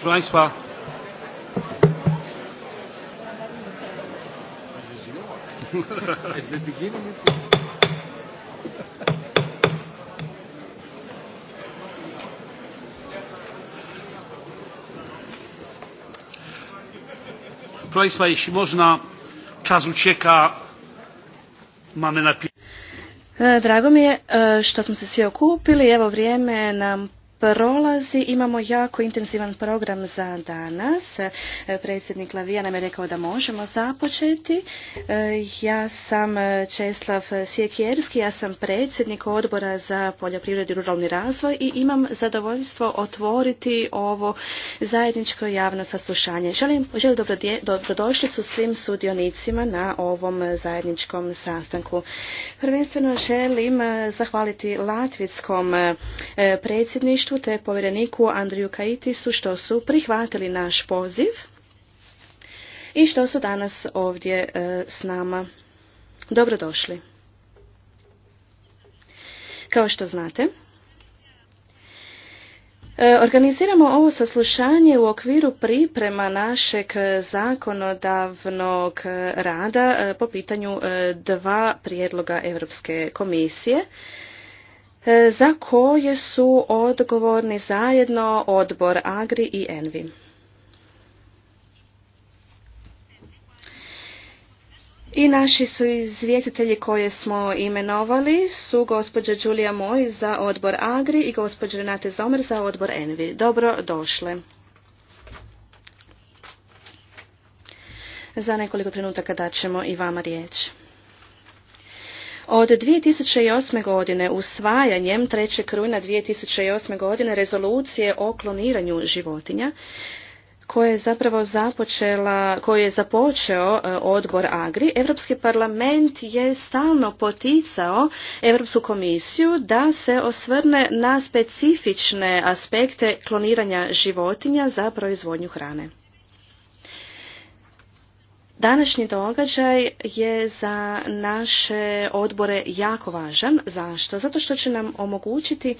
Proszę Państwa, Proszę Państwa, jeśli można, czas ucieka. Mamy na e, Drago mi je e, što smo se svi okupili, evo vrijeme nam prolazi. Imamo jako intenzivan program za danas. E, predsjednik Lavija nam je rekao da možemo započeti. E, ja sam Česlav Sjekjerski, ja sam predsjednik odbora za poljoprivredu i ruralni razvoj i imam zadovoljstvo otvoriti ovo zajedničko javno saslušanje. Želim, želim dobrodošlicu svim sudionicima na ovom zajedničkom sastanku. Prvenstveno želim zahvaliti latvijskom e, predsjedništvu te povjereniku Andriju Kajitisu što su prihvatili naš poziv i što su danas ovdje e, s nama. Dobrodošli. Kao što znate, e, Organiziramo ovo saslušanje u okviru priprema našeg zakonodavnog rada e, po pitanju dva prijedloga Europske komisije E, za koje su odgovorni zajedno odbor Agri i Envi. I naši su izvjestitelji koje smo imenovali su gospođa Đulija Moj za odbor Agri i gospođa Renate Zomer za odbor Envi. Dobro došle. Za nekoliko trenutaka daćemo i vama riječ. Od 2008. godine usvajanjem 3. rujna 2008. godine rezolucije o kloniranju životinja koje je zapravo započela, koje je započeo e, odbor Agri, Europski parlament je stalno poticao Europsku komisiju da se osvrne na specifične aspekte kloniranja životinja za proizvodnju hrane. Današnji događaj je za naše odbore jako važan. Zašto? Zato što će nam omogućiti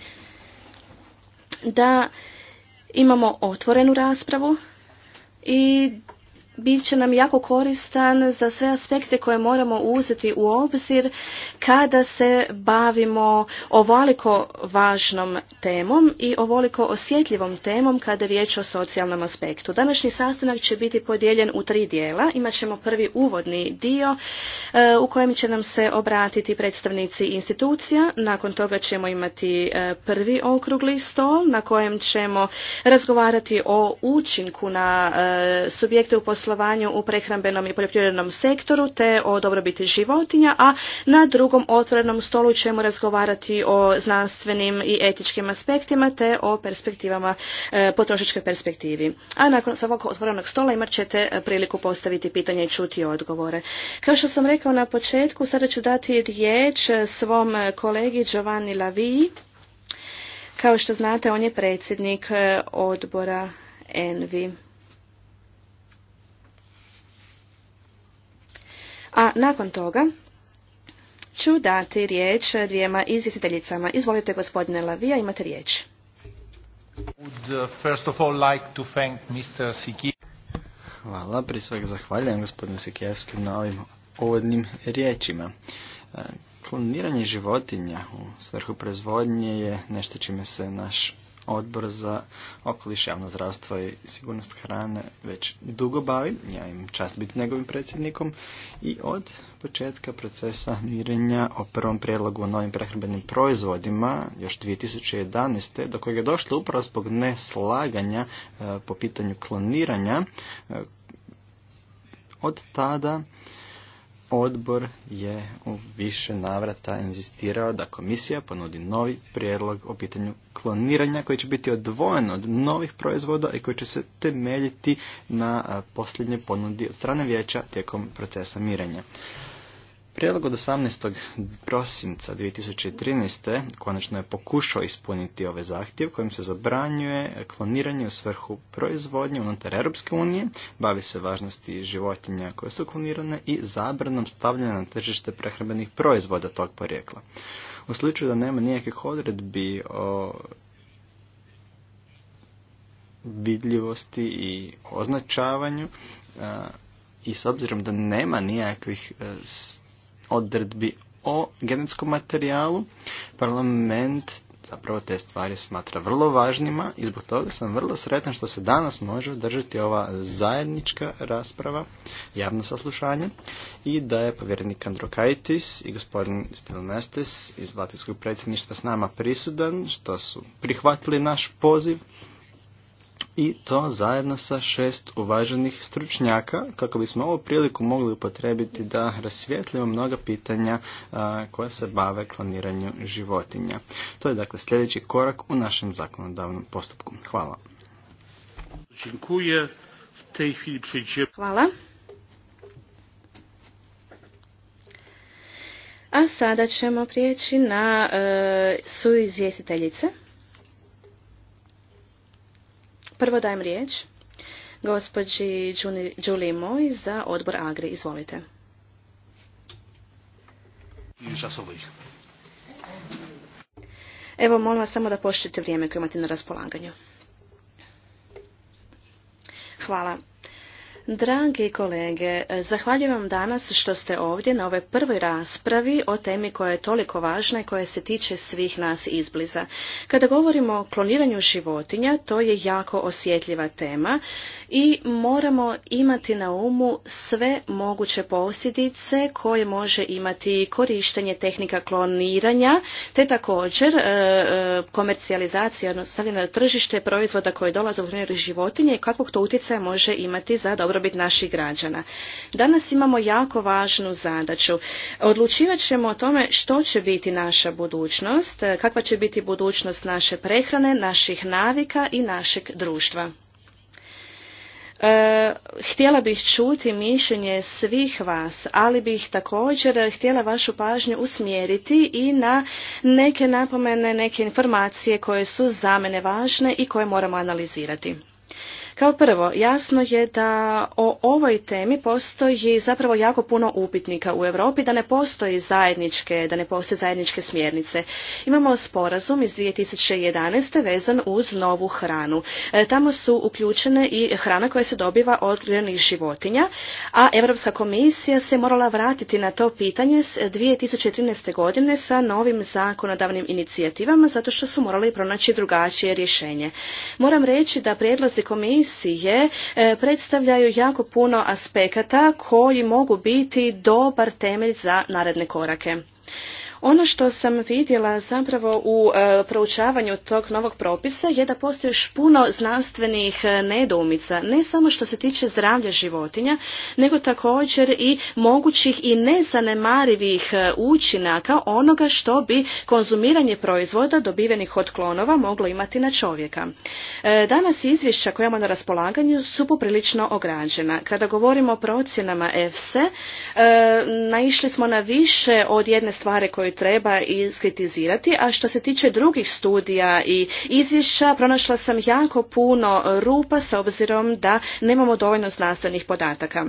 da imamo otvorenu raspravu i bit će nam jako koristan za sve aspekte koje moramo uzeti u obzir kada se bavimo ovoliko važnom temom i ovoliko osjetljivom temom kada je riječ o socijalnom aspektu. Današnji sastanak će biti podijeljen u tri dijela. Imaćemo prvi uvodni dio e, u kojem će nam se obratiti predstavnici institucija. Nakon toga ćemo imati e, prvi okrugli stol na kojem ćemo razgovarati o učinku na e, subjekte u poslu poslovanju u prehrambenom i poljoprivrednom sektoru te o dobrobiti životinja, a na drugom otvorenom stolu ćemo razgovarati o znanstvenim i etičkim aspektima te o perspektivama, e, potrošačkoj perspektivi. A nakon svakog otvorenog stola imat ćete e, priliku postaviti pitanje i čuti odgovore. Kao što sam rekao na početku, sada ću dati riječ e, svom kolegi Giovanni Lavi. Kao što znate, on je predsjednik odbora Envi. A nakon toga ću dati riječ dvijema izvjestiteljicama. Izvolite gospodine Lavija, imate riječ. Uh, Hvala, prije svega zahvaljujem gospodinu Sikijevski na ovim uvodnim riječima. E, kloniranje životinja u svrhu proizvodnje je nešto čime se naš odbor za okoliš, javno zdravstvo i sigurnost hrane već dugo bavi. Ja im čast biti njegovim predsjednikom i od početka procesa mirenja o prvom prijedlogu o novim prehrambenim proizvodima još 2011. do kojeg je došlo upravo zbog neslaganja eh, po pitanju kloniranja. Eh, od tada odbor je u više navrata inzistirao da komisija ponudi novi prijedlog o pitanju kloniranja koji će biti odvojen od novih proizvoda i koji će se temeljiti na posljednje ponudi od strane vijeća tijekom procesa mirenja. Prijedlog od 18. prosinca 2013. konačno je pokušao ispuniti ove ovaj zahtjev kojim se zabranjuje kloniranje u svrhu proizvodnje unutar Europske unije, bavi se važnosti životinja koje su klonirane i zabranom stavljanja na tržište prehrambenih proizvoda tog porijekla. U slučaju da nema nijakih odredbi o vidljivosti i označavanju, i s obzirom da nema nijakvih e, odredbi o genetskom materijalu. Parlament zapravo te stvari smatra vrlo važnima i zbog toga sam vrlo sretan što se danas može održati ova zajednička rasprava, javno saslušanje i da je povjerenik Androkaitis i gospodin Stelnestes iz Latvijskog predsjedništva s nama prisudan, što su prihvatili naš poziv i to zajedno sa šest uvaženih stručnjaka kako bismo ovu priliku mogli upotrebiti da rasvijetlimo mnoga pitanja koja se bave klaniranju životinja. To je dakle sljedeći korak u našem zakonodavnom postupku. Hvala. Hvala. A sada ćemo prijeći na e, suizvjestiteljice. Prvo dajem riječ gospođi Julie Moj za odbor Agri. Izvolite. Evo, molim vas samo da poštite vrijeme koje imate na raspolaganju. Hvala. Dragi kolege, zahvaljujem vam danas što ste ovdje na ovoj prvoj raspravi o temi koja je toliko važna i koja se tiče svih nas izbliza. Kada govorimo o kloniranju životinja, to je jako osjetljiva tema i moramo imati na umu sve moguće posljedice koje može imati korištenje tehnika kloniranja, te također e, e, komercijalizacija, odnosno stavljena na tržište proizvoda koje dolaze u kloniranju životinje i kakvog to utjecaja može imati za dobro dobrobit naših građana. Danas imamo jako važnu zadaću. Odlučivat ćemo o tome što će biti naša budućnost, kakva će biti budućnost naše prehrane, naših navika i našeg društva. E, htjela bih čuti mišljenje svih vas, ali bih također htjela vašu pažnju usmjeriti i na neke napomene, neke informacije koje su za mene važne i koje moramo analizirati. Kao prvo, jasno je da o ovoj temi postoji zapravo jako puno upitnika u Europi, da ne postoji zajedničke, da ne postoje zajedničke smjernice. Imamo sporazum iz 2011. vezan uz novu hranu. E, tamo su uključene i hrana koja se dobiva od kljenih životinja, a Europska komisija se morala vratiti na to pitanje s 2013. godine sa novim zakonodavnim inicijativama zato što su morali pronaći drugačije rješenje. Moram reći da prijedlozi komisije komisije e, predstavljaju jako puno aspekata koji mogu biti dobar temelj za naredne korake. Ono što sam vidjela zapravo u e, proučavanju tog novog propisa je da postoji još puno znanstvenih e, nedoumica, ne samo što se tiče zdravlja životinja, nego također i mogućih i nezanemarivih e, učinaka onoga što bi konzumiranje proizvoda dobivenih od klonova moglo imati na čovjeka. danas izvješća koja imamo na raspolaganju su poprilično ograđena. Kada govorimo o procjenama EFSE, naišli smo na više od jedne stvari koje treba treba iskritizirati, a što se tiče drugih studija i izvješća, pronašla sam jako puno rupa s obzirom da nemamo dovoljno znanstvenih podataka.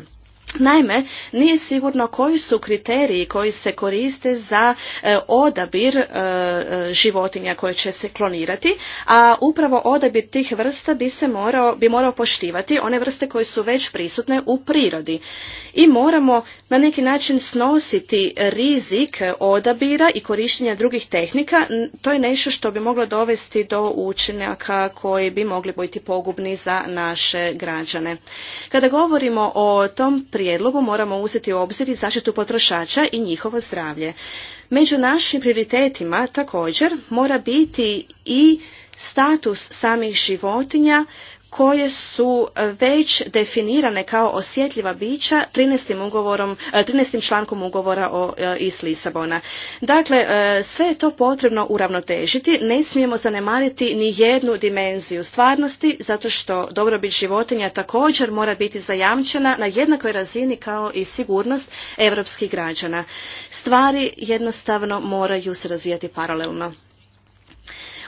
Naime, nije sigurno koji su kriteriji koji se koriste za e, odabir e, e, životinja koje će se klonirati, a upravo odabir tih vrsta bi se morao, bi morao poštivati one vrste koje su već prisutne u prirodi. I moramo na neki način snositi rizik odabira i korištenja drugih tehnika, to je nešto što bi moglo dovesti do učinaka koji bi mogli biti pogubni za naše građane. Kada govorimo o tom prijedlogu moramo uzeti u obzir i zaštitu potrošača i njihovo zdravlje. Među našim prioritetima također mora biti i status samih životinja koje su e, već definirane kao osjetljiva bića 13. ugovorom 13. E, člankom ugovora o, e, iz Lisabona. Dakle, sve je to potrebno uravnotežiti, ne smijemo zanemariti ni jednu dimenziju stvarnosti, zato što dobrobit životinja također mora biti zajamčena na jednakoj razini kao i sigurnost europskih građana. Stvari jednostavno moraju se razvijati paralelno.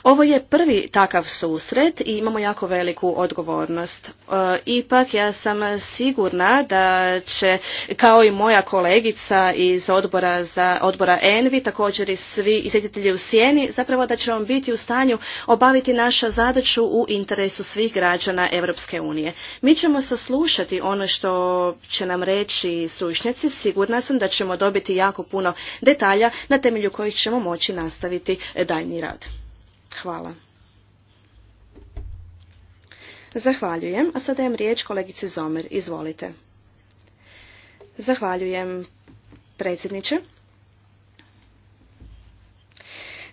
Ovo je prvi takav susret i imamo jako veliku odgovornost. E, ipak ja sam sigurna da će kao i moja kolegica iz odbora za odbora Envi, također i svi izvjetitelji u sjeni, zapravo da ćemo biti u stanju obaviti naša zadaću u interesu svih građana Europske unije. Mi ćemo saslušati ono što će nam reći stručnjaci, sigurna sam da ćemo dobiti jako puno detalja na temelju kojih ćemo moći nastaviti daljnji rad. Hvala. Zahvaljujem, a sada dajem riječ kolegici Zomer. Izvolite. Zahvaljujem, predsjedniče.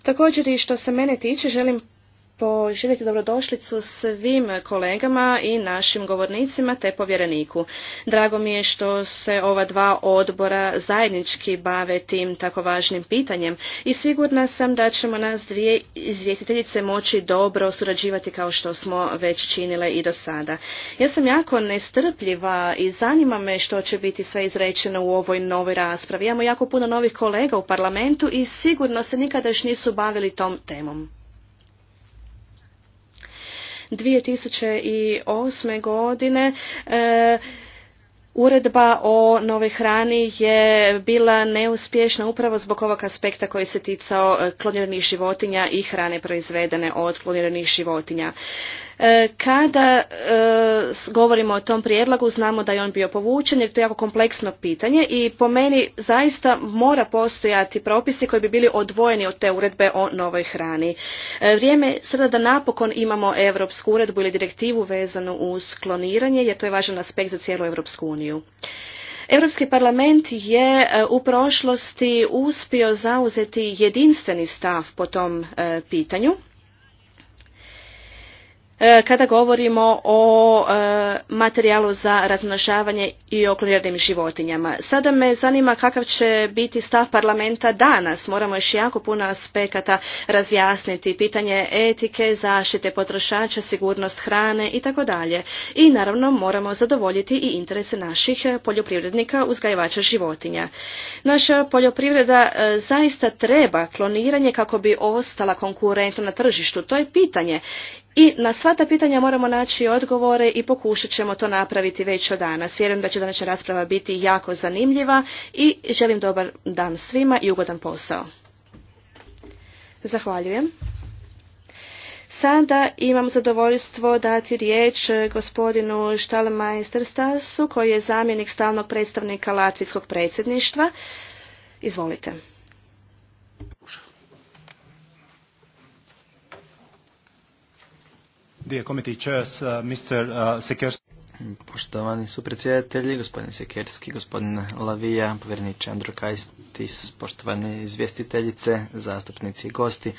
Također i što se mene tiče, želim poželjeti dobrodošlicu svim kolegama i našim govornicima te povjereniku. Drago mi je što se ova dva odbora zajednički bave tim tako važnim pitanjem i sigurna sam da ćemo nas dvije izvjestiteljice moći dobro surađivati kao što smo već činile i do sada. Ja sam jako nestrpljiva i zanima me što će biti sve izrečeno u ovoj novoj raspravi. Imamo jako puno novih kolega u parlamentu i sigurno se nikada još nisu bavili tom temom. 2008. godine e, Uredba o novoj hrani je bila neuspješna upravo zbog ovog aspekta koji se ticao e, kloniranih životinja i hrane proizvedene od kloniranih životinja. E, kada e, govorimo o tom prijedlogu, znamo da je on bio povučen jer to je jako kompleksno pitanje i po meni zaista mora postojati propisi koji bi bili odvojeni od te uredbe o novoj hrani. E, vrijeme je sada da napokon imamo europsku uredbu ili direktivu vezanu uz kloniranje jer to je važan aspekt za cijelu Europsku uniju. Europski parlament je u prošlosti uspio zauzeti jedinstveni stav po tom pitanju E, kada govorimo o e, materijalu za razmnožavanje i o životinjama. Sada me zanima kakav će biti stav parlamenta danas. Moramo još jako puno aspekata razjasniti. Pitanje etike, zaštite potrošača, sigurnost hrane i tako dalje. I naravno moramo zadovoljiti i interese naših poljoprivrednika, uzgajivača životinja. Naša poljoprivreda e, zaista treba kloniranje kako bi ostala konkurentna na tržištu. To je pitanje i na sva ta pitanja moramo naći odgovore i pokušat ćemo to napraviti već od danas. Vjerujem da će današnja rasprava biti jako zanimljiva i želim dobar dan svima i ugodan posao. Zahvaljujem. Sada imam zadovoljstvo dati riječ gospodinu Štalmajster Stasu, koji je zamjenik stalnog predstavnika Latvijskog predsjedništva. Izvolite. dear committee chairs, uh, uh, Sekerski. Poštovani su predsjedatelji, gospodin Sekerski, gospodin Lavija, povjerniče Kajstis, poštovani izvjestiteljice, zastupnici i gosti.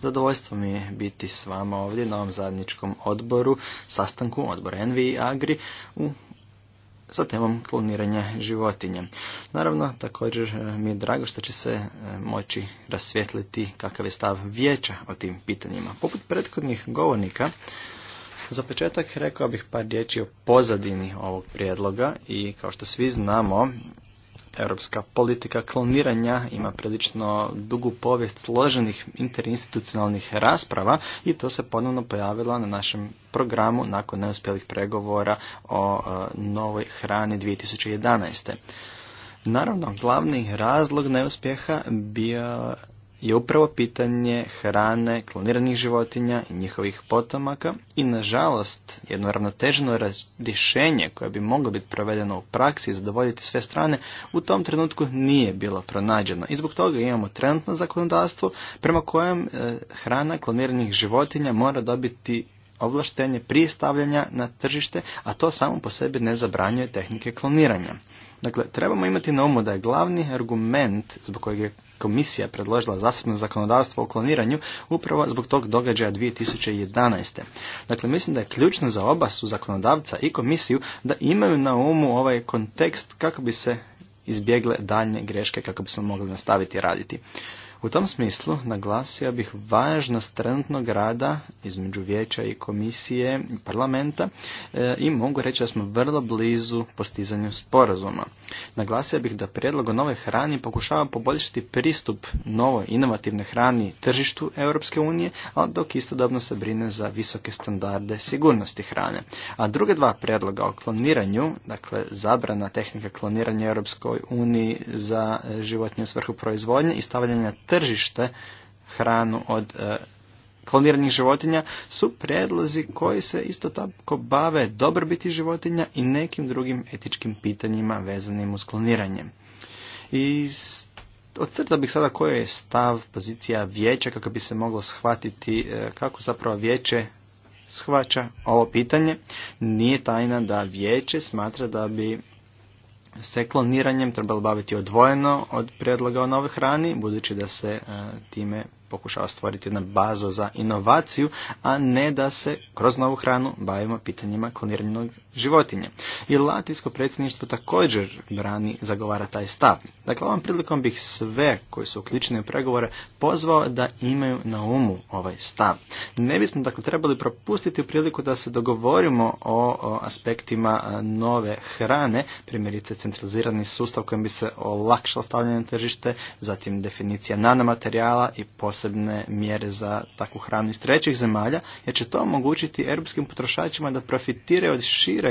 Zadovoljstvo mi je biti s vama ovdje na ovom zadničkom odboru, sastanku odbora Envi i Agri u sa temom kloniranja životinja. Naravno, također e, mi je drago što će se e, moći rasvjetliti kakav je stav vijeća o tim pitanjima. Poput prethodnih govornika, za početak rekao bih par riječi o pozadini ovog prijedloga i kao što svi znamo, europska politika kloniranja ima prilično dugu povijest složenih interinstitucionalnih rasprava i to se ponovno pojavilo na našem programu nakon neuspjelih pregovora o e, novoj hrani 2011. Naravno, glavni razlog neuspjeha bio je upravo pitanje hrane kloniranih životinja i njihovih potomaka i nažalost jedno ravnotežno rješenje koje bi moglo biti provedeno u praksi i zadovoljiti sve strane u tom trenutku nije bilo pronađeno i zbog toga imamo trenutno zakonodavstvo prema kojem e, hrana kloniranih životinja mora dobiti ovlaštenje prije stavljanja na tržište, a to samo po sebi ne zabranjuje tehnike kloniranja. Dakle, trebamo imati na umu da je glavni argument zbog kojeg je komisija predložila zasebno zakonodavstvo o kloniranju upravo zbog tog događaja 2011. Dakle, mislim da je ključno za oba su zakonodavca i komisiju da imaju na umu ovaj kontekst kako bi se izbjegle daljne greške kako bismo mogli nastaviti raditi. U tom smislu naglasio bih važnost trenutnog rada između vijeća i komisije parlamenta e, i mogu reći da smo vrlo blizu postizanju sporazuma. Naglasio bih da prijedlog o nove hrani pokušava poboljšati pristup novoj inovativne hrani tržištu Europske unije, ali dok istodobno se brine za visoke standarde sigurnosti hrane. A druge dva prijedloga o kloniranju, dakle zabrana tehnika kloniranja Europskoj uniji za životinje svrhu proizvodnje i stavljanja tržište hranu od e, kloniranih životinja su prijedlozi koji se isto tako bave dobrobiti životinja i nekim drugim etičkim pitanjima vezanim uz kloniranje. I Odcrta bih sada koji je stav, pozicija vijeća kako bi se moglo shvatiti e, kako zapravo vijeće shvaća ovo pitanje. Nije tajna da vijeće smatra da bi se kloniranjem trebalo baviti odvojeno od prijedloga o novoj hrani, budući da se e, time pokušava stvoriti jedna baza za inovaciju, a ne da se kroz novu hranu bavimo pitanjima kloniranog životinje. I latinsko predsjedništvo također brani zagovara taj stav. Dakle, ovom prilikom bih sve koji su uključeni u pregovore pozvao da imaju na umu ovaj stav. Ne bismo dakle trebali propustiti priliku da se dogovorimo o, aspektima nove hrane, primjerice centralizirani sustav kojim bi se olakšalo stavljanje na tržište, zatim definicija nanomaterijala i posebne mjere za takvu hranu iz trećih zemalja, jer će to omogućiti europskim potrošačima da profitiraju od šire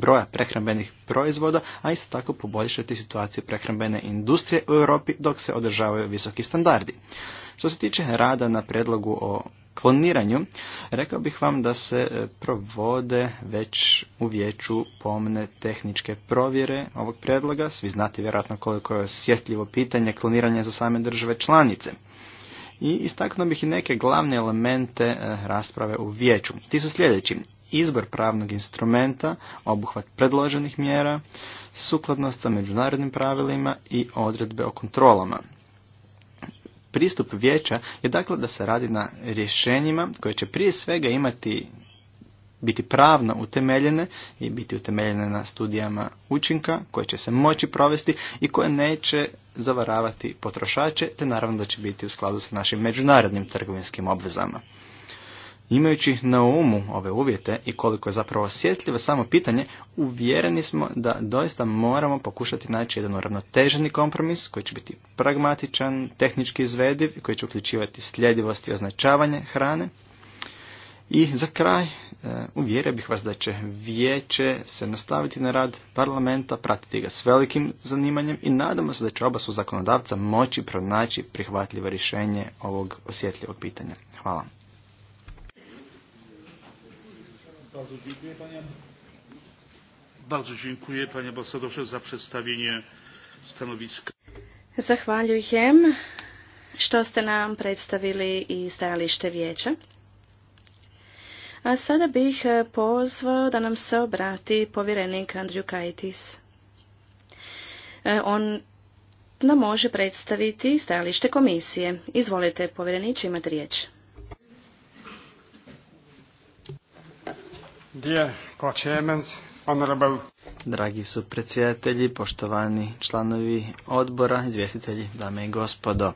broja prehrambenih proizvoda, a isto tako poboljšati situaciju prehrambene industrije u Europi dok se održavaju visoki standardi. Što se tiče rada na predlogu o kloniranju, rekao bih vam da se e, provode već u vijeću pomne tehničke provjere ovog predloga. Svi znate vjerojatno koliko je osjetljivo pitanje kloniranja za same države članice. I istaknuo bih i neke glavne elemente e, rasprave u vijeću. Ti su sljedeći izbor pravnog instrumenta, obuhvat predloženih mjera, sukladnost sa međunarodnim pravilima i odredbe o kontrolama. Pristup vijeća je dakle da se radi na rješenjima koje će prije svega imati biti pravno utemeljene i biti utemeljene na studijama učinka koje će se moći provesti i koje neće zavaravati potrošače, te naravno da će biti u skladu sa našim međunarodnim trgovinskim obvezama. Imajući na umu ove uvjete i koliko je zapravo osjetljivo samo pitanje, uvjereni smo da doista moramo pokušati naći jedan uravnoteženi kompromis koji će biti pragmatičan, tehnički izvediv i koji će uključivati sljedivost i označavanje hrane. I za kraj, e, uvjerio bih vas da će vijeće se nastaviti na rad parlamenta, pratiti ga s velikim zanimanjem i nadamo se da će oba su zakonodavca moći pronaći prihvatljivo rješenje ovog osjetljivog pitanja. Hvala. Bardzo dziękuję panie. ambasadorze za przedstawienie stanowiska. Zahvaljujem što ste nam predstavili i stajalište vijeća. A sada bih pozvao da nam se obrati povjerenik Andriju Kajtis. E, on nam može predstaviti stajalište komisije. Izvolite, povjereniče, imate riječ. Dragi su predsjedatelji, poštovani članovi odbora, izvjestitelji, dame i gospodo.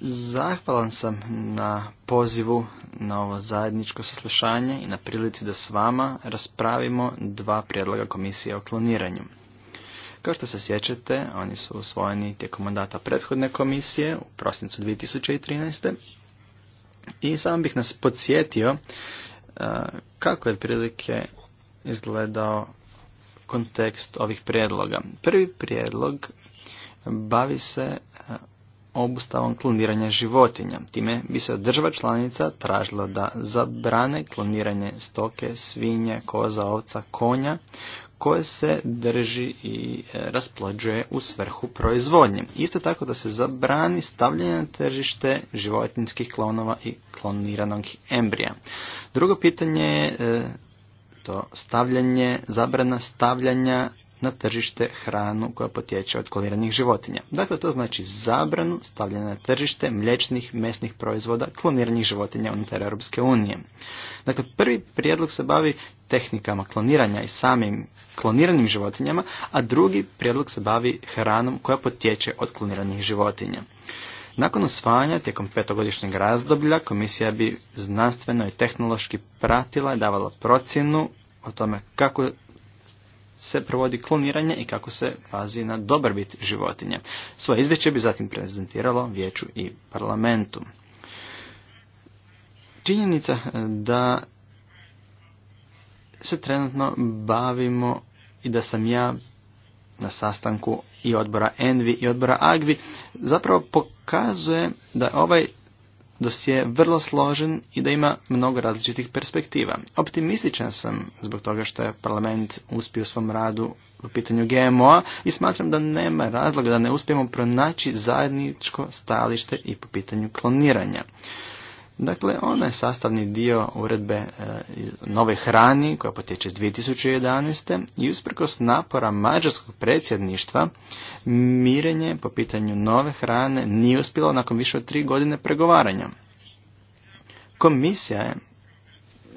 Zahvalan sam na pozivu na ovo zajedničko saslušanje i na prilici da s vama raspravimo dva prijedloga komisije o kloniranju. Kao što se sjećate, oni su usvojeni tijekom mandata prethodne komisije u prosincu 2013. I samo bih nas podsjetio E, kako je prilike izgledao kontekst ovih prijedloga. Prvi prijedlog bavi se e, obustavom kloniranja životinja. Time bi se država članica tražila da zabrane kloniranje stoke, svinje, koza, ovca, konja koje se drži i e, rasplođuje u svrhu proizvodnje. Isto tako da se zabrani stavljanje na tržište životinskih klonova i kloniranog embrija. Drugo pitanje je e, to stavljanje, zabrana stavljanja na tržište hranu koja potječe od kloniranih životinja. Dakle, to znači zabranu stavljanja na tržište mliječnih mesnih proizvoda kloniranih životinja unutar Europske unije. Dakle, prvi prijedlog se bavi tehnikama kloniranja i samim kloniranim životinjama, a drugi prijedlog se bavi hranom koja potječe od kloniranih životinja. Nakon usvajanja tijekom petogodišnjeg razdoblja komisija bi znanstveno i tehnološki pratila i davala procjenu o tome kako se provodi kloniranje i kako se pazi na dobrobit životinje. Svoje izvješće bi zatim prezentiralo vijeću i parlamentu. Činjenica e, da se trenutno bavimo i da sam ja na sastanku i odbora Envi i odbora Agvi zapravo pokazuje da ovaj dosje vrlo složen i da ima mnogo različitih perspektiva. Optimističan sam zbog toga što je parlament uspio u svom radu u pitanju GMO-a i smatram da nema razloga da ne uspijemo pronaći zajedničko stajalište i po pitanju kloniranja. Dakle, ona je sastavni dio uredbe e, nove hrani koja potječe iz 2011. i usprkos napora mađarskog predsjedništva mirenje po pitanju nove hrane nije uspjelo nakon više od tri godine pregovaranja. Komisija je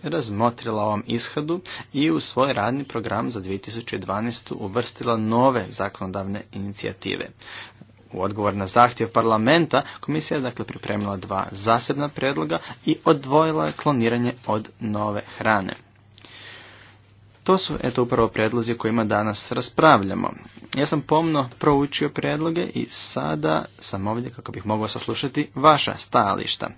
razmotrila ovom ishodu i u svoj radni program za 2012. uvrstila nove zakonodavne inicijative. U odgovor na zahtjev parlamenta komisija je dakle pripremila dva zasebna predloga i odvojila je kloniranje od nove hrane. To su eto upravo predlozi kojima danas raspravljamo. Ja sam pomno proučio predloge i sada sam ovdje kako bih mogao saslušati vaša stajališta.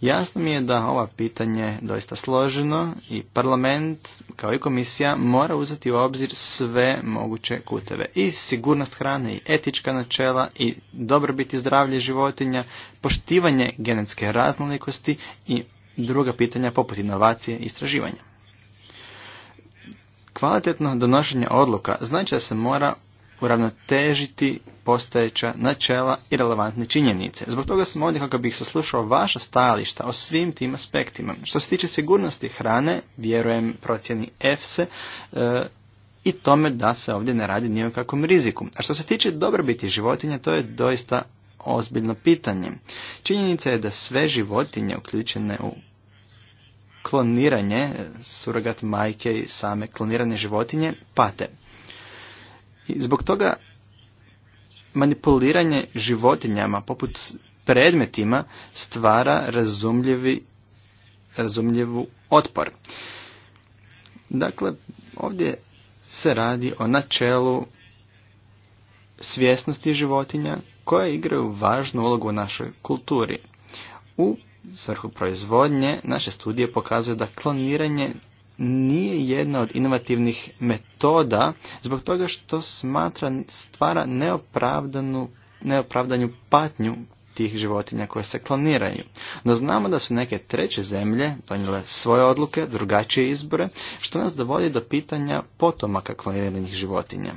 Jasno mi je da ova pitanje doista složeno i parlament kao i komisija mora uzeti u obzir sve moguće kuteve. I sigurnost hrane i etička načela i dobrobiti zdravlje životinja, poštivanje genetske raznolikosti i druga pitanja poput inovacije i istraživanja. Kvalitetno donošenje odluka znači da se mora uravnotežiti postojeća načela i relevantne činjenice. Zbog toga sam ovdje kako bih saslušao vaša stajališta o svim tim aspektima. Što se tiče sigurnosti hrane, vjerujem procjeni EFSE e, i tome da se ovdje ne radi nije o kakvom riziku. A što se tiče dobrobiti životinja, to je doista ozbiljno pitanje. Činjenica je da sve životinje uključene u kloniranje surogat majke i same klonirane životinje pate. I zbog toga manipuliranje životinjama poput predmetima stvara razumljivi, razumljivu otpor. Dakle, ovdje se radi o načelu svjesnosti životinja koja igraju važnu ulogu u našoj kulturi. U svrhu proizvodnje, naše studije pokazuju da kloniranje nije jedna od inovativnih metoda zbog toga što smatra, stvara neopravdanu, neopravdanju patnju tih životinja koje se kloniraju. No znamo da su neke treće zemlje donijele svoje odluke, drugačije izbore, što nas dovodi do pitanja potomaka kloniranih životinja.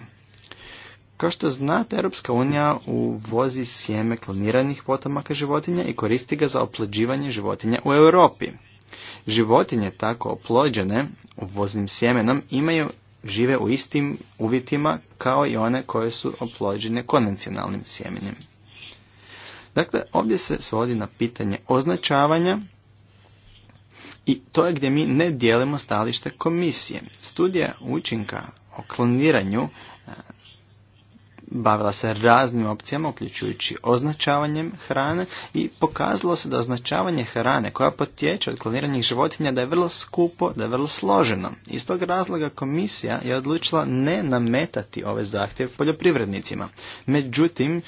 Kao što znate, Europska unija uvozi sjeme kloniranih potomaka životinja i koristi ga za oplođivanje životinja u Europi. Životinje tako oplođene uvoznim sjemenom imaju žive u istim uvjetima kao i one koje su oplođene konvencionalnim sjemenjem. Dakle, ovdje se svodi na pitanje označavanja i to je gdje mi ne dijelimo stalište komisije. Studija učinka o kloniranju bavila se raznim opcijama, uključujući označavanjem hrane i pokazalo se da označavanje hrane koja potječe od kloniranih životinja da je vrlo skupo, da je vrlo složeno. Iz tog razloga komisija je odlučila ne nametati ove ovaj zahtjeve poljoprivrednicima. Međutim,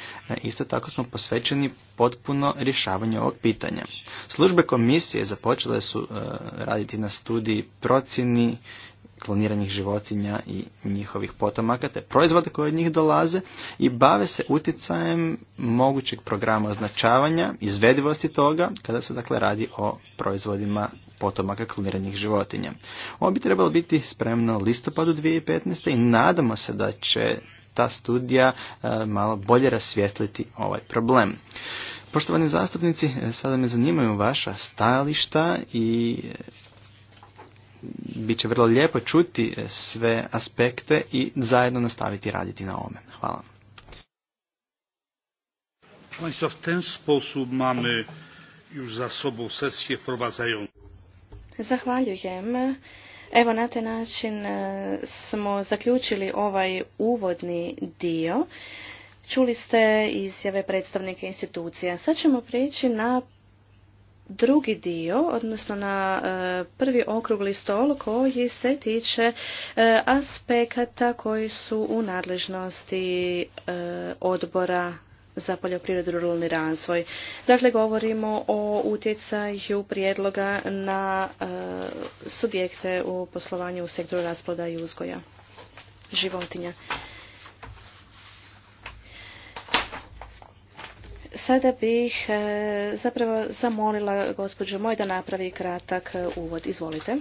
isto tako smo posvećeni potpuno rješavanju ovog pitanja. Službe komisije započele su e, raditi na studiji procjeni kloniranih životinja i njihovih potomaka, te proizvode koje od njih dolaze i bave se utjecajem mogućeg programa označavanja, izvedivosti toga, kada se dakle radi o proizvodima potomaka kloniranih životinja. Ovo bi trebalo biti spremno listopadu 2015. i nadamo se da će ta studija e, malo bolje rasvjetliti ovaj problem. Poštovani zastupnici, e, sada me zanimaju vaša stajališta i e, bit će vrlo lijepo čuti e, sve aspekte i zajedno nastaviti raditi na ovome. Hvala. w ten sposób mamy już za sobą Zahvaljujem. Evo na taj način e, smo zaključili ovaj uvodni dio. Čuli ste izjave predstavnike institucija. Sad ćemo prijeći na drugi dio, odnosno na e, prvi okrugli stol koji se tiče e, aspekata koji su u nadležnosti e, odbora za poljoprivredu i ruralni razvoj. Dakle, govorimo o utjecaju prijedloga na subjekte u poslovanju u sektoru rasploda i uzgoja životinja. Sada bih e, zapravo zamolila gospođu Moj da napravi kratak e, uvod. Izvolite.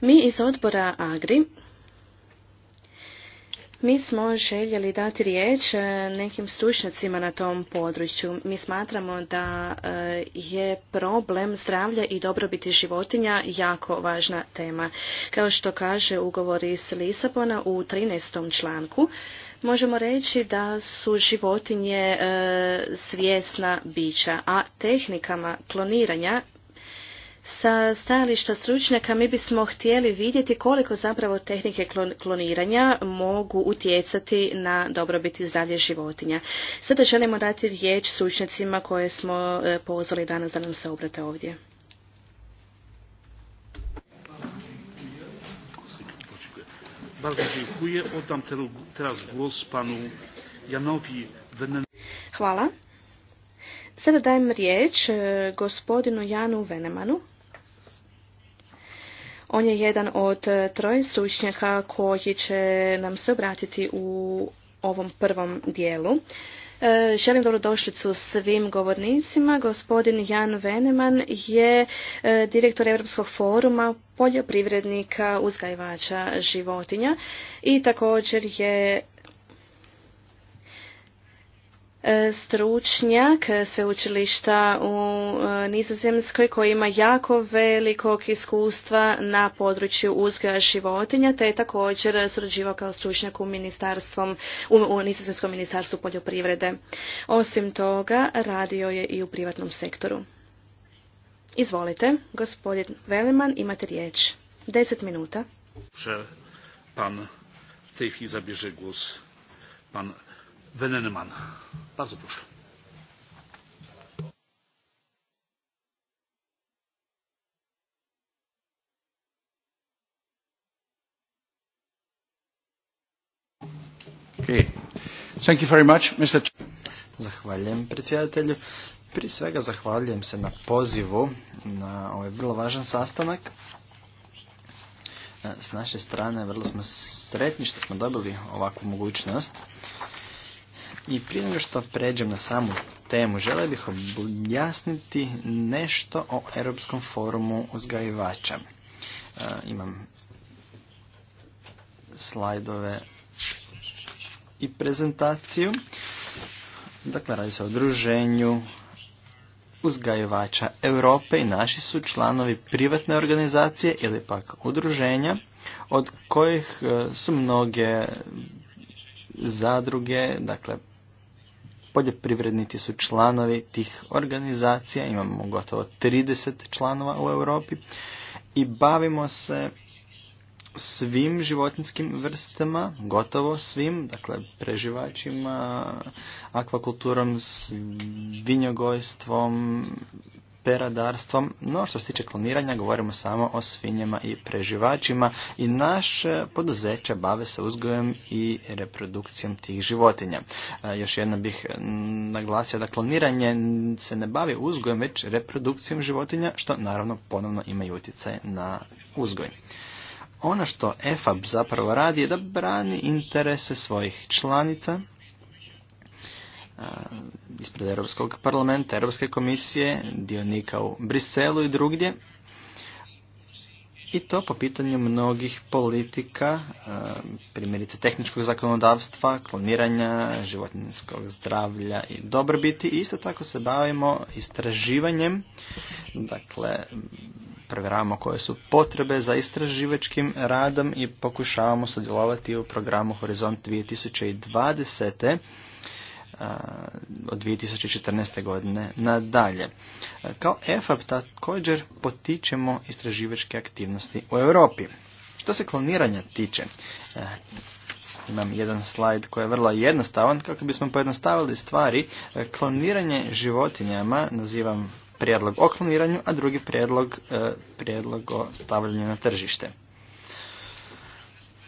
Mi iz odbora Agri mi smo željeli dati riječ e, nekim stručnjacima na tom području. Mi smatramo da e, je problem zdravlja i dobrobiti životinja jako važna tema. Kao što kaže ugovor iz Lisabona u 13. članku, možemo reći da su životinje e, svjesna bića, a tehnikama kloniranja sa stajališta stručnjaka mi bismo htjeli vidjeti koliko zapravo tehnike kloniranja mogu utjecati na dobrobit zdravlje životinja. Sada želimo dati riječ stručnjacima koje smo e, pozvali danas da nam se obrate ovdje. Hvala. Sada dajem riječ e, gospodinu Janu Venemanu. On je jedan od e, troje stručnjaka koji će nam se obratiti u ovom prvom dijelu. E, želim dobrodošlicu svim govornicima. Gospodin Jan Veneman je e, direktor Europskog foruma poljoprivrednika uzgajivača životinja i također je E, stručnjak sveučilišta u e, Nizozemskoj koji ima jako velikog iskustva na području uzgoja životinja te je također surađivao kao stručnjak u, ministarstvom, u, u Nizozemskom ministarstvu poljoprivrede. Osim toga radio je i u privatnom sektoru. Izvolite, gospodin Veleman, imate riječ. Deset minuta. Pan pan Bardzo proszę. Okay. Zahvaljujem predsjedatelju. Prije svega zahvaljujem se na pozivu na ovaj vrlo važan sastanak. E, s naše strane vrlo smo sretni što smo dobili ovakvu mogućnost i prije nego što pređem na samu temu, žele bih objasniti nešto o Europskom forumu uzgajivača. E, imam slajdove i prezentaciju. Dakle, radi se o druženju uzgajivača Europe i naši su članovi privatne organizacije ili pak udruženja od kojih e, su mnoge zadruge, dakle poljoprivrednici su članovi tih organizacija, imamo gotovo 30 članova u Europi i bavimo se svim životinskim vrstama, gotovo svim, dakle preživačima, akvakulturom, vinjogojstvom, peradarstvom, no što se tiče kloniranja govorimo samo o svinjama i preživačima i naše poduzeće bave se uzgojem i reprodukcijom tih životinja. E, još jednom bih naglasio da kloniranje se ne bavi uzgojem već reprodukcijom životinja što naravno ponovno ima i utjecaj na uzgoj. Ono što EFAB zapravo radi je da brani interese svojih članica ispred Europskog parlamenta, Europske komisije, dionika u Briselu i drugdje. I to po pitanju mnogih politika, primjerice tehničkog zakonodavstva, kloniranja, životinjskog zdravlja i dobrobiti. Isto tako se bavimo istraživanjem, dakle provjeravamo koje su potrebe za istraživačkim radom i pokušavamo sudjelovati u programu Horizont 2020 od 2014. godine nadalje. E, kao efekt također potičemo istraživačke aktivnosti u Europi. Što se kloniranja tiče, e, imam jedan slajd koji je vrlo jednostavan. Kako bismo pojednostavili stvari, e, kloniranje životinjama nazivam prijedlog o kloniranju, a drugi prijedlog, prijedlog o stavljanju na tržište.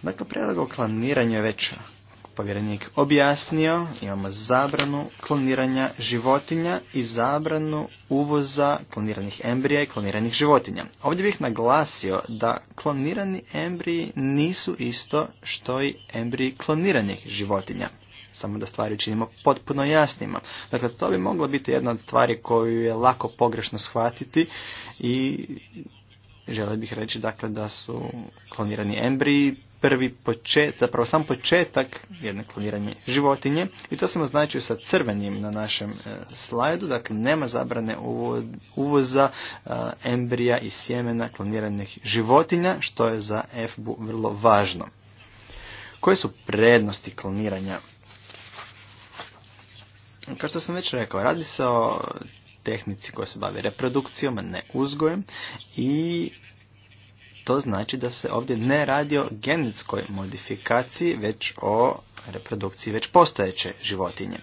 Dakle, prijedlog o kloniranju je već povjerenik objasnio, imamo zabranu kloniranja životinja i zabranu uvoza kloniranih embrija i kloniranih životinja. Ovdje bih naglasio da klonirani embriji nisu isto što i embriji kloniranih životinja. Samo da stvari činimo potpuno jasnima. Dakle, to bi mogla biti jedna od stvari koju je lako pogrešno shvatiti i želio bih reći dakle da su klonirani embriji prvi početak, zapravo sam početak jedne kloniranje životinje i to sam označio sa crvenim na našem e, slajdu, dakle nema zabrane uvoza e, embrija i sjemena kloniranih životinja, što je za FBU vrlo važno. Koje su prednosti kloniranja? Kao što sam već rekao, radi se o tehnici koja se bavi reprodukcijom, a ne uzgojem i to znači da se ovdje ne radi o genetskoj modifikaciji, već o reprodukciji već postojeće životinje.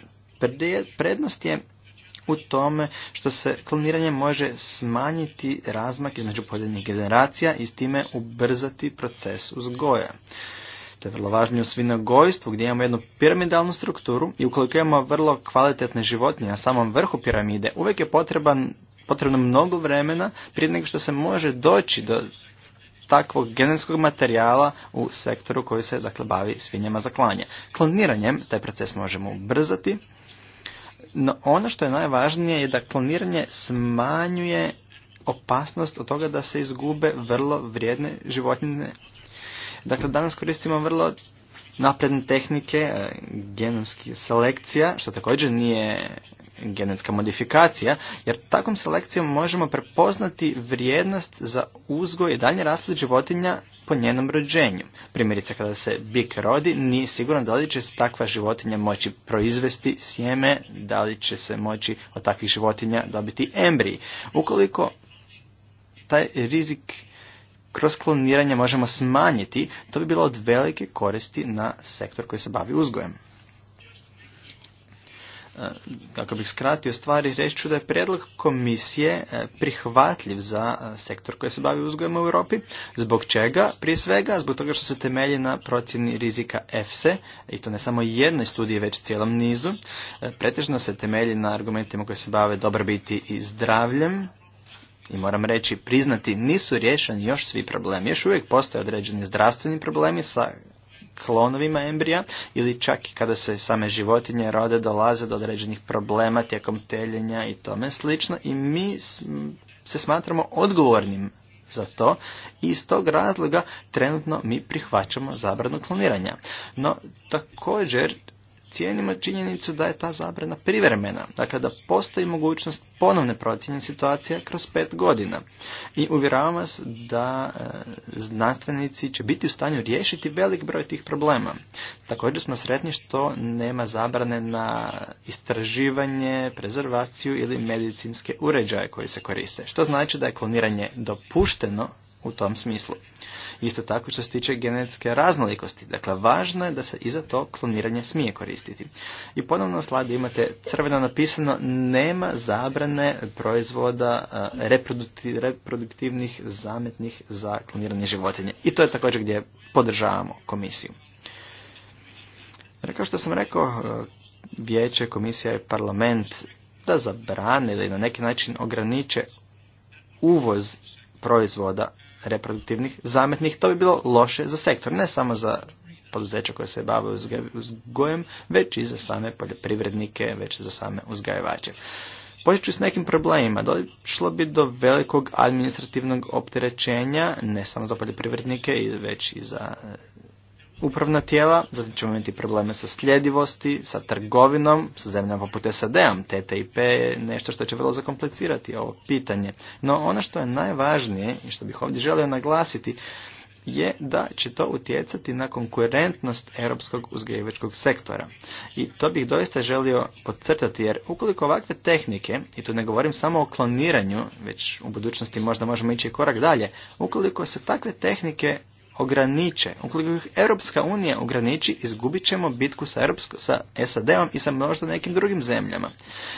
Prednost je u tome što se kloniranje može smanjiti razmak između pojedinih generacija i s time ubrzati proces uzgoja. To je vrlo važno u svinogojstvu gdje imamo jednu piramidalnu strukturu i ukoliko imamo vrlo kvalitetne životinje na samom vrhu piramide, uvijek je potreban potrebno mnogo vremena prije nego što se može doći do takvog genetskog materijala u sektoru koji se dakle bavi svinjama za klanje. Kloniranjem taj proces možemo ubrzati, no ono što je najvažnije je da kloniranje smanjuje opasnost od toga da se izgube vrlo vrijedne životinje. Dakle, danas koristimo vrlo napredne tehnike, eh, genomski selekcija, što također nije genetska modifikacija, jer takvom selekcijom možemo prepoznati vrijednost za uzgoj i dalje rasplod životinja po njenom rođenju. Primjerice, kada se bik rodi, nije sigurno da li će se takva životinja moći proizvesti sjeme, da li će se moći od takvih životinja dobiti embriji. Ukoliko taj rizik kroz kloniranje možemo smanjiti, to bi bilo od velike koristi na sektor koji se bavi uzgojem kako bih skratio stvari, reći ću da je predlog komisije e, prihvatljiv za e, sektor koji se bavi uzgojem u Europi. Zbog čega? Prije svega, zbog toga što se temelji na procjeni rizika EFSE, i to ne samo jednoj studiji, već cijelom nizu. E, pretežno se temelji na argumentima koji se bave dobrobiti i zdravljem, i moram reći, priznati nisu rješeni još svi problemi. Još uvijek postoje određeni zdravstveni problemi sa klonovima embrija ili čak i kada se same životinje rode dolaze do određenih problema tijekom teljenja i tome slično i mi se smatramo odgovornim za to i iz tog razloga trenutno mi prihvaćamo zabranu kloniranja. No također cijenimo činjenicu da je ta zabrana privremena, dakle da postoji mogućnost ponovne procjene situacije kroz pet godina. I uvjeravam vas da e, znanstvenici će biti u stanju riješiti velik broj tih problema. Također smo sretni što nema zabrane na istraživanje, prezervaciju ili medicinske uređaje koji se koriste, što znači da je kloniranje dopušteno u tom smislu. Isto tako što se tiče genetske raznolikosti. Dakle, važno je da se i za to kloniranje smije koristiti. I ponovno na sladu imate crveno napisano nema zabrane proizvoda eh, reproduktivnih zametnih za kloniranje životinje. I to je također gdje podržavamo komisiju. Kao što sam rekao, eh, vijeće, komisija i parlament da zabrane ili na neki način ograniče uvoz proizvoda reproduktivnih zametnih, to bi bilo loše za sektor, ne samo za poduzeća koje se bave uzgojem, već i za same poljoprivrednike, već i za same uzgajivače. Počet s nekim problemima. Došlo bi do velikog administrativnog opterećenja, ne samo za poljoprivrednike, već i za upravna tijela, zatim ćemo imati probleme sa sljedivosti, sa trgovinom, sa zemljama poput SAD-om. TTIP je nešto što će vrlo zakomplicirati ovo pitanje. No ono što je najvažnije i što bih ovdje želio naglasiti je da će to utjecati na konkurentnost europskog uzgajivačkog sektora. I to bih doista želio podcrtati jer ukoliko ovakve tehnike, i tu ne govorim samo o kloniranju, već u budućnosti možda možemo ići korak dalje, ukoliko se takve tehnike ograniče, ukoliko ih Europska unija ograniči, izgubit ćemo bitku sa, Europsko, sa SAD-om i sa možda nekim drugim zemljama.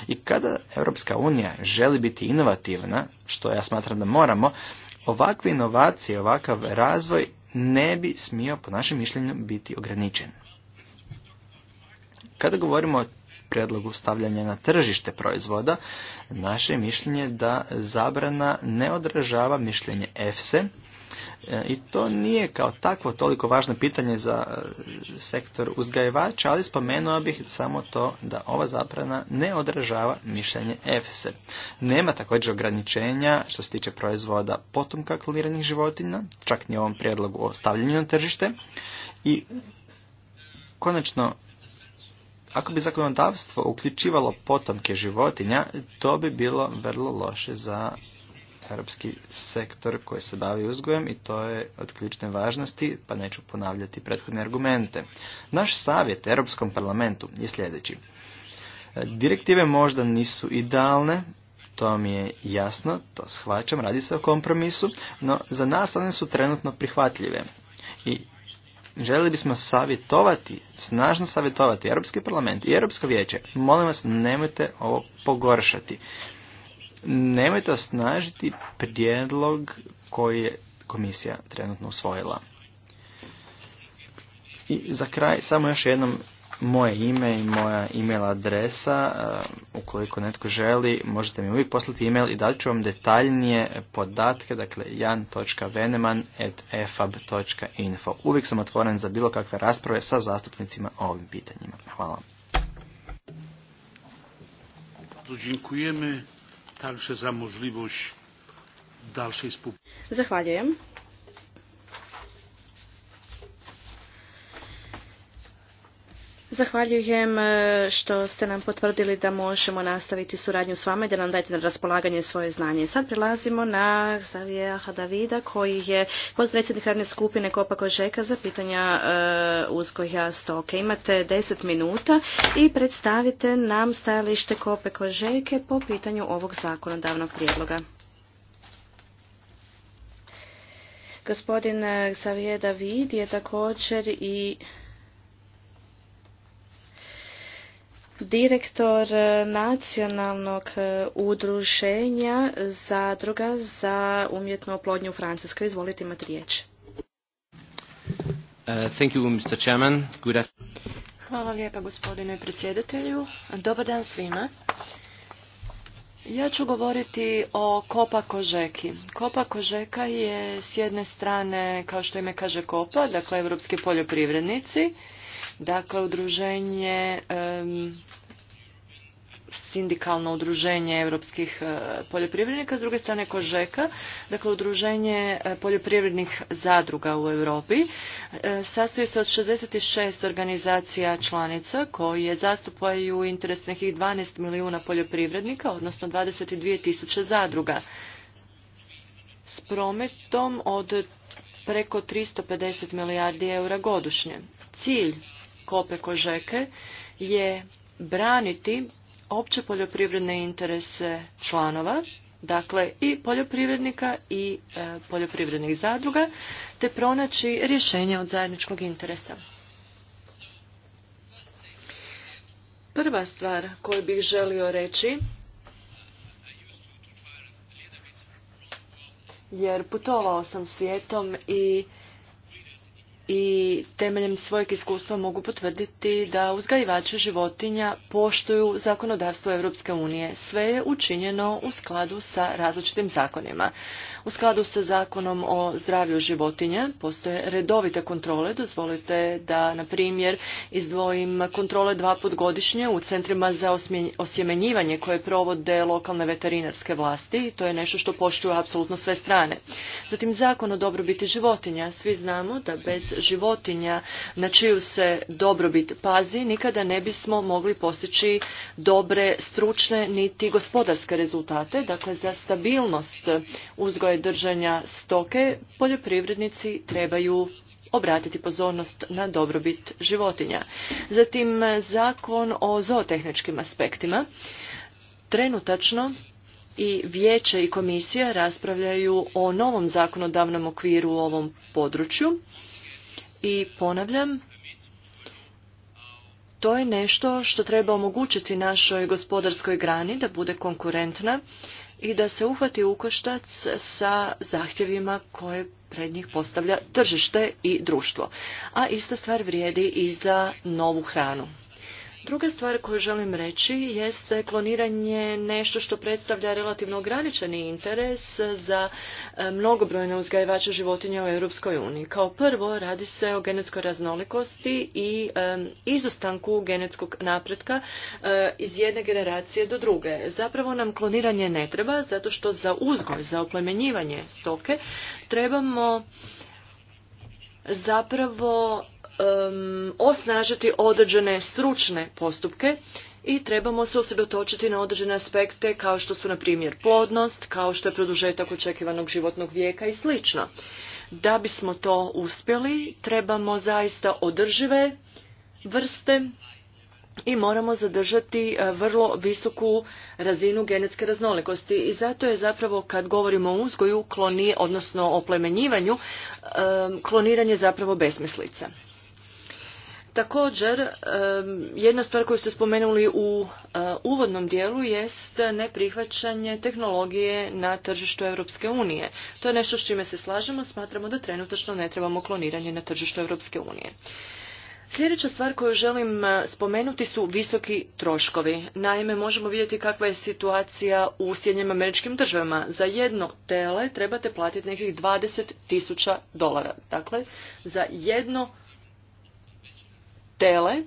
I kada Europska unija želi biti inovativna, što ja smatram da moramo, ovakve inovacije, ovakav razvoj ne bi smio, po našem mišljenju, biti ograničen. Kada govorimo o predlogu stavljanja na tržište proizvoda, naše mišljenje da zabrana ne odražava mišljenje EFSE, E, I to nije kao takvo toliko važno pitanje za e, sektor uzgajivača, ali spomenuo bih samo to da ova zaprana ne odražava mišljenje EFSE. Nema također ograničenja što se tiče proizvoda potomka kloniranih životinja, čak ni ovom prijedlogu o stavljanju na tržište. I konačno, ako bi zakonodavstvo uključivalo potomke životinja, to bi bilo vrlo loše za europski sektor koji se bavi uzgojem i to je od ključne važnosti, pa neću ponavljati prethodne argumente. Naš savjet Europskom parlamentu je sljedeći. Direktive možda nisu idealne, to mi je jasno, to shvaćam, radi se o kompromisu, no za nas one su trenutno prihvatljive. I željeli bismo savjetovati, snažno savjetovati Europski parlament i Europsko vijeće. Molim vas, nemojte ovo pogoršati nemojte osnažiti prijedlog koji je komisija trenutno usvojila. I za kraj samo još jednom moje ime i moja email adresa. Eh, ukoliko netko želi, možete mi uvijek poslati email i dat ću vam detaljnije podatke, dakle jan.veneman.efab.info. Uvijek sam otvoren za bilo kakve rasprave sa zastupnicima o ovim pitanjima. Hvala. Dziękujemy także za możliwość dalszej współpracy. Zahvaljujem. Zahvaljujem e, što ste nam potvrdili da možemo nastaviti suradnju s vama i da nam dajete na raspolaganje svoje znanje. Sad prelazimo na Xavija Hadavida koji je podpredsjednik radne skupine Kopa Kožeka za pitanja e, uzgoja stoke. Imate 10 minuta i predstavite nam stajalište Kope Kožeke po pitanju ovog zakonodavnog prijedloga. Gospodin Xavier David je također i direktor e, nacionalnog e, udruženja zadruga za umjetnu oplodnju u Francuskoj. Izvolite imati riječ. Uh, Hvala lijepa gospodine predsjedatelju. Dobar dan svima. Ja ću govoriti o Kopa Kožeki. Kopa Kožeka je s jedne strane, kao što ime kaže Kopa, dakle evropski poljoprivrednici, Dakle, udruženje sindikalno udruženje europskih e, poljoprivrednika, s druge strane Kožeka, dakle udruženje e, poljoprivrednih zadruga u Europi. E, sastoji se od 66 organizacija članica koje zastupaju interes nekih 12 milijuna poljoprivrednika, odnosno 22 tisuće zadruga. S prometom od preko 350 milijardi eura godišnje. Cilj Kope Kožeke je braniti opće poljoprivredne interese članova, dakle i poljoprivrednika i e, poljoprivrednih zadruga, te pronaći rješenje od zajedničkog interesa. Prva stvar koju bih želio reći, jer putovao sam svijetom i i temeljem svojeg iskustva mogu potvrditi da uzgajivači životinja poštuju zakonodavstvo Europske unije. Sve je učinjeno u skladu sa različitim zakonima. U skladu sa zakonom o zdravlju životinja postoje redovite kontrole. Dozvolite da, na primjer, izdvojim kontrole dva put godišnje u centrima za osjemenjivanje koje provode lokalne veterinarske vlasti. To je nešto što poštuju apsolutno sve strane. Zatim zakon o dobrobiti životinja. Svi znamo da bez životinja na čiju se dobrobit pazi nikada ne bismo mogli postići dobre stručne niti gospodarske rezultate. Dakle, za stabilnost uzgoja držanja stoke, poljoprivrednici trebaju obratiti pozornost na dobrobit životinja. Zatim zakon o zootehničkim aspektima. Trenutačno i vijeće i komisija raspravljaju o novom zakonodavnom okviru u ovom području i ponavljam, to je nešto što treba omogućiti našoj gospodarskoj grani da bude konkurentna i da se uhvati ukoštac sa zahtjevima koje pred njih postavlja tržište i društvo. A ista stvar vrijedi i za novu hranu. Druga stvar koju želim reći jeste kloniranje nešto što predstavlja relativno ograničeni interes za e, mnogobrojne uzgajivače životinja u Europskoj uniji. Kao prvo radi se o genetskoj raznolikosti i e, izostanku genetskog napretka e, iz jedne generacije do druge. Zapravo nam kloniranje ne treba zato što za uzgoj, za oplemenjivanje stoke trebamo zapravo osnažiti određene stručne postupke i trebamo se usredotočiti na određene aspekte kao što su na primjer plodnost, kao što je produžetak očekivanog životnog vijeka i slično. Da bismo to uspjeli, trebamo zaista održive vrste i moramo zadržati e, vrlo visoku razinu genetske raznolikosti i zato je zapravo kad govorimo o uzgoju kloni, odnosno o plemenjivanju kloniranje zapravo besmislica. Također, jedna stvar koju ste spomenuli u e, uvodnom dijelu jest neprihvaćanje tehnologije na tržištu Europske unije. To je nešto s čime se slažemo, smatramo da trenutačno ne trebamo kloniranje na tržištu Europske unije. Sljedeća stvar koju želim e, spomenuti su visoki troškovi. Naime, možemo vidjeti kakva je situacija u Sjednjim američkim državama. Za jedno tele trebate platiti nekih 20 tisuća dolara. Dakle, za jedno tele e,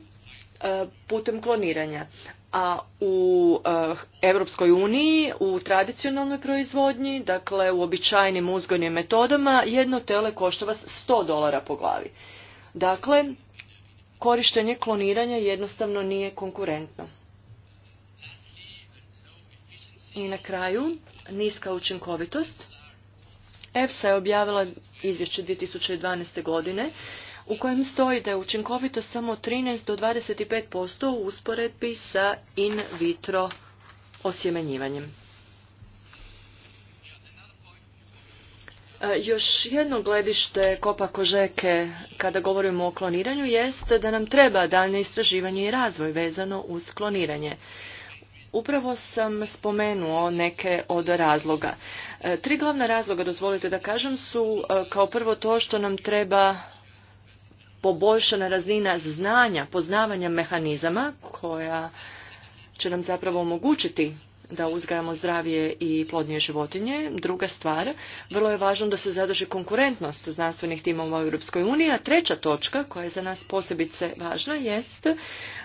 putem kloniranja. A u e, Europskoj uniji u tradicionalnoj proizvodnji, dakle u običajnim uzgojnim metodama, jedno tele košta vas 100 dolara po glavi. Dakle, korištenje kloniranja jednostavno nije konkurentno. I na kraju, niska učinkovitost. EFSA je objavila izvješće 2012. godine u kojem stoji da je učinkovito samo 13 do 25% u usporedbi sa in vitro osjemenjivanjem. E, još jedno gledište Kopa Kožeke kada govorimo o kloniranju jest da nam treba daljnje istraživanje i razvoj vezano uz kloniranje. Upravo sam spomenuo neke od razloga. E, tri glavna razloga, dozvolite da kažem, su e, kao prvo to što nam treba poboljšana razina znanja, poznavanja mehanizama koja će nam zapravo omogućiti da uzgajamo zdravije i plodnije životinje. Druga stvar, vrlo je važno da se zadrži konkurentnost znanstvenih timova u Europskoj uniji, a treća točka koja je za nas posebice važna jest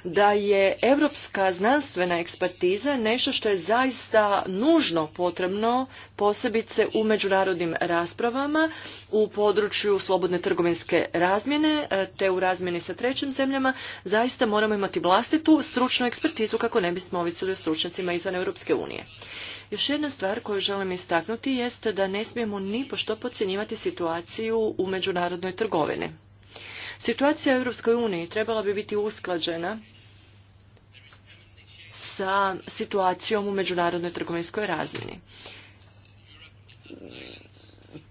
da je europska znanstvena ekspertiza nešto što je zaista nužno potrebno posebice u međunarodnim raspravama u području slobodne trgovinske razmjene e, te u razmjeni sa trećim zemljama zaista moramo imati vlastitu stručnu ekspertizu kako ne bismo ovisili o stručnjacima izvan Europske unije. Još jedna stvar koju želim istaknuti jest da ne smijemo ni pošto podcjenjivati situaciju u međunarodnoj trgovini. Situacija u Europskoj trebala bi biti usklađena sa situacijom u međunarodnoj trgovinskoj razmjeni.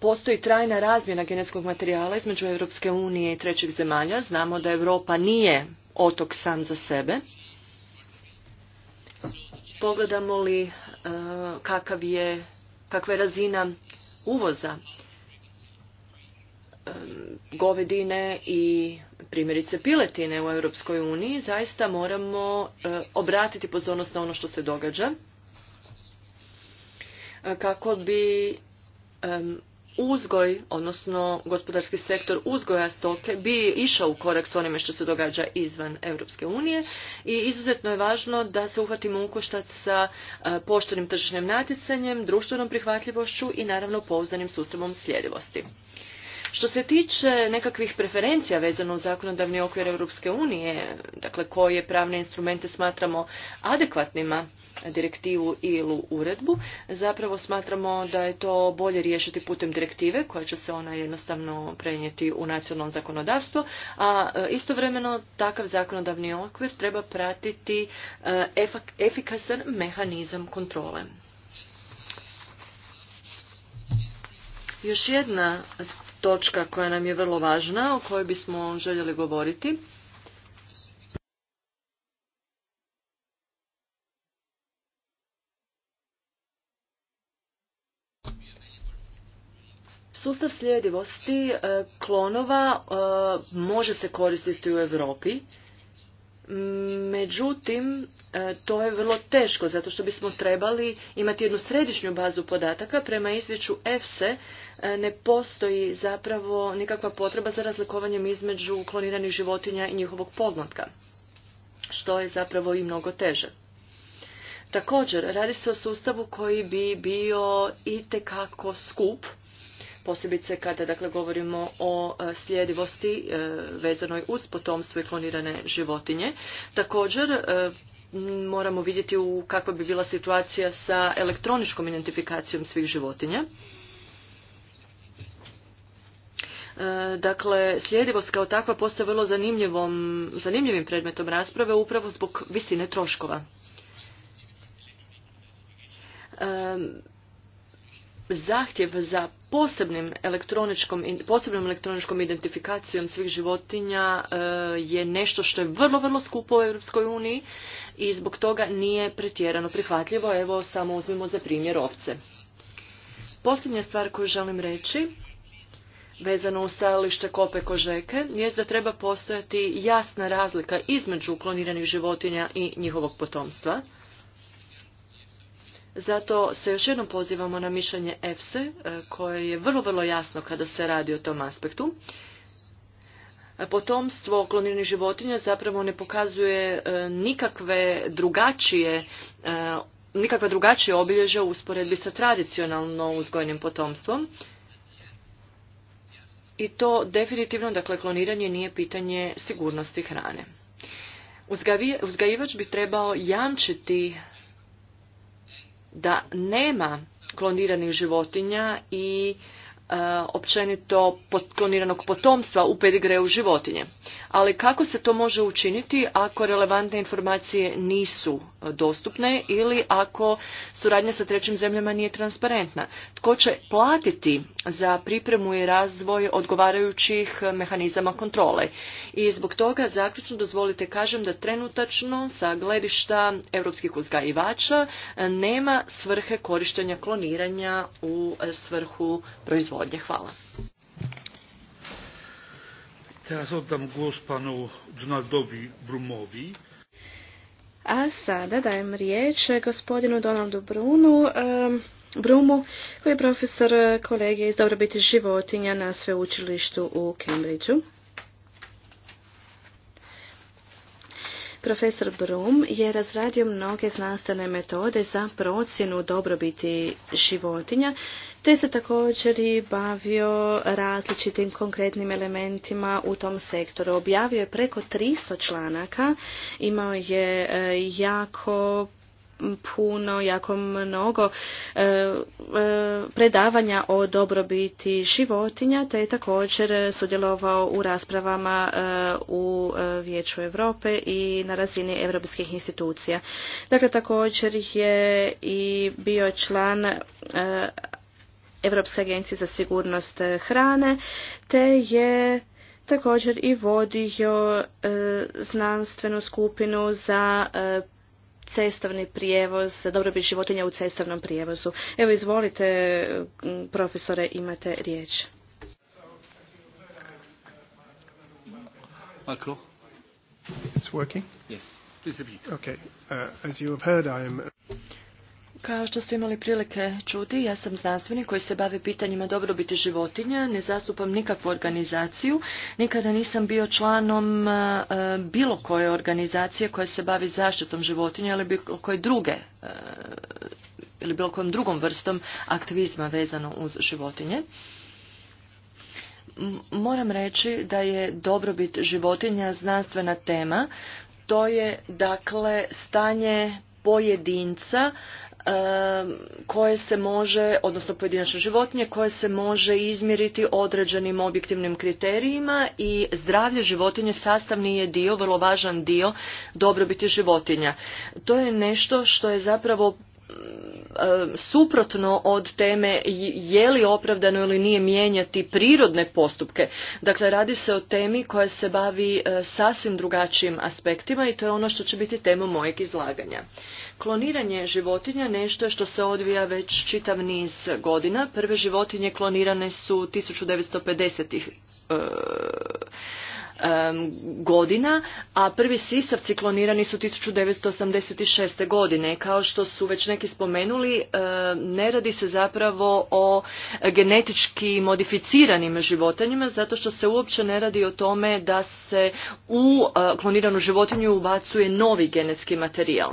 Postoji trajna razmjena genetskog materijala između Europske unije i trećih zemalja. Znamo da Europa nije otok sam za sebe Pogledamo li e, kakav je, kakva je razina uvoza e, govedine i primjerice piletine u Europskoj uniji, zaista moramo e, obratiti pozornost na ono što se događa kako bi uzgoj, odnosno gospodarski sektor uzgoja stoke bi išao u korak s onime što se događa izvan Europske unije i izuzetno je važno da se uhvatimo u koštac sa e, poštenim tržišnim natjecanjem, društvenom prihvatljivošću i naravno pouzdanim sustavom sljedivosti. Što se tiče nekakvih preferencija vezano u zakonodavni okvir Europske unije, dakle koje pravne instrumente smatramo adekvatnima direktivu ili uredbu, zapravo smatramo da je to bolje riješiti putem direktive koja će se ona jednostavno prenijeti u nacionalno zakonodavstvo, a e, istovremeno takav zakonodavni okvir treba pratiti e, efikasan mehanizam kontrole. Još jedna točka koja nam je vrlo važna, o kojoj bismo željeli govoriti. Sustav sljedivosti e, klonova e, može se koristiti u Europi Međutim, e, to je vrlo teško, zato što bismo trebali imati jednu središnju bazu podataka. Prema izvješću EFSE e, ne postoji zapravo nikakva potreba za razlikovanjem između kloniranih životinja i njihovog podnotka, što je zapravo i mnogo teže. Također, radi se o sustavu koji bi bio i skup, posebice kada dakle, govorimo o e, sljedivosti e, vezanoj uz potomstvo i klonirane životinje. Također, e, moramo vidjeti u kakva bi bila situacija sa elektroničkom identifikacijom svih životinja. Dakle, sljedivost kao takva postaje vrlo zanimljivim predmetom rasprave upravo zbog visine troškova zahtjev za posebnim elektroničkom, posebnom elektroničkom identifikacijom svih životinja e, je nešto što je vrlo, vrlo skupo u Europskoj uniji i zbog toga nije pretjerano prihvatljivo. Evo, samo uzmimo za primjer ovce. Posljednja stvar koju želim reći vezano u stajalište kope kožeke je da treba postojati jasna razlika između kloniranih životinja i njihovog potomstva zato se još jednom pozivamo na mišljenje EFSE e, koje je vrlo, vrlo jasno kada se radi o tom aspektu. E, potomstvo kloniranih životinja zapravo ne pokazuje e, nikakve drugačije nikakva drugačija obilježja u usporedbi sa tradicionalno uzgojenim potomstvom. I to definitivno, dakle, kloniranje nije pitanje sigurnosti hrane. Uzgajivač bi trebao jamčiti da nema kloniranih životinja i E, općenito kloniranog potomstva u pedigreju životinje. Ali kako se to može učiniti ako relevantne informacije nisu e, dostupne ili ako suradnja sa trećim zemljama nije transparentna? Tko će platiti za pripremu i razvoj odgovarajućih e, mehanizama kontrole? I zbog toga zaključno dozvolite kažem da trenutačno sa gledišta europskih uzgajivača nema svrhe korištenja kloniranja u svrhu proizvodnje proizvodnje. Hvala. Teraz A sada dajem riječ gospodinu Donaldu Brunu, Brumu, koji je profesor kolege iz dobrobiti životinja na sveučilištu u Cambridgeu. Profesor Brum je razradio mnoge znanstvene metode za procjenu dobrobiti životinja te se također i bavio različitim konkretnim elementima u tom sektoru. Objavio je preko 300 članaka, imao je e, jako puno, jako mnogo e, e, predavanja o dobrobiti životinja, te je također sudjelovao u raspravama u Vijeću Europe i na razini europskih institucija. Dakle, također je i bio član Europske agencije za sigurnost eh, hrane, te je također i vodio eh, znanstvenu skupinu za eh, cestovni prijevoz, dobrobit životinja u cestovnom prijevozu. Evo izvolite, mm, profesore, imate riječ. It's working? Yes. Okay. Uh, as you have heard, I am... Kao što ste imali prilike čuti, ja sam znanstvenik koji se bavi pitanjima dobrobiti životinja, ne zastupam nikakvu organizaciju, nikada nisam bio članom e, e, bilo koje organizacije koja se bavi zaštitom životinja ili bilo koje druge e, ili bilo kojom drugom vrstom aktivizma vezano uz životinje. Moram reći da je dobrobit životinja znanstvena tema. To je dakle stanje pojedinca koje se može, odnosno pojedinačne životinje, koje se može izmjeriti određenim objektivnim kriterijima i zdravlje životinje sastavni je dio, vrlo važan dio dobrobiti životinja. To je nešto što je zapravo suprotno od teme je li opravdano ili nije mijenjati prirodne postupke. Dakle, radi se o temi koja se bavi sasvim drugačijim aspektima i to je ono što će biti tema mojeg izlaganja. Kloniranje životinja nešto je što se odvija već čitav niz godina. Prve životinje klonirane su 1950-ih godina, a prvi sisavci klonirani su 1986. godine. Kao što su već neki spomenuli, ne radi se zapravo o genetički modificiranim životinjima, zato što se uopće ne radi o tome da se u eh, kloniranu životinju ubacuje novi genetski materijal.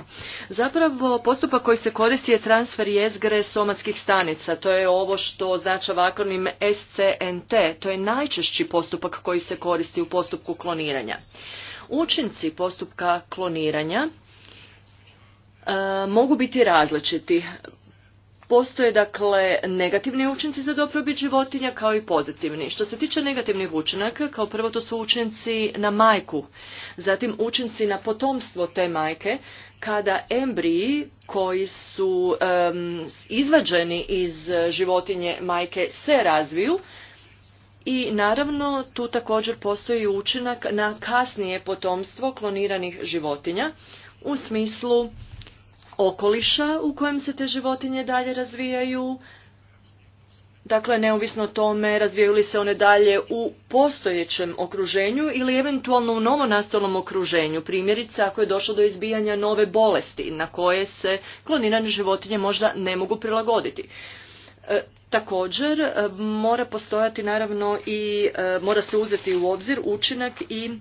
Zapravo postupak koji se koristi je transfer jezgre somatskih stanica. To je ovo što označava akronim SCNT. To je najčešći postupak koji se koristi u postupku postupku kloniranja. Učinci postupka kloniranja e, mogu biti različiti. Postoje dakle negativni učinci za dobrobit životinja kao i pozitivni. Što se tiče negativnih učinaka, kao prvo to su učinci na majku, zatim učinci na potomstvo te majke, kada embriji koji su izvađeni iz životinje majke se razviju, i naravno tu također postoji učinak na kasnije potomstvo kloniranih životinja u smislu okoliša u kojem se te životinje dalje razvijaju, dakle neovisno o tome razvijaju li se one dalje u postojećem okruženju ili eventualno u novonastalom okruženju, primjerice ako je došlo do izbijanja nove bolesti na koje se klonirane životinje možda ne mogu prilagoditi. E, Također e, mora postojati naravno i e, mora se uzeti u obzir učinak i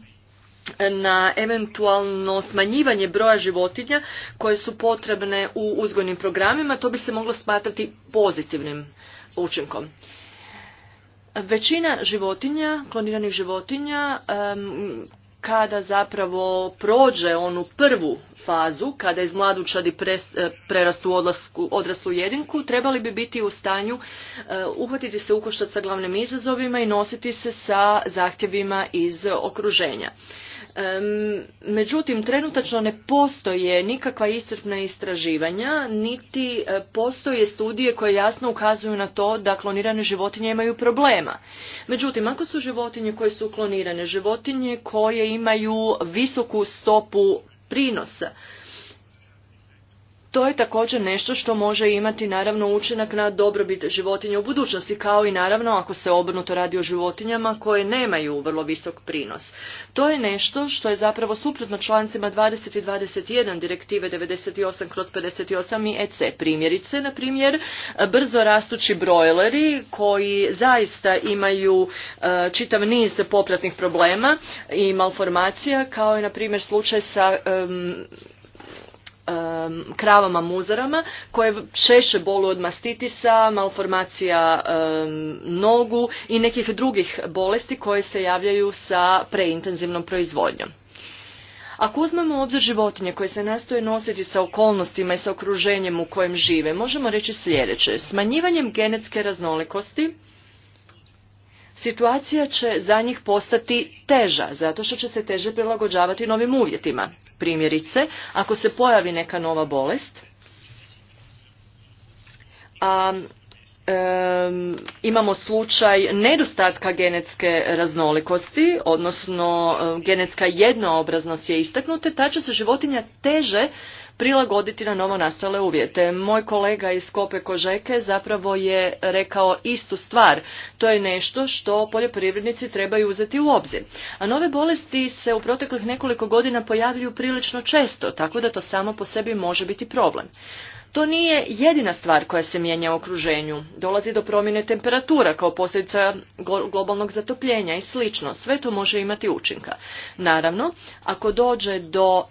e, na eventualno smanjivanje broja životinja koje su potrebne u uzgojnim programima, to bi se moglo smatrati pozitivnim učinkom. Većina životinja, kloniranih životinja, kada zapravo prođe onu prvu fazu, kada iz mladučadi e, prerastu odlasku, odraslu jedinku, trebali bi biti u stanju e, uhvatiti se koštac sa glavnim izazovima i nositi se sa zahtjevima iz okruženja. Međutim, trenutačno ne postoje nikakva iscrpna istraživanja, niti e, postoje studije koje jasno ukazuju na to da klonirane životinje imaju problema. Međutim, ako su životinje koje su klonirane, životinje koje imaju visoku stopu prinosa, to je također nešto što može imati naravno učinak na dobrobit životinja u budućnosti, kao i naravno ako se obrnuto radi o životinjama koje nemaju vrlo visok prinos. To je nešto što je zapravo suprotno člancima 20 i 21 direktive 98 kroz 58 i EC primjerice, na primjer, brzo rastući brojleri koji zaista imaju e, čitav niz popratnih problema i malformacija, kao i na primjer slučaj sa kravama muzarama koje šeše bolu od mastitisa, malformacija nogu i nekih drugih bolesti koje se javljaju sa preintenzivnom proizvodnjom. Ako uzmemo obzir životinje koje se nastoje nositi sa okolnostima i sa okruženjem u kojem žive, možemo reći sljedeće. Smanjivanjem genetske raznolikosti situacija će za njih postati teža, zato što će se teže prilagođavati novim uvjetima. Primjerice, ako se pojavi neka nova bolest, a imamo slučaj nedostatka genetske raznolikosti, odnosno genetska jednoobraznost je istaknuta, ta će se životinja teže prilagoditi na novo nastale uvjete. Moj kolega iz Kope Kožeke zapravo je rekao istu stvar. To je nešto što poljoprivrednici trebaju uzeti u obzir. A nove bolesti se u proteklih nekoliko godina pojavljuju prilično često, tako da to samo po sebi može biti problem. To nije jedina stvar koja se mijenja u okruženju. Dolazi do promjene temperatura kao posljedica globalnog zatopljenja i slično. Sve to može imati učinka. Naravno, ako dođe do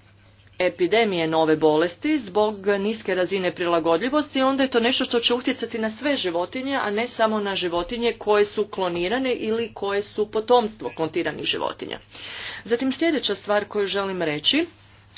epidemije nove bolesti zbog niske razine prilagodljivosti, onda je to nešto što će utjecati na sve životinje, a ne samo na životinje koje su klonirane ili koje su potomstvo klontiranih životinja. Zatim sljedeća stvar koju želim reći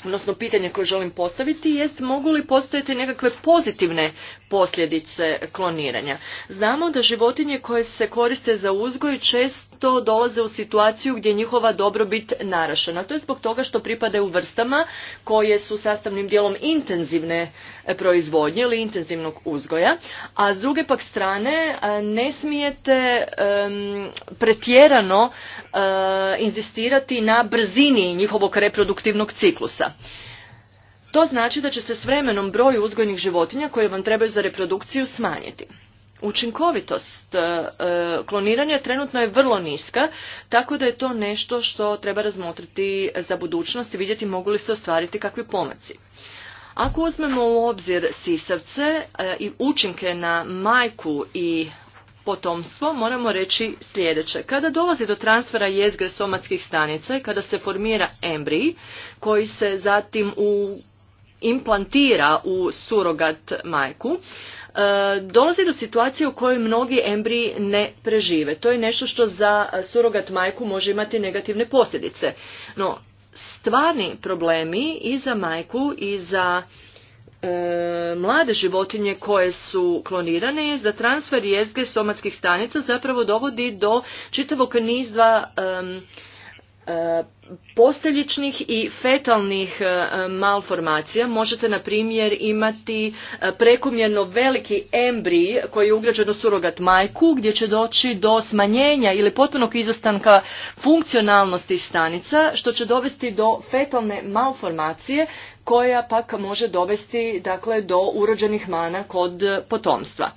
odnosno pitanje koje želim postaviti jest mogu li postojati nekakve pozitivne posljedice kloniranja. Znamo da životinje koje se koriste za uzgoj često dolaze u situaciju gdje njihova dobrobit narašena. To je zbog toga što pripadaju vrstama koje su sastavnim dijelom intenzivne proizvodnje ili intenzivnog uzgoja, a s druge pak strane ne smijete pretjerano e, inzistirati na brzini njihovog reproduktivnog ciklusa. To znači da će se s vremenom broj uzgojnih životinja koje vam trebaju za reprodukciju smanjiti. Učinkovitost e, e, kloniranja trenutno je vrlo niska, tako da je to nešto što treba razmotriti za budućnost i vidjeti mogu li se ostvariti kakvi pomaci. Ako uzmemo u obzir sisavce e, i učinke na majku i potomstvo moramo reći sljedeće. Kada dolazi do transfera jezgre somatskih stanica i kada se formira embrij koji se zatim u implantira u surogat majku, e, dolazi do situacije u kojoj mnogi embriji ne prežive. To je nešto što za surogat majku može imati negativne posljedice. No, stvarni problemi i za majku i za E, mlade životinje koje su klonirane je da transfer jezge somatskih stanica zapravo dovodi do čitavog nizva e, posteljičnih i fetalnih e, malformacija možete na primjer imati e, prekomjerno veliki embri koji je ugrađen u surogat majku gdje će doći do smanjenja ili potpunog izostanka funkcionalnosti stanica što će dovesti do fetalne malformacije koja pak može dovesti dakle, do urođenih mana kod potomstva.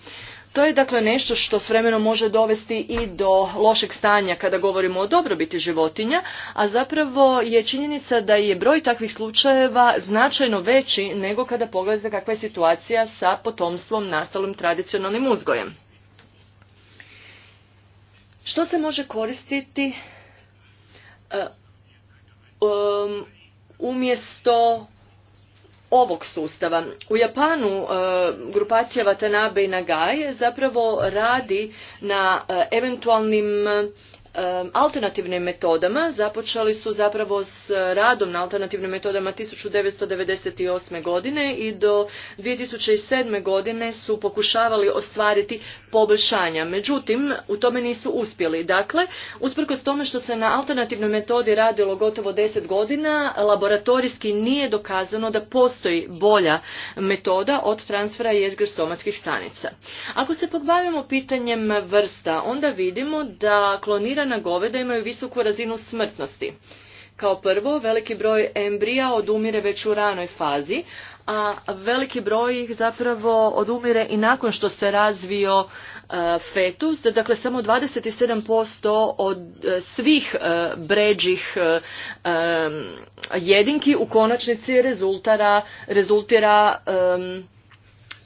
To je dakle nešto što s vremenom može dovesti i do lošeg stanja kada govorimo o dobrobiti životinja, a zapravo je činjenica da je broj takvih slučajeva značajno veći nego kada pogledate kakva je situacija sa potomstvom nastalim tradicionalnim uzgojem. Što se može koristiti e, um, umjesto ovog sustava. U Japanu e, grupacija Watanabe i Nagai zapravo radi na e, eventualnim alternativnim metodama započeli su zapravo s radom na alternativnim metodama 1998. godine i do 2007. godine su pokušavali ostvariti poboljšanja. Međutim, u tome nisu uspjeli. Dakle, usprkos tome što se na alternativnoj metodi radilo gotovo 10 godina, laboratorijski nije dokazano da postoji bolja metoda od transfera jezgr somatskih stanica. Ako se pobavimo pitanjem vrsta, onda vidimo da kloniranje na goveda imaju visoku razinu smrtnosti. Kao prvo, veliki broj embrija odumire već u ranoj fazi, a veliki broj ih zapravo odumire i nakon što se razvio e, fetus. Dakle, samo 27% od e, svih e, bređih jedinki u konačnici rezultara, rezultira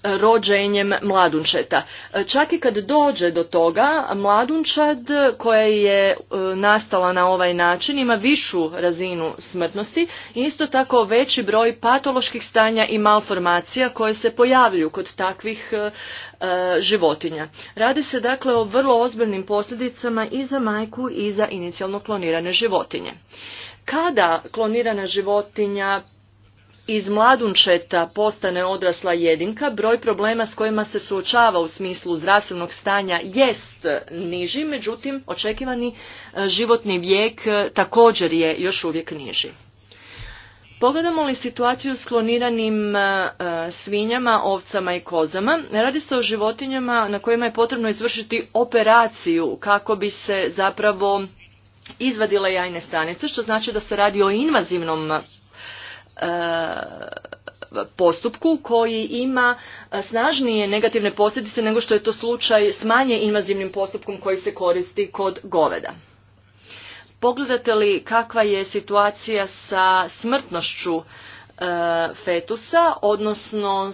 rođenjem mladunčeta. Čak i kad dođe do toga, mladunčad koja je e, nastala na ovaj način ima višu razinu smrtnosti i isto tako veći broj patoloških stanja i malformacija koje se pojavljuju kod takvih e, e, životinja. Radi se dakle o vrlo ozbiljnim posljedicama i za majku i za inicijalno klonirane životinje. Kada klonirana životinja iz mladunčeta postane odrasla jedinka, broj problema s kojima se suočava u smislu zdravstvenog stanja jest niži, međutim očekivani e, životni vijek e, također je još uvijek niži. Pogledamo li situaciju s kloniranim e, svinjama, ovcama i kozama, radi se o životinjama na kojima je potrebno izvršiti operaciju kako bi se zapravo izvadile jajne stanice, što znači da se radi o invazivnom E, postupku koji ima e, snažnije negativne posljedice nego što je to slučaj s manje invazivnim postupkom koji se koristi kod goveda. Pogledate li kakva je situacija sa smrtnošću e, fetusa, odnosno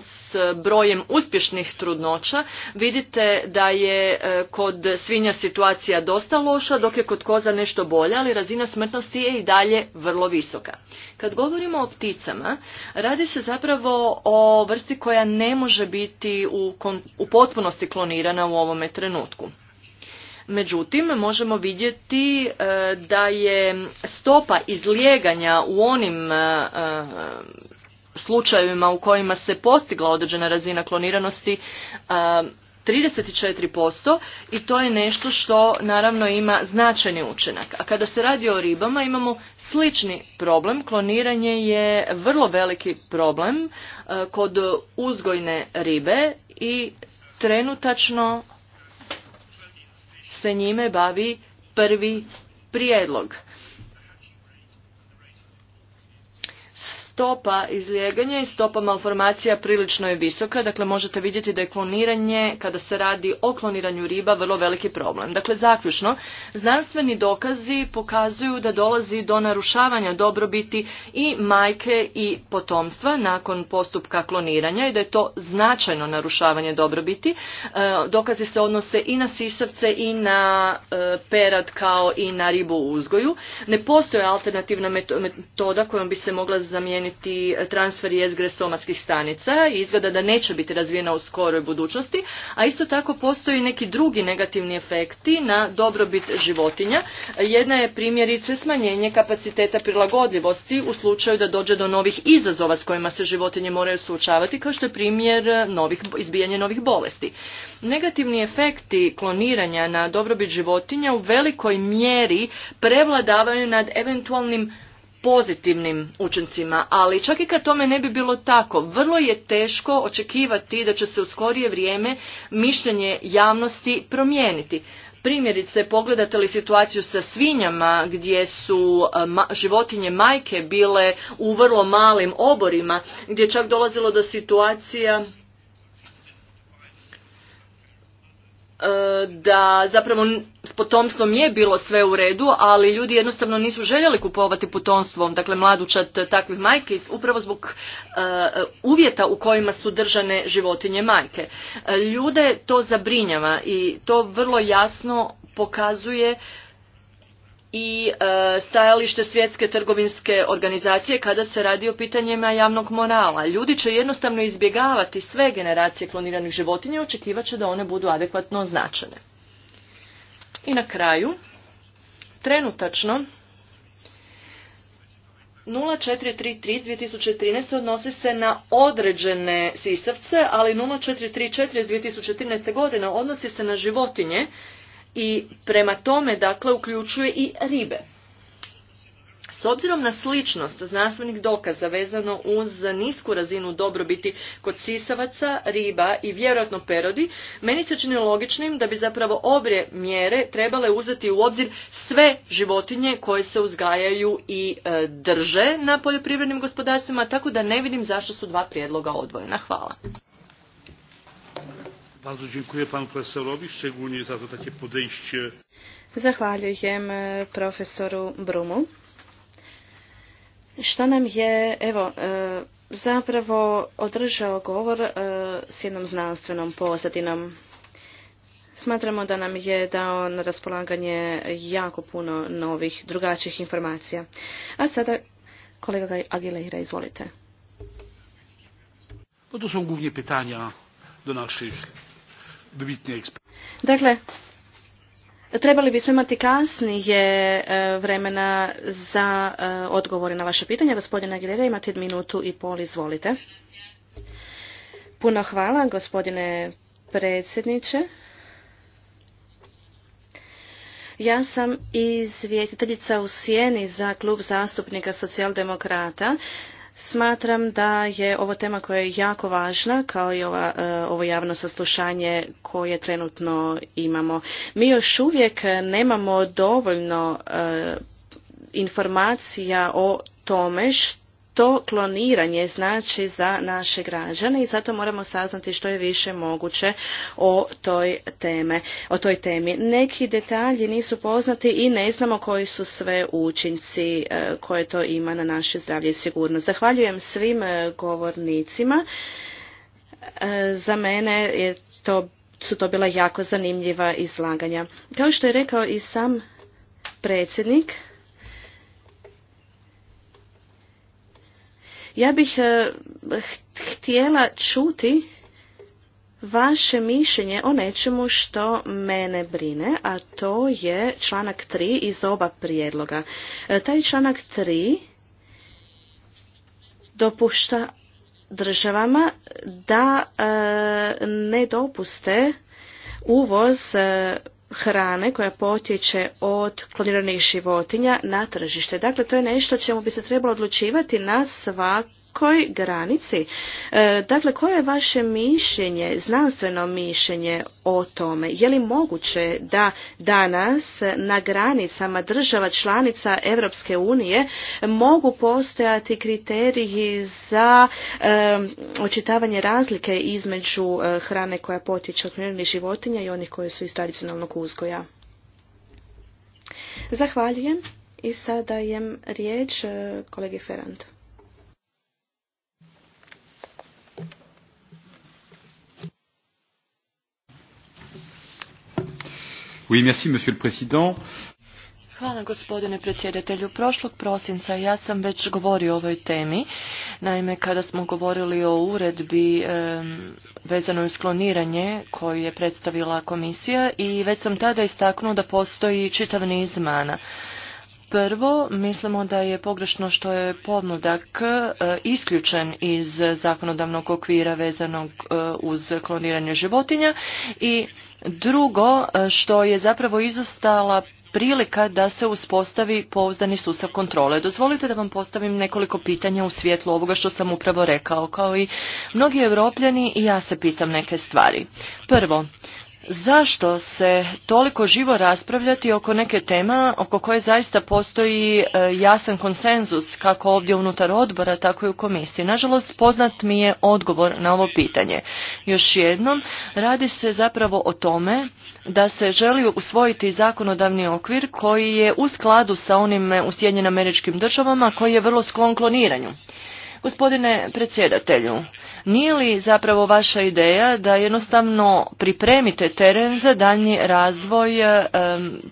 brojem uspješnih trudnoća, vidite da je e, kod svinja situacija dosta loša, dok je kod koza nešto bolja, ali razina smrtnosti je i dalje vrlo visoka. Kad govorimo o pticama, radi se zapravo o vrsti koja ne može biti u, u potpunosti klonirana u ovome trenutku. Međutim, možemo vidjeti e, da je stopa izlijeganja u onim e, slučajevima u kojima se postigla određena razina kloniranosti 34% i to je nešto što naravno ima značajni učinak. A kada se radi o ribama imamo slični problem. Kloniranje je vrlo veliki problem kod uzgojne ribe i trenutačno se njime bavi prvi prijedlog. stopa izlijeganja i stopa malformacija prilično je visoka, dakle možete vidjeti da je kloniranje, kada se radi o kloniranju riba, vrlo veliki problem. Dakle, zaključno, znanstveni dokazi pokazuju da dolazi do narušavanja dobrobiti i majke i potomstva nakon postupka kloniranja i da je to značajno narušavanje dobrobiti. E, dokazi se odnose i na sisavce i na e, perad kao i na ribu u uzgoju. Ne postoje alternativna metoda kojom bi se mogla zamijeniti transferi transfer jezgre somatskih stanica i izgleda da neće biti razvijena u skoroj budućnosti, a isto tako postoji neki drugi negativni efekti na dobrobit životinja. Jedna je primjerice smanjenje kapaciteta prilagodljivosti u slučaju da dođe do novih izazova s kojima se životinje moraju suočavati, kao što je primjer novih, izbijanje novih bolesti. Negativni efekti kloniranja na dobrobit životinja u velikoj mjeri prevladavaju nad eventualnim pozitivnim učincima, ali čak i kad tome ne bi bilo tako, vrlo je teško očekivati da će se u skorije vrijeme mišljenje javnosti promijeniti. Primjerice, pogledate li situaciju sa svinjama gdje su e, životinje majke bile u vrlo malim oborima, gdje čak dolazilo do situacija E, da zapravo s potomstvom je bilo sve u redu, ali ljudi jednostavno nisu željeli kupovati potomstvom, dakle mladučat takvih majke, upravo zbog e, uvjeta u kojima su držane životinje majke. E, ljude to zabrinjava i to vrlo jasno pokazuje i e, stajalište svjetske trgovinske organizacije kada se radi o pitanjima javnog morala. Ljudi će jednostavno izbjegavati sve generacije kloniranih životinja i očekivat će da one budu adekvatno označene. I na kraju, trenutačno 0433 iz 2013. odnosi se na određene sisavce, ali 0434 iz 2013. godine odnosi se na životinje i prema tome dakle uključuje i ribe. S obzirom na sličnost znanstvenih dokaza vezano uz nisku razinu dobrobiti kod sisavaca, riba i vjerojatno perodi, meni se čini logičnim da bi zapravo obje mjere trebale uzeti u obzir sve životinje koje se uzgajaju i e, drže na poljoprivrednim gospodarstvima, tako da ne vidim zašto su dva prijedloga odvojena. Hvala. Bardzo dziękuję panu profesorowi, szczególnie za to Zahvaljujem e, profesoru Brumu što nam je evo e, zapravo održao govor e, s jednom znanstvenom pozadinom. Smatramo da nam je dao na raspolaganje jako puno novih, drugačijih informacija. A sada kolega Aguilera, izvolite. No to su głównie pitanja do naših dobitni ekspert. Dakle, Trebali bismo imati kasnije e, vremena za e, odgovore na vaše pitanje. Gospodine Aguilera, imate minutu i pol, izvolite. Puno hvala, gospodine predsjedniče. Ja sam izvjestiteljica u Sjeni za klub zastupnika socijaldemokrata Smatram da je ovo tema koja je jako važna, kao i ova, e, ovo javno saslušanje koje trenutno imamo. Mi još uvijek nemamo dovoljno e, informacija o tome što to kloniranje znači za naše građane i zato moramo saznati što je više moguće o toj teme, o toj temi. Neki detalji nisu poznati i ne znamo koji su sve učinci e, koje to ima na naše zdravlje i sigurnost. Zahvaljujem svim e, govornicima. E, za mene je to, su to bila jako zanimljiva izlaganja. Kao što je rekao i sam predsjednik, Ja bih e, htjela čuti vaše mišljenje o nečemu što mene brine, a to je članak 3 iz oba prijedloga. E, taj članak 3 dopušta državama da e, ne dopuste uvoz hrane koja potječe od kloniranih životinja na tržište. Dakle, to je nešto čemu bi se trebalo odlučivati na svak kojoj granici? E, dakle, koje je vaše mišljenje, znanstveno mišljenje o tome? Je li moguće da danas na granicama država članica Europske unije mogu postojati kriteriji za e, očitavanje razlike između e, hrane koja potiče od životinja i onih koje su iz tradicionalnog uzgoja? Zahvaljujem i sada dajem riječ e, kolegi Ferandu. Hvala gospodine predsjedatelju. Prošlog prosinca ja sam već govorio o ovoj temi. Naime, kada smo govorili o uredbi vezanoj uz kloniranje koju je predstavila komisija i već sam tada istaknuo da postoji čitav niz mana. Prvo, mislimo da je pogrešno što je ponudak e, isključen iz zakonodavnog okvira vezanog e, uz kloniranje životinja i drugo e, što je zapravo izostala prilika da se uspostavi pouzdani sustav kontrole. Dozvolite da vam postavim nekoliko pitanja u svijetlu ovoga što sam upravo rekao, kao i mnogi europljani i ja se pitam neke stvari. Prvo, Zašto se toliko živo raspravljati oko neke tema oko koje zaista postoji e, jasan konsenzus kako ovdje unutar odbora, tako i u komisiji? Nažalost, poznat mi je odgovor na ovo pitanje. Još jednom, radi se zapravo o tome da se želi usvojiti zakonodavni okvir koji je u skladu sa onim u Sjedinjenim američkim državama koji je vrlo sklon kloniranju. Gospodine predsjedatelju, nije li zapravo vaša ideja da jednostavno pripremite teren za daljnji razvoj eh,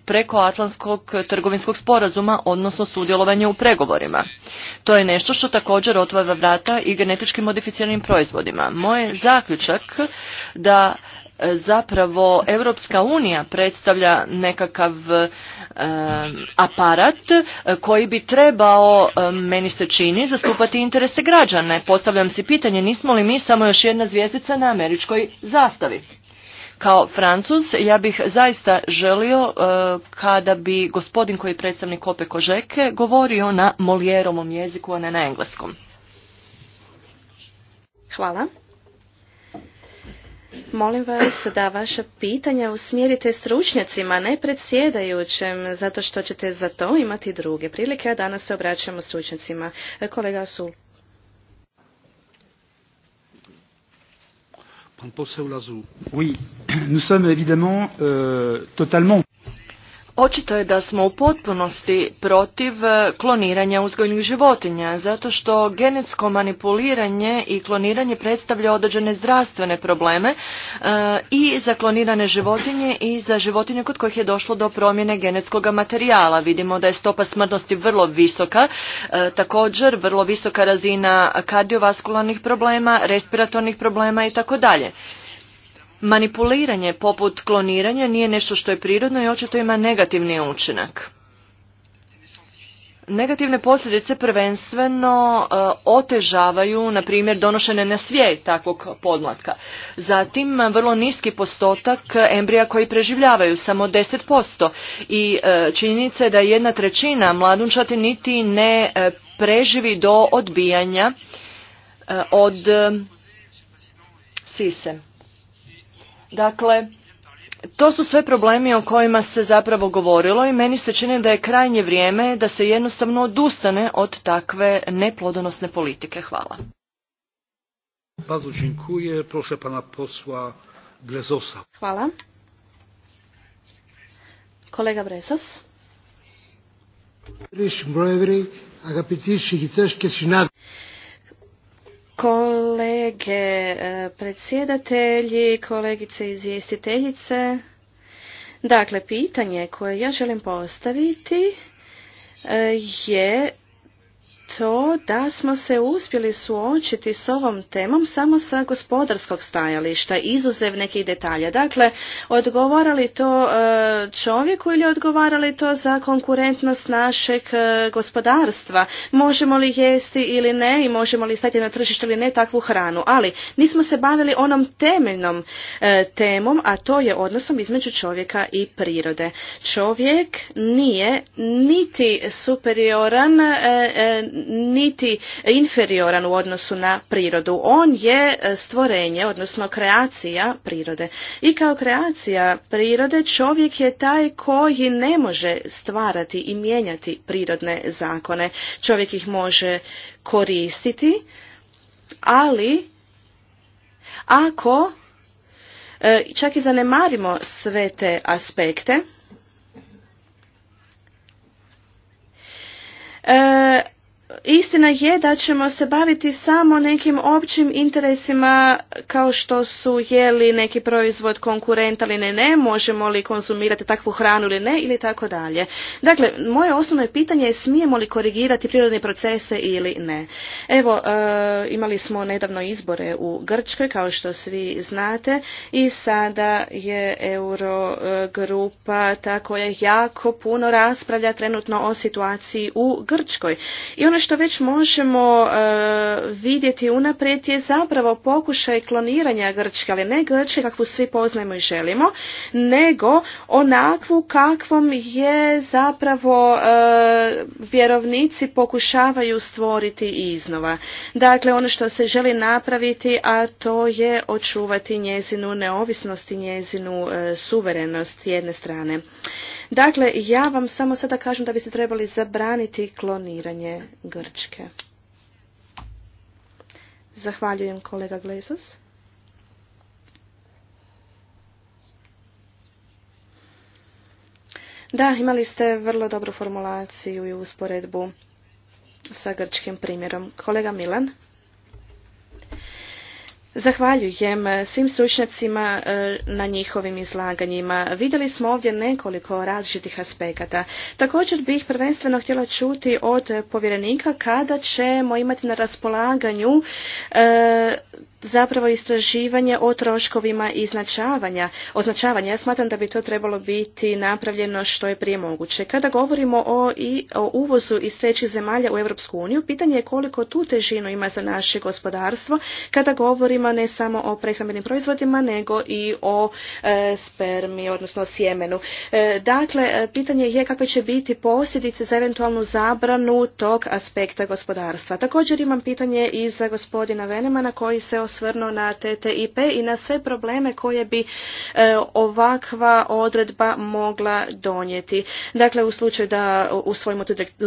preko Atlantskog trgovinskog sporazuma, odnosno sudjelovanje u pregovorima? To je nešto što također otvara vrata i genetički modificiranim proizvodima. Moj je zaključak da zapravo Europska unija predstavlja nekakav e, aparat koji bi trebao, e, meni se čini, zastupati interese građane. Postavljam si pitanje, nismo li mi samo još jedna zvijezdica na američkoj zastavi? Kao Francuz, ja bih zaista želio e, kada bi gospodin koji je predstavnik Ope Kožeke govorio na molijerovom jeziku, a ne na engleskom. Hvala. Molim vas da vaša pitanja usmjerite stručnjacima, ne predsjedajućem, zato što ćete za to imati druge prilike, a danas se obraćamo stručnjacima. E, kolega Sul. Pan Lazu. Oui, nous sommes évidemment euh, totalement Očito je da smo u potpunosti protiv e, kloniranja uzgojnih životinja, zato što genetsko manipuliranje i kloniranje predstavlja određene zdravstvene probleme e, i za klonirane životinje i za životinje kod kojih je došlo do promjene genetskog materijala. Vidimo da je stopa smrtnosti vrlo visoka, e, također vrlo visoka razina kardiovaskularnih problema, respiratornih problema i tako dalje. Manipuliranje poput kloniranja nije nešto što je prirodno i očito ima negativni učinak. Negativne posljedice prvenstveno e, otežavaju, na primjer, donošene na svijet takvog podmlatka. Zatim, vrlo niski postotak embrija koji preživljavaju, samo 10%. I e, činjenica je da jedna trećina mladunčati niti ne e, preživi do odbijanja od sise. Dakle, to su sve problemi o kojima se zapravo govorilo i meni se čini da je krajnje vrijeme da se jednostavno odustane od takve neplodonosne politike. Hvala. Bardzo dziękuję. Proszę pana posła Hvala. Kolega kolege e, predsjedatelji, kolegice izvjestiteljice. Dakle, pitanje koje ja želim postaviti e, je to da smo se uspjeli suočiti s ovom temom samo sa gospodarskog stajališta, izuzev nekih detalja. Dakle, odgovarali to e, čovjeku ili odgovarali to za konkurentnost našeg e, gospodarstva? Možemo li jesti ili ne i možemo li stati na tržište ili ne takvu hranu? Ali nismo se bavili onom temeljnom e, temom, a to je odnosom između čovjeka i prirode. Čovjek nije niti superioran niti inferioran u odnosu na prirodu. On je e, stvorenje, odnosno kreacija prirode. I kao kreacija prirode čovjek je taj koji ne može stvarati i mijenjati prirodne zakone. Čovjek ih može koristiti, ali ako e, čak i zanemarimo sve te aspekte, e, Istina je da ćemo se baviti samo nekim općim interesima kao što su je li neki proizvod konkurentan ili ne, možemo li konzumirati takvu hranu ili ne ili tako dalje. Dakle, moje osnovno pitanje je smijemo li korigirati prirodne procese ili ne. Evo, e, imali smo nedavno izbore u Grčkoj kao što svi znate i sada je Eurogrupa ta koja jako puno raspravlja trenutno o situaciji u Grčkoj. I ono što već možemo e, vidjeti unaprijed je zapravo pokušaj kloniranja Grčke, ali ne Grčke kakvu svi poznajemo i želimo, nego onakvu kakvom je zapravo e, vjerovnici pokušavaju stvoriti iznova. Dakle, ono što se želi napraviti, a to je očuvati njezinu neovisnost i njezinu e, suverenost jedne strane. Dakle, ja vam samo sada kažem da biste trebali zabraniti kloniranje Grčke. Zahvaljujem kolega Glezos. Da, imali ste vrlo dobru formulaciju i usporedbu sa grčkim primjerom. Kolega Milan. Zahvaljujem svim stručnjacima e, na njihovim izlaganjima. Vidjeli smo ovdje nekoliko različitih aspekata. Također bih prvenstveno htjela čuti od povjerenika kada ćemo imati na raspolaganju e, zapravo istraživanje o troškovima i Označavanja, ja smatram da bi to trebalo biti napravljeno što je prije moguće. Kada govorimo o, uvozu iz trećih zemalja u Europsku uniju, pitanje je koliko tu težinu ima za naše gospodarstvo kada govorimo proizvodima, ne samo o prehrambenim proizvodima, nego i o e, spermi, odnosno sjemenu. E, dakle, e, pitanje je kakve će biti posljedice za eventualnu zabranu tog aspekta gospodarstva. Također imam pitanje i za gospodina Venemana koji se osvrnuo na TTIP i na sve probleme koje bi e, ovakva odredba mogla donijeti. Dakle, u slučaju da usvojimo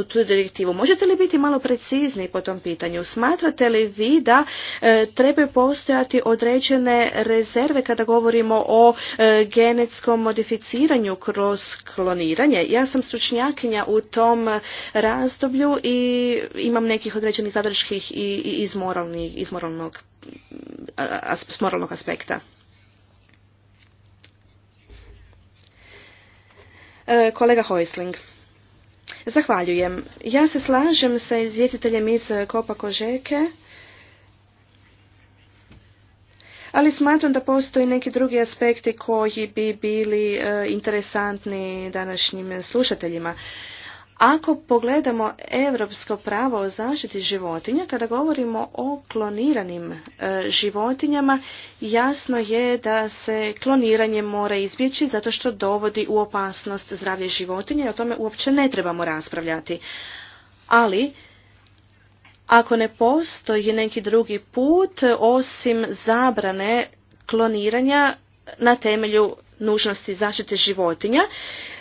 tu direktivu. Možete li biti malo precizni po tom pitanju? Smatrate li vi da e, trebaju postojati određene rezerve kada govorimo o e, genetskom modificiranju kroz kloniranje. Ja sam stručnjakinja u tom razdoblju i imam nekih određenih zadrških i, iz, iz moralnog, aspekta. E, kolega Hojsling. Zahvaljujem. Ja se slažem sa izvjestiteljem iz Kopa Kožeke ali smatram da postoji neki drugi aspekti koji bi bili e, interesantni današnjim slušateljima. Ako pogledamo europsko pravo o zaštiti životinja, kada govorimo o kloniranim e, životinjama, jasno je da se kloniranje mora izbjeći zato što dovodi u opasnost zdravlje životinja i o tome uopće ne trebamo raspravljati. Ali ako ne postoji neki drugi put osim zabrane kloniranja na temelju nužnosti zaštite životinja.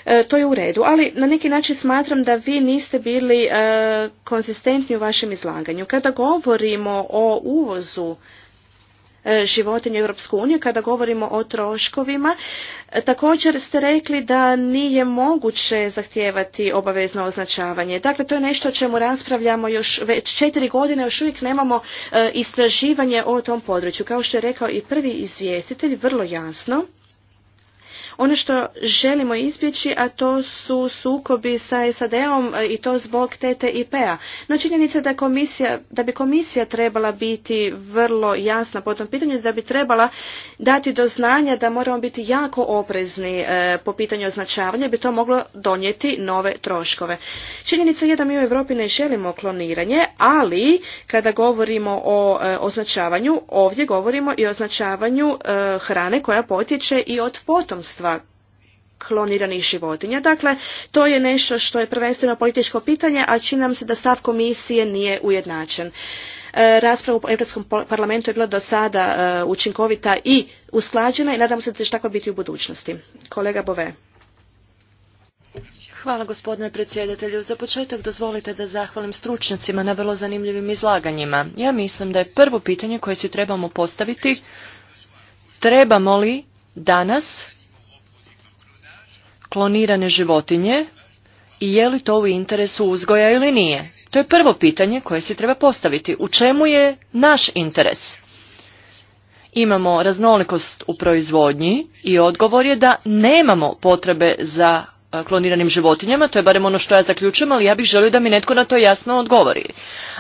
E, to je u redu, ali na neki način smatram da vi niste bili e, konzistentni u vašem izlaganju. Kada govorimo o uvozu E, životinje Europsku uniju kada govorimo o troškovima. E, također ste rekli da nije moguće zahtijevati obavezno označavanje. Dakle, to je nešto o čemu raspravljamo još već četiri godine, još uvijek nemamo e, istraživanje o tom području. Kao što je rekao i prvi izvjestitelj, vrlo jasno, ono što želimo izbjeći, a to su sukobi sa SAD-om e, i to zbog TTIP-a. No činjenica da, komisija, da bi komisija trebala biti vrlo jasna po tom pitanju, da bi trebala dati do znanja da moramo biti jako oprezni e, po pitanju označavanja, bi to moglo donijeti nove troškove. Činjenica je da mi u Europi ne želimo kloniranje, ali kada govorimo o e, označavanju, ovdje govorimo i o označavanju hrane koja potječe i od potomstva kloniranih životinja. Dakle, to je nešto što je prvenstveno političko pitanje, a čini nam se da stav komisije nije ujednačen. E, rasprava u Europskom parlamentu je bila do sada e, učinkovita i usklađena i nadam se da će tako biti u budućnosti. Kolega Bove. Hvala gospodine predsjedatelju. Za početak dozvolite da zahvalim stručnjacima na vrlo zanimljivim izlaganjima. Ja mislim da je prvo pitanje koje si trebamo postaviti trebamo li danas klonirane životinje i je li to u interesu uzgoja ili nije? To je prvo pitanje koje se treba postaviti. U čemu je naš interes? Imamo raznolikost u proizvodnji i odgovor je da nemamo potrebe za e, kloniranim životinjama, to je barem ono što ja zaključujem, ali ja bih želio da mi netko na to jasno odgovori.